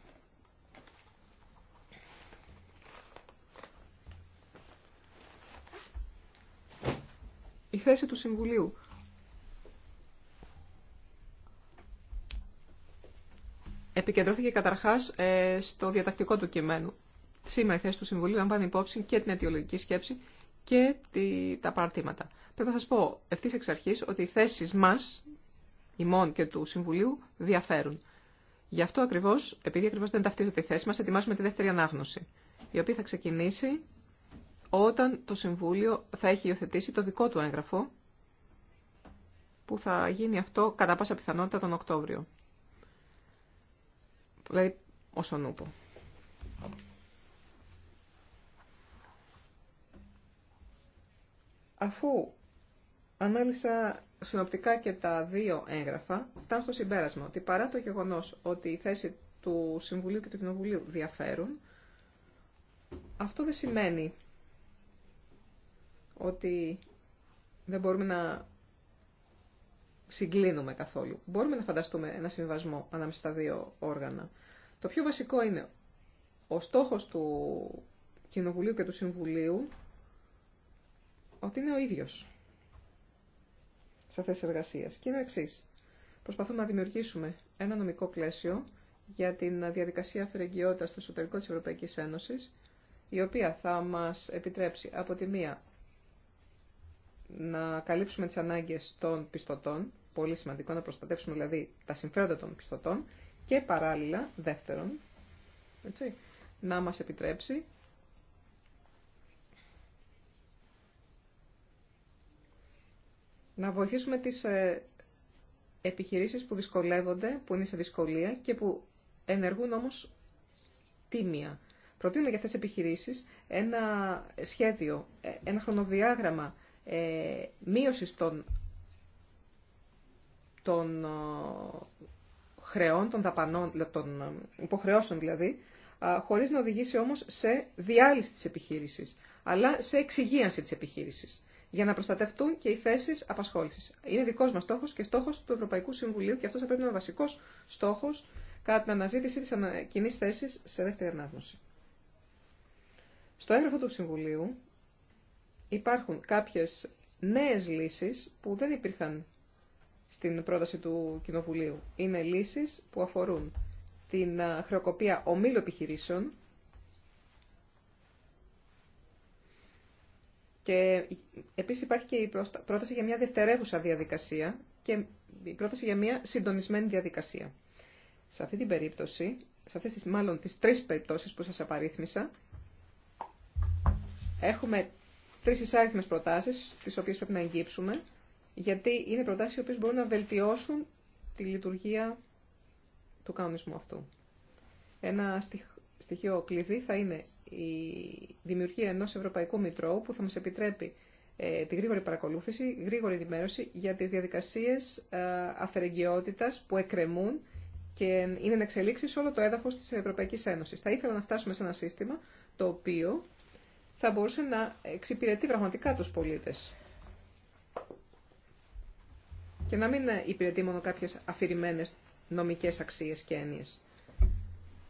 Η θέση του Συμβουλίου επικεντρώθηκε καταρχάς ε, στο διατακτικό του κειμένου. Σήμερα η θέση του Συμβουλίου λαμβάνει υπόψη και την αιτιολογική σκέψη και τα παρατήματα. Πρέπει να σας πω ευθύ εξ αρχής ότι οι θέσεις μας ημών και του Συμβουλίου διαφέρουν. Γι' αυτό ακριβώ, επειδή ακριβώ δεν ταυτίζεται η θέση μα, ετοιμάζουμε τη δεύτερη ανάγνωση, η οποία θα ξεκινήσει όταν το Συμβούλιο θα έχει υιοθετήσει το δικό του έγγραφο, που θα γίνει αυτό κατά πάσα πιθανότητα τον Οκτώβριο. Δηλαδή, όσον ούπο. Αφού Ανάλυσα συνοπτικά και τα δύο έγγραφα, φτάνω στο συμπέρασμα ότι παρά το γεγονός ότι η θέση του Συμβουλίου και του Κοινοβουλίου διαφέρουν, αυτό δεν σημαίνει ότι δεν μπορούμε να συγκλίνουμε καθόλου. Μπορούμε να φανταστούμε ένα συμβασμό ανάμεσα στα δύο όργανα. Το πιο βασικό είναι ο στόχος του Κοινοβουλίου και του Συμβουλίου ότι είναι ο ίδιος σε θέσει εργασία. Και είναι εξή. Προσπαθούμε να δημιουργήσουμε ένα νομικό πλαίσιο για την διαδικασία αφαιρεγγιότητας στο εσωτερικό τη Ευρωπαϊκής Ένωση, η οποία θα μας επιτρέψει από τη μία να καλύψουμε τις ανάγκες των πιστωτών, πολύ σημαντικό να προστατεύσουμε δηλαδή τα συμφέροντα των πιστωτών και παράλληλα, δεύτερον, έτσι, να μας επιτρέψει να βοηθήσουμε τις ε, επιχειρήσεις που δυσκολεύονται, που είναι σε δυσκολία και που ενεργούν όμως τίμια. Προτείνουμε για αυτές τις επιχειρήσεις ένα σχέδιο, ε, ένα χρονοδιάγραμμα ε, μείωσης των, ε, χρεών, των δαπανών, των υποχρεώσεων δηλαδή, χωρίς να οδηγήσει όμως σε διάλυση της επιχείρησης, αλλά σε εξυγίανση της επιχείρησης για να προστατευτούν και οι θέσει απασχόληση. Είναι δικό μα στόχο και στόχο του Ευρωπαϊκού Συμβουλίου και αυτό θα πρέπει να είναι βασικό στόχο κατά την αναζήτηση τη κοινή θέση σε δεύτερη ανάγνωση. Στο έγγραφο του Συμβουλίου υπάρχουν κάποιε νέε λύσει που δεν υπήρχαν στην πρόταση του Κοινοβουλίου. Είναι λύσει που αφορούν την χρεοκοπία ομίλου επιχειρήσεων, Και επίσης υπάρχει και η πρόταση για μια δευτερεύουσα διαδικασία και η πρόταση για μια συντονισμένη διαδικασία. Σε αυτή την περίπτωση, σε αυτές τις, μάλλον τις τρεις περιπτώσεις που σας απαρίθμησα, έχουμε τρεις εισάριθμες προτάσεις, τις οποίες πρέπει να εγγύψουμε, γιατί είναι προτάσεις οι οποίες μπορούν να βελτιώσουν τη λειτουργία του κανονισμού αυτού. Ένα στοιχείο κλειδί θα είναι η δημιουργία ενός ευρωπαϊκού μητρώου που θα μας επιτρέπει ε, τη γρήγορη παρακολούθηση, γρήγορη ενημέρωση για τις διαδικασίες ε, αφαιρεγγιότητας που εκκρεμούν και είναι να εξελίξει σε όλο το έδαφος της Ευρωπαϊκής Ένωσης. Θα ήθελα να φτάσουμε σε ένα σύστημα το οποίο θα μπορούσε να εξυπηρετεί πραγματικά τους πολίτες και να μην υπηρετεί μόνο κάποιες αφηρημένες νομικές αξίες και έννοιες.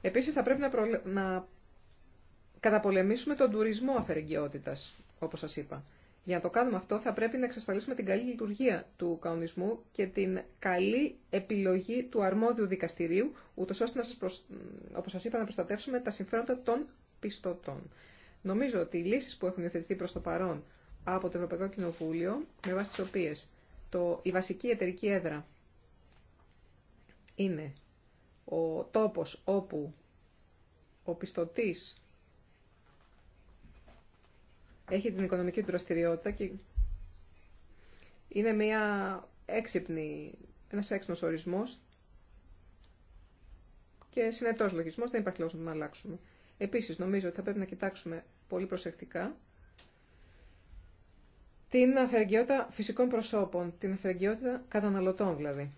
Επίσης θα πρέπει να, να καταπολεμήσουμε τον τουρισμό αφαιρεγκαιότητα, όπως σας είπα. Για να το κάνουμε αυτό θα πρέπει να εξασφαλίσουμε την καλή λειτουργία του κανονισμού και την καλή επιλογή του αρμόδιου δικαστηρίου, ούτω ώστε όπως σας είπα να προστατεύσουμε τα συμφέροντα των πιστωτών. Νομίζω ότι οι λύσει που έχουν υιοθετηθεί προς το παρόν από το Ευρωπαϊκό Κοινοβούλιο, με βάση τι οποίε το... η βασική εταιρική έδρα είναι ο τόπος όπου ο πιστωτής έχει την οικονομική δραστηριότητα και είναι μια έξυπνη, ένας έξυπνος ορισμός και συνετός λογισμός, δεν υπάρχει λόγος να τον αλλάξουμε. Επίσης, νομίζω ότι θα πρέπει να κοιτάξουμε πολύ προσεκτικά την αφαιρεγγιότητα φυσικών προσώπων, την αφαιρεγγιότητα καταναλωτών δηλαδή.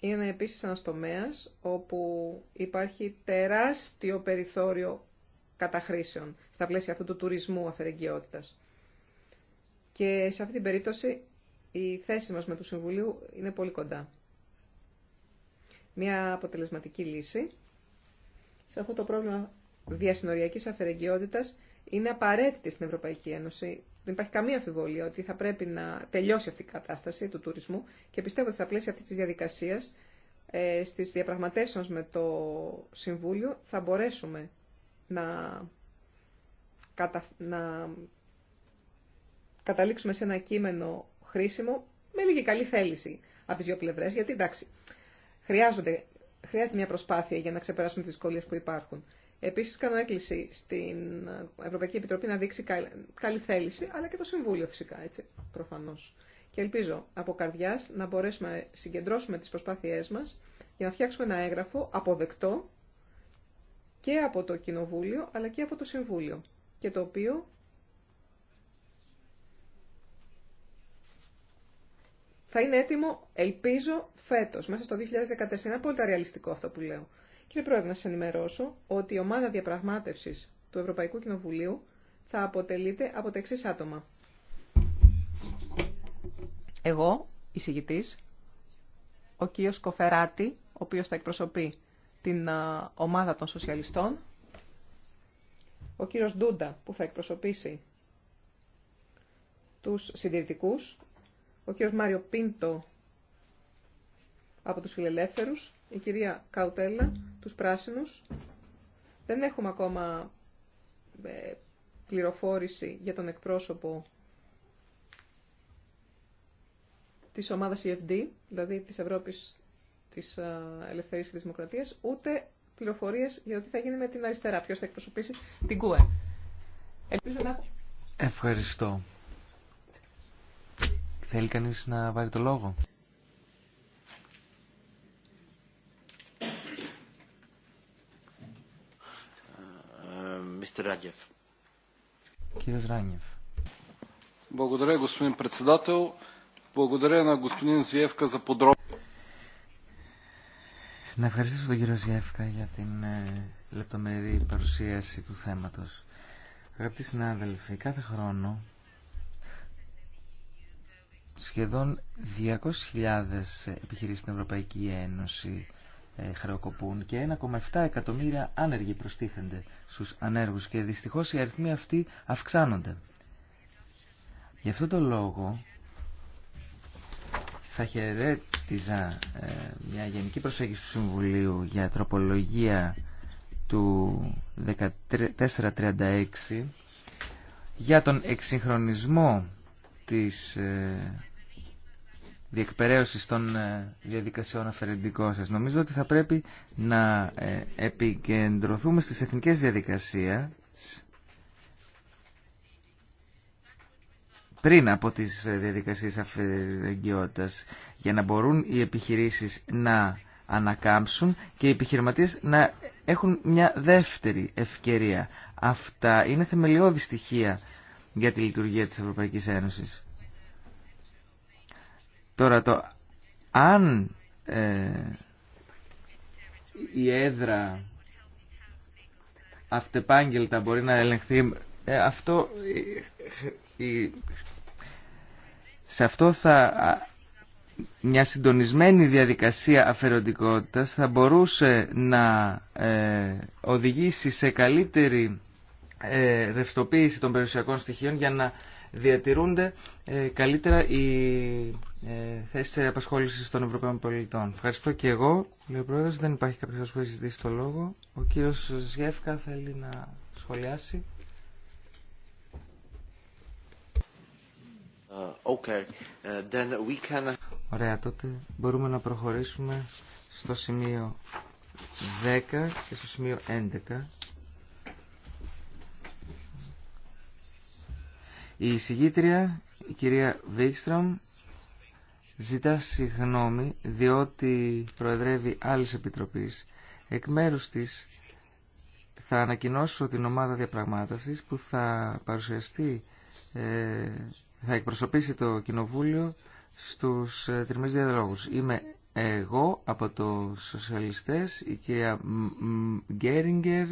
Είναι επίσης ένας τομέας όπου υπάρχει τεράστιο περιθώριο καταχρήσεων στα πλαίσια αυτού του τουρισμού αφαιρεγκαιότητας Και σε αυτή την περίπτωση η θέση μας με το Συμβουλίου είναι πολύ κοντά. Μια αποτελεσματική λύση σε αυτό το πρόβλημα διασυνοριακής αφαιρεγκαιότητας είναι απαραίτητη στην Ευρωπαϊκή Ένωση. Δεν υπάρχει καμία αμφιβολία ότι θα πρέπει να τελειώσει αυτή η κατάσταση του τουρισμού και πιστεύω ότι στα πλαίσια αυτής της διαδικασίας, ε, στις διαπραγματεύσεις με το Συμβούλιο, θα μπορέσουμε να, να καταλήξουμε σε ένα κείμενο χρήσιμο με λίγη καλή θέληση από τις δύο πλευρές, γιατί εντάξει, χρειάζεται μια προσπάθεια για να ξεπεράσουμε τις δυσκολίες που υπάρχουν. Επίσης, κάνω έκκληση στην Ευρωπαϊκή Επιτροπή να δείξει καλή θέληση, αλλά και το Συμβούλιο φυσικά, έτσι, προφανώς. Και ελπίζω από καρδιάς να μπορέσουμε να συγκεντρώσουμε τις προσπάθειές μας για να φτιάξουμε ένα έγγραφο αποδεκτό και από το Κοινοβούλιο αλλά και από το Συμβούλιο και το οποίο θα είναι έτοιμο, ελπίζω, φέτος, μέσα στο 2014. Είναι απόλυτα ρεαλιστικό αυτό που λέω. Κύριε Πρόεδρε, να σα ενημερώσω ότι η ομάδα διαπραγμάτευσης του Ευρωπαϊκού Κοινοβουλίου θα αποτελείται από τα εξή άτομα. Εγώ, εισηγητής, ο κύριος Κοφεράτη, ο οποίος θα εκπροσωπεί την ομάδα των σοσιαλιστών. Ο κύριος Ντούντα που θα εκπροσωπήσει τους συντηρητικούς. Ο κύριος Μάριο Πίντο από τους φιλελεύθερους. Η κυρία Καουτέλα, τους πράσινους. Δεν έχουμε ακόμα ε, πληροφόρηση για τον εκπρόσωπο της ομάδας EFD, δηλαδή της Ευρώπης της ε, ελευθερίας και της δημοκρατίας, ούτε πληροφορίες για το τι θα γίνει με την αριστερά, ποιος θα εκπροσωπήσει την ΚΟΕ. Ελπίζω να... Ευχαριστώ. Θέλει κανείς να βάλει το λόγο. Mr. Ράνιεφ. Κύριος Ράγγεφ. Благодаря, господин председател. Благодаря на господин Звиевка за подробно. Να ευχαριστήσω τον κύριο Ζιέφκα για την ε, λεπτομερή παρουσίαση του θέματος. Αγαπητοί συνάδελφοι, κάθε χρόνο σχεδόν 200.000 επιχειρήσεις στην Ευρωπαϊκή Ένωση ε, χρεοκοπούν και 1,7 εκατομμύρια άνεργοι προστίθενται στους ανέργους και δυστυχώς οι αριθμοί αυτοί αυξάνονται. Γι' αυτό το λόγο θα χαιρέτιζα ε, μια γενική προσέγγιση του Συμβουλίου για τροπολογία του 1436 για τον εξυγχρονισμό της ε, διεκπαιρέωσης των ε, διαδικασιών αφαιρετικών σας. Νομίζω ότι θα πρέπει να επικεντρωθούμε στις εθνικές διαδικασίες πριν από τις ε, διαδικασίες αφαιρεγγιότητας για να μπορούν οι επιχειρήσεις να ανακάμψουν και οι επιχειρηματίες να έχουν μια δεύτερη ευκαιρία. Αυτά είναι θεμελιώδη στοιχεία για τη λειτουργία της Ευρωπαϊκής Ένωσης. Τώρα το αν ε, η έδρα αυτεπάγγελτα μπορεί να ελεγχθεί ε, αυτό η, σε αυτό θα μια συντονισμένη διαδικασία αφαιροντικότητας θα μπορούσε να ε, οδηγήσει σε καλύτερη ε, ρευστοποίηση των περιουσιακών στοιχείων για να διατηρούνται ε, καλύτερα οι ε, θέσεις απασχόλησης των Ευρωπαίων πολιτών. Ευχαριστώ και εγώ. Λέω Πρόεδρος, δεν υπάρχει κάποιος που έχει ζητήσει το λόγο. Ο κύριος Ζιεύκα θέλει να σχολιάσει. Ε, ε, Ωραία, τότε μπορούμε να προχωρήσουμε στο σημείο 10 και στο σημείο 11. Η συγγήτρια, η κυρία Βίξτρομ, ζητά συγγνώμη διότι προεδρεύει άλλης επιτροπής. Εκ μέρους της θα ανακοινώσω την ομάδα διαπραγμάτευσης που θα παρουσιαστεί ε, θα εκπροσωπήσει το Κοινοβούλιο στους ε, τριμμές διαδρόμους. Είμαι εγώ από τους σοσιαλιστές, η κυρία Γκέριγκερ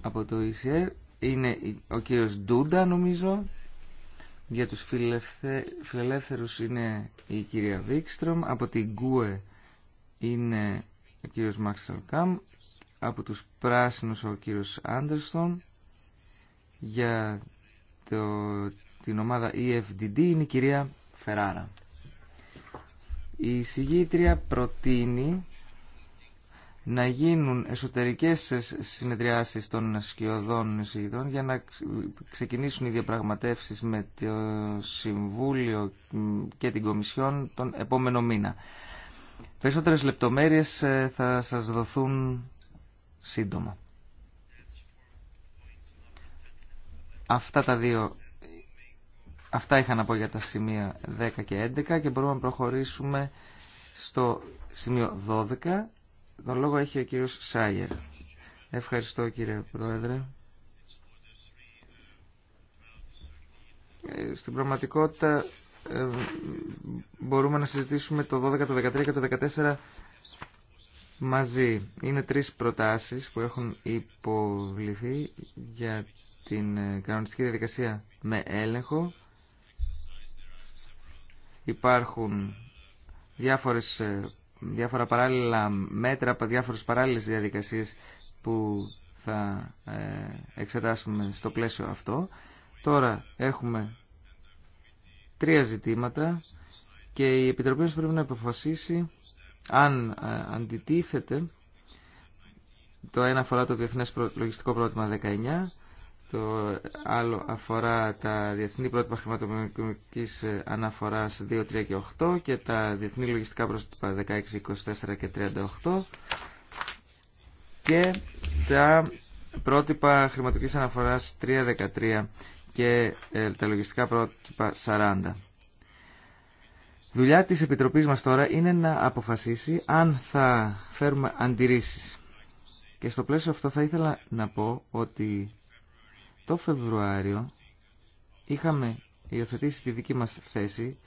από το ΙΣΕΡ, είναι ο κύριος Ντούντα νομίζω, για τους φιλελεύθερους είναι η κυρία Βίξτρομ, από την ΚΟΕ είναι ο κύριος Μαξαλκάμ, από τους πράσινους ο κύριος Άντερστον, για το, την ομάδα EFDD είναι η κυρία Φεράρα. Η συγγήτρια προτείνει να γίνουν εσωτερικές συνεδριάσεις των σκιωδών συγγητών για να ξεκινήσουν οι διαπραγματεύσεις με το Συμβούλιο και την Κομισιόν τον επόμενο μήνα. Περισσότερες λεπτομέρειες ε, θα σας δοθούν σύντομα. Αυτά τα δύο, αυτά είχα να πω για τα σημεία 10 και 11 και μπορούμε να προχωρήσουμε στο σημείο 12. Το λόγο έχει ο κύριος Σάγερ. Ευχαριστώ κύριε Πρόεδρε. Ε, στην πραγματικότητα ε, μπορούμε να συζητήσουμε το 12, το 13 και το 14 μαζί. Είναι τρεις προτάσεις που έχουν υποβληθεί για την ε, κανονιστική διαδικασία με έλεγχο. Υπάρχουν διάφορες, ε, διάφορα παράλληλα μέτρα από διάφορες παράλληλες διαδικασίες που θα ε, εξετάσουμε στο πλαίσιο αυτό. Τώρα έχουμε τρία ζητήματα και η Επιτροπή πρέπει να αποφασίσει αν αντιτίθεται το ένα φορά το Διεθνές Λογιστικό Πρότυπο 19 το άλλο αφορά τα διεθνή πρότυπα χρηματοοικονομικής αναφορά 2, 3 και 8 και τα διεθνή λογιστικά πρότυπα 16, 24 και 38 και τα πρότυπα χρηματικής αναφοράς 3, 13 και ε, τα λογιστικά πρότυπα 40. Δουλειά της Επιτροπής μας τώρα είναι να αποφασίσει αν θα φέρουμε αντιρρήσεις. Και στο πλαίσιο αυτό θα ήθελα να πω ότι το Φεβρουάριο είχαμε υιοθετήσει τη δική μας θέση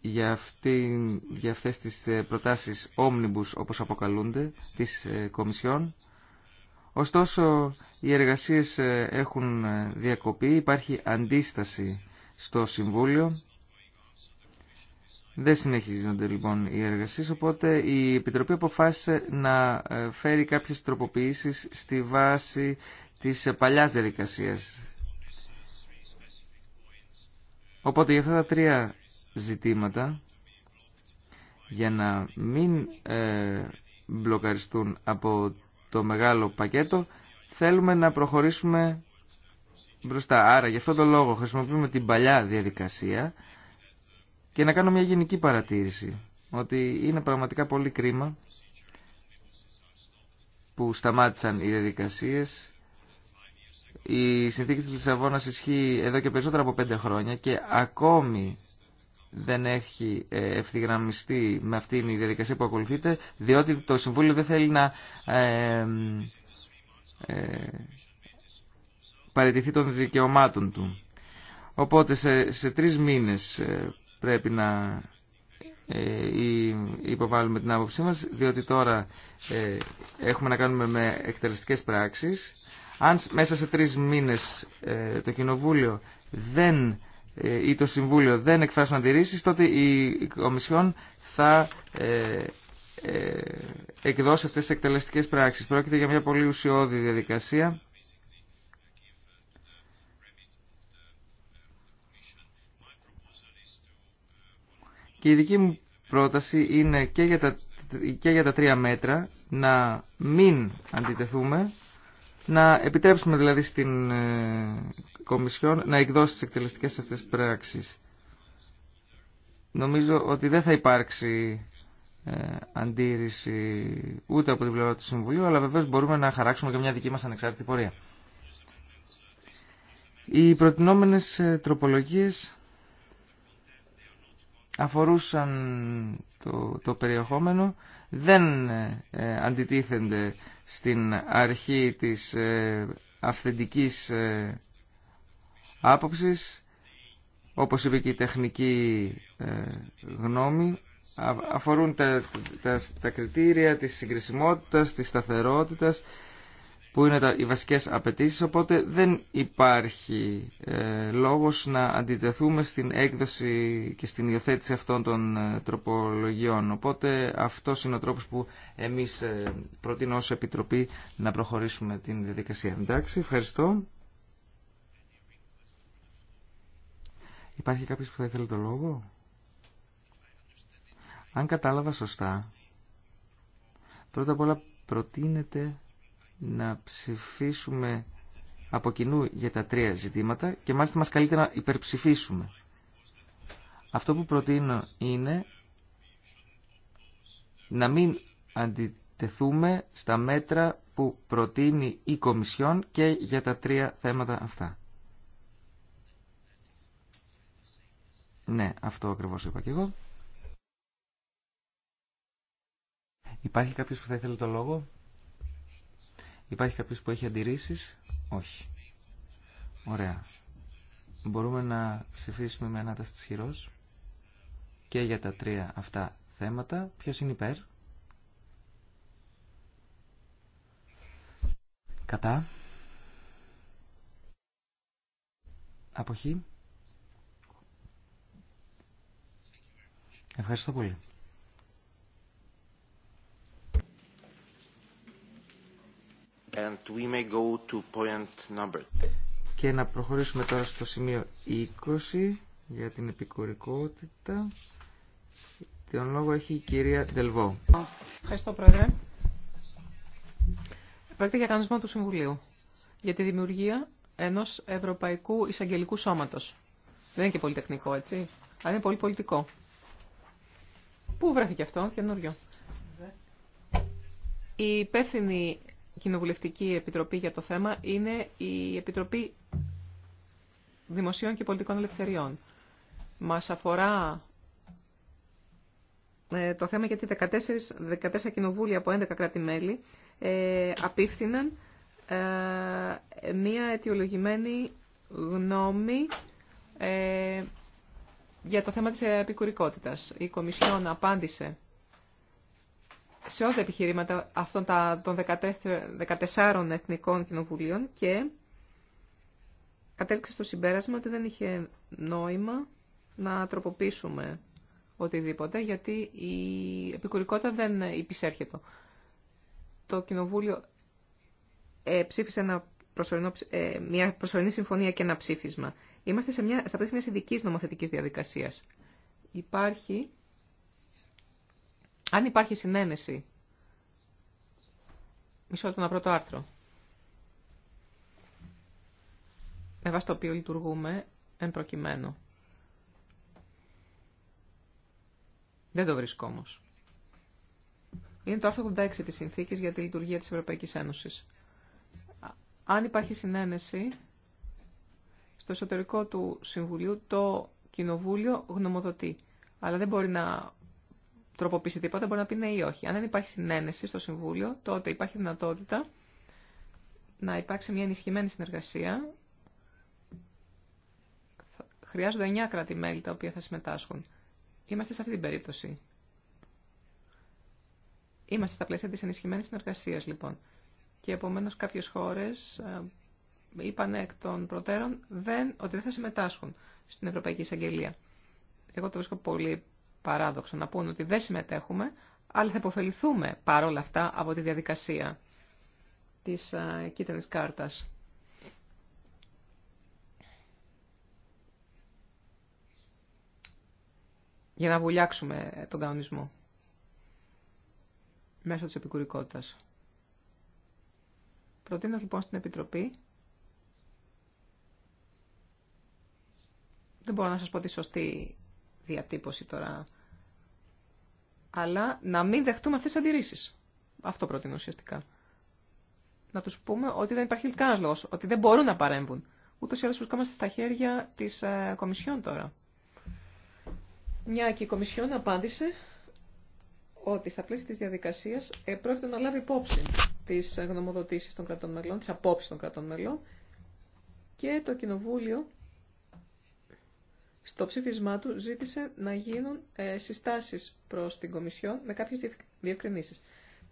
για, αυτή, για αυτές τις ε, προτάσεις όμνιμπους όπως αποκαλούνται της ε, Κομισιόν. Ωστόσο οι εργασίες ε, έχουν διακοπεί, υπάρχει αντίσταση στο Συμβούλιο. Δεν συνεχίζονται λοιπόν οι εργασίες, οπότε η Επιτροπή αποφάσισε να φέρει κάποιες τροποποιήσεις στη βάση της παλιάς διαδικασίας. Οπότε για αυτά τα τρία ζητήματα, για να μην ε, μπλοκαριστούν από το μεγάλο πακέτο, θέλουμε να προχωρήσουμε μπροστά. Άρα γι' αυτόν τον λόγο χρησιμοποιούμε την παλιά διαδικασία και να κάνω μια γενική παρατήρηση, ότι είναι πραγματικά πολύ κρίμα που σταμάτησαν οι διαδικασίες η συνθήκη της Λισαβόνας ισχύει εδώ και περισσότερα από πέντε χρόνια και ακόμη δεν έχει ε, ευθυγραμμιστεί με αυτήν η διαδικασία που ακολουθείται, διότι το Συμβούλιο δεν θέλει να ε, παραιτηθεί των δικαιωμάτων του. Οπότε σε, σε τρεις μήνες ε, πρέπει να ε, υποβάλουμε την άποψή μας διότι τώρα έχουμε να κάνουμε με εκτελεστικές πράξεις αν μέσα σε τρεις μήνες ε, το Κοινοβούλιο δεν, ε, ή το Συμβούλιο δεν εκφράσουν αντιρρήσεις, τότε η Κομισιόν θα ε, εκδώσει αυτές τις εκτελεστικές πράξεις. Πρόκειται για μια πολύ ουσιώδη διαδικασία. Και η δική μου πρόταση είναι και για τα, και για τα τρία μέτρα να μην αντιτεθούμε να επιτρέψουμε δηλαδή στην ε, Κομισιόν να εκδώσει τις εκτελεστικές αυτές πράξεις. Νομίζω ότι δεν θα υπάρξει ε, αντίρρηση ούτε από την πλευρά του Συμβουλίου, αλλά βεβαίως μπορούμε να χαράξουμε και μια δική μας ανεξάρτητη πορεία. Οι προτινόμενες ε, τροπολογίες αφορούσαν το, το περιεχόμενο δεν ε, ε, αντιτίθενται στην αρχή της ε, αυθεντικής ε, άποψης όπως είπε και η τεχνική γνώμη αφορούν τα, τα, τα κριτήρια της συγκρισιμότητας, της σταθερότητας που είναι τα, οι βασικές απαιτήσει, οπότε δεν υπάρχει ε, λόγος να αντιτεθούμε στην έκδοση και στην υιοθέτηση αυτών των ε, τροπολογιών. Οπότε αυτός είναι ο τρόπος που εμείς ε, προτείνω ως Επιτροπή να προχωρήσουμε την διαδικασία. Εντάξει, ευχαριστώ. Υπάρχει κάποιος που θα ήθελε το λόγο? Αν κατάλαβα σωστά, πρώτα απ' όλα προτείνεται να ψηφίσουμε από κοινού για τα τρία ζητήματα και μάλιστα μας καλύτερα να υπερψηφίσουμε. Αυτό που προτείνω είναι να μην αντιτεθούμε στα μέτρα που προτείνει η Κομισιόν και για τα τρία θέματα αυτά. Ναι, αυτό ακριβώς είπα και εγώ. Υπάρχει κάποιος που θα ήθελε το λόγο. Υπάρχει κάποιος που έχει αντιρρήσεις. Όχι. Ωραία. Μπορούμε να ψηφίσουμε με ανάταση της χειρός και για τα τρία αυτά θέματα. Ποιος είναι υπέρ. Κατά. Αποχή. Ευχαριστώ πολύ. And we may go to point number. Και να προχωρήσουμε τώρα στο σημείο 20 για την επικουρικότητα. Τον λόγο έχει η κυρία Δελβό. Ευχαριστώ, Πρόεδρε. Πρόκειται για κανονισμό του Συμβουλίου για τη δημιουργία ενός Ευρωπαϊκού Εισαγγελικού Σώματος. Δεν είναι και πολυτεχνικό, έτσι, αλλά είναι πολύ πολιτικό. Πού βρέθηκε αυτό, καινούριο. Η υπεύθυνη κοινοβουλευτική επιτροπή για το θέμα είναι η Επιτροπή Δημοσίων και Πολιτικών Ελευθεριών. Μας αφορά ε, το θέμα γιατί 14, 14 κοινοβούλια από 11 κράτη-μέλη ε, απίφθηναν ε, μία αιτιολογημένη γνώμη ε, για το θέμα της επικουρικότητας. Η Κομισιόν απάντησε σε όλα τα επιχειρήματα αυτών των 14 εθνικών κοινοβουλίων και κατέληξε στο συμπέρασμα ότι δεν είχε νόημα να τροποποιήσουμε οτιδήποτε, γιατί η επικουρικότητα δεν υπησέρχεται. Το Κοινοβούλιο ε, ψήφισε ε, μια προσωρινή συμφωνία και ένα ψήφισμα. Είμαστε σε μια, στα πλαίσια μια ειδική νομοθετική διαδικασία. Υπάρχει αν υπάρχει συνένεση, μισό το να πρώτο άρθρο, με βάση το οποίο λειτουργούμε εν προκειμένου. Δεν το βρίσκω όμω. Είναι το άρθρο 86 της Συνθήκης για τη λειτουργία της Ευρωπαϊκής Ένωσης. Αν υπάρχει συνένεση, στο εσωτερικό του Συμβουλίου το Κοινοβούλιο γνωμοδοτεί. Αλλά δεν μπορεί να τροποποιήσει τίποτα, μπορεί να πει ναι ή όχι. Αν δεν υπάρχει συνένεση στο Συμβούλιο, τότε υπάρχει δυνατότητα να υπάρξει μια ενισχυμένη συνεργασία. Χρειάζονται 9 κράτη-μέλη τα οποία θα συμμετάσχουν. Είμαστε σε αυτή την περίπτωση. Είμαστε στα πλαίσια της ενισχυμένης συνεργασίας, λοιπόν. Και επομένως κάποιες χώρες ε, είπαν εκ των προτέρων δεν, ότι δεν θα συμμετάσχουν στην Ευρωπαϊκή Εισαγγελία. Εγώ το βρίσκω πολύ παράδοξο να πούν ότι δεν συμμετέχουμε, αλλά θα υποφεληθούμε παρόλα αυτά από τη διαδικασία της ε, κίτρινης κάρτας. για να βουλιάξουμε τον κανονισμό μέσω της επικουρικότητας. Προτείνω λοιπόν στην Επιτροπή δεν μπορώ να σας πω τη σωστή διατύπωση τώρα, αλλά να μην δεχτούμε αυτές τις αντιρρήσεις. Αυτό προτείνω ουσιαστικά. Να τους πούμε ότι δεν υπάρχει κανένα λόγο, ότι δεν μπορούν να παρέμβουν. Ούτως ή άλλως βρισκόμαστε στα χέρια της ε, Κομισιόν τώρα. Μια και η Κομισιόν απάντησε ότι στα πλαίσια της διαδικασίας ε, πρόκειται να λάβει υπόψη τι γνωμοδοτήσεις των κρατών μελών, τις απόψεις των κρατών μελών και το Κοινοβούλιο στο ψήφισμά του ζήτησε να γίνουν ε, συστάσεις προς την Κομισιόν με κάποιες διευκρινήσεις.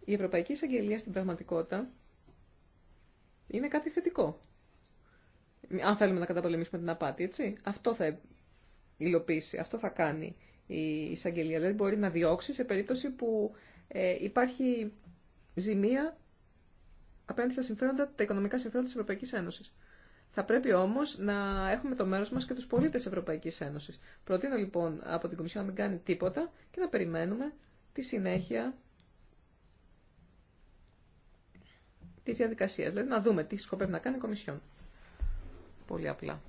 Η Ευρωπαϊκή Εισαγγελία στην πραγματικότητα είναι κάτι θετικό. Αν θέλουμε να καταπολεμήσουμε την απάτη, έτσι. Αυτό θα υλοποιήσει, αυτό θα κάνει η εισαγγελία. Δηλαδή μπορεί να διώξει σε περίπτωση που ε, υπάρχει ζημία απέναντι στα συμφέροντα, τα οικονομικά συμφέροντα της Ευρωπαϊκής Ένωσης. Θα πρέπει όμω να έχουμε το μέρο μα και του πολίτε Ευρωπαϊκή Ένωση. Προτείνω λοιπόν από την Κομισιόν να μην κάνει τίποτα και να περιμένουμε τη συνέχεια τη διαδικασία. Δηλαδή να δούμε τι σκοπεύει να κάνει η Κομισιόν. Πολύ απλά.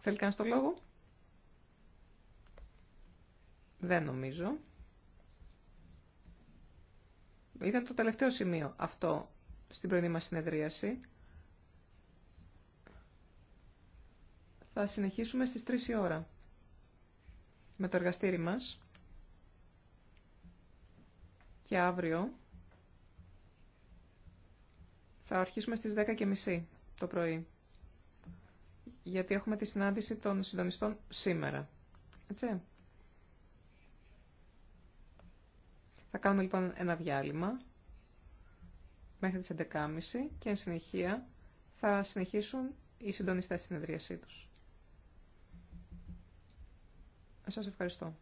Θέλει κανένα το λόγο. Δεν νομίζω. Ήταν το τελευταίο σημείο αυτό στην πρωινή μας συνεδρίαση. Θα συνεχίσουμε στις 3 η ώρα με το εργαστήρι μας και αύριο θα αρχίσουμε στις 10.30 το πρωί γιατί έχουμε τη συνάντηση των συντονιστών σήμερα. Έτσι. Θα κάνουμε λοιπόν ένα διάλειμμα μέχρι τις 11.30 και εν συνεχεία θα συνεχίσουν οι συντονιστές στη συνεδρίασή τους. Σας ευχαριστώ.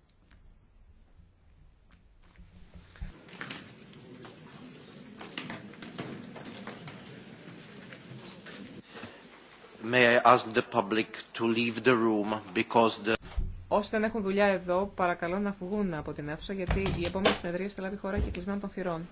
May Όσοι δεν έχουν δουλειά εδώ, παρακαλώ να βγουν από την αίθουσα γιατί η επόμενη συνεδρία θα λάβει χώρα και κλεισμένο των θυρών.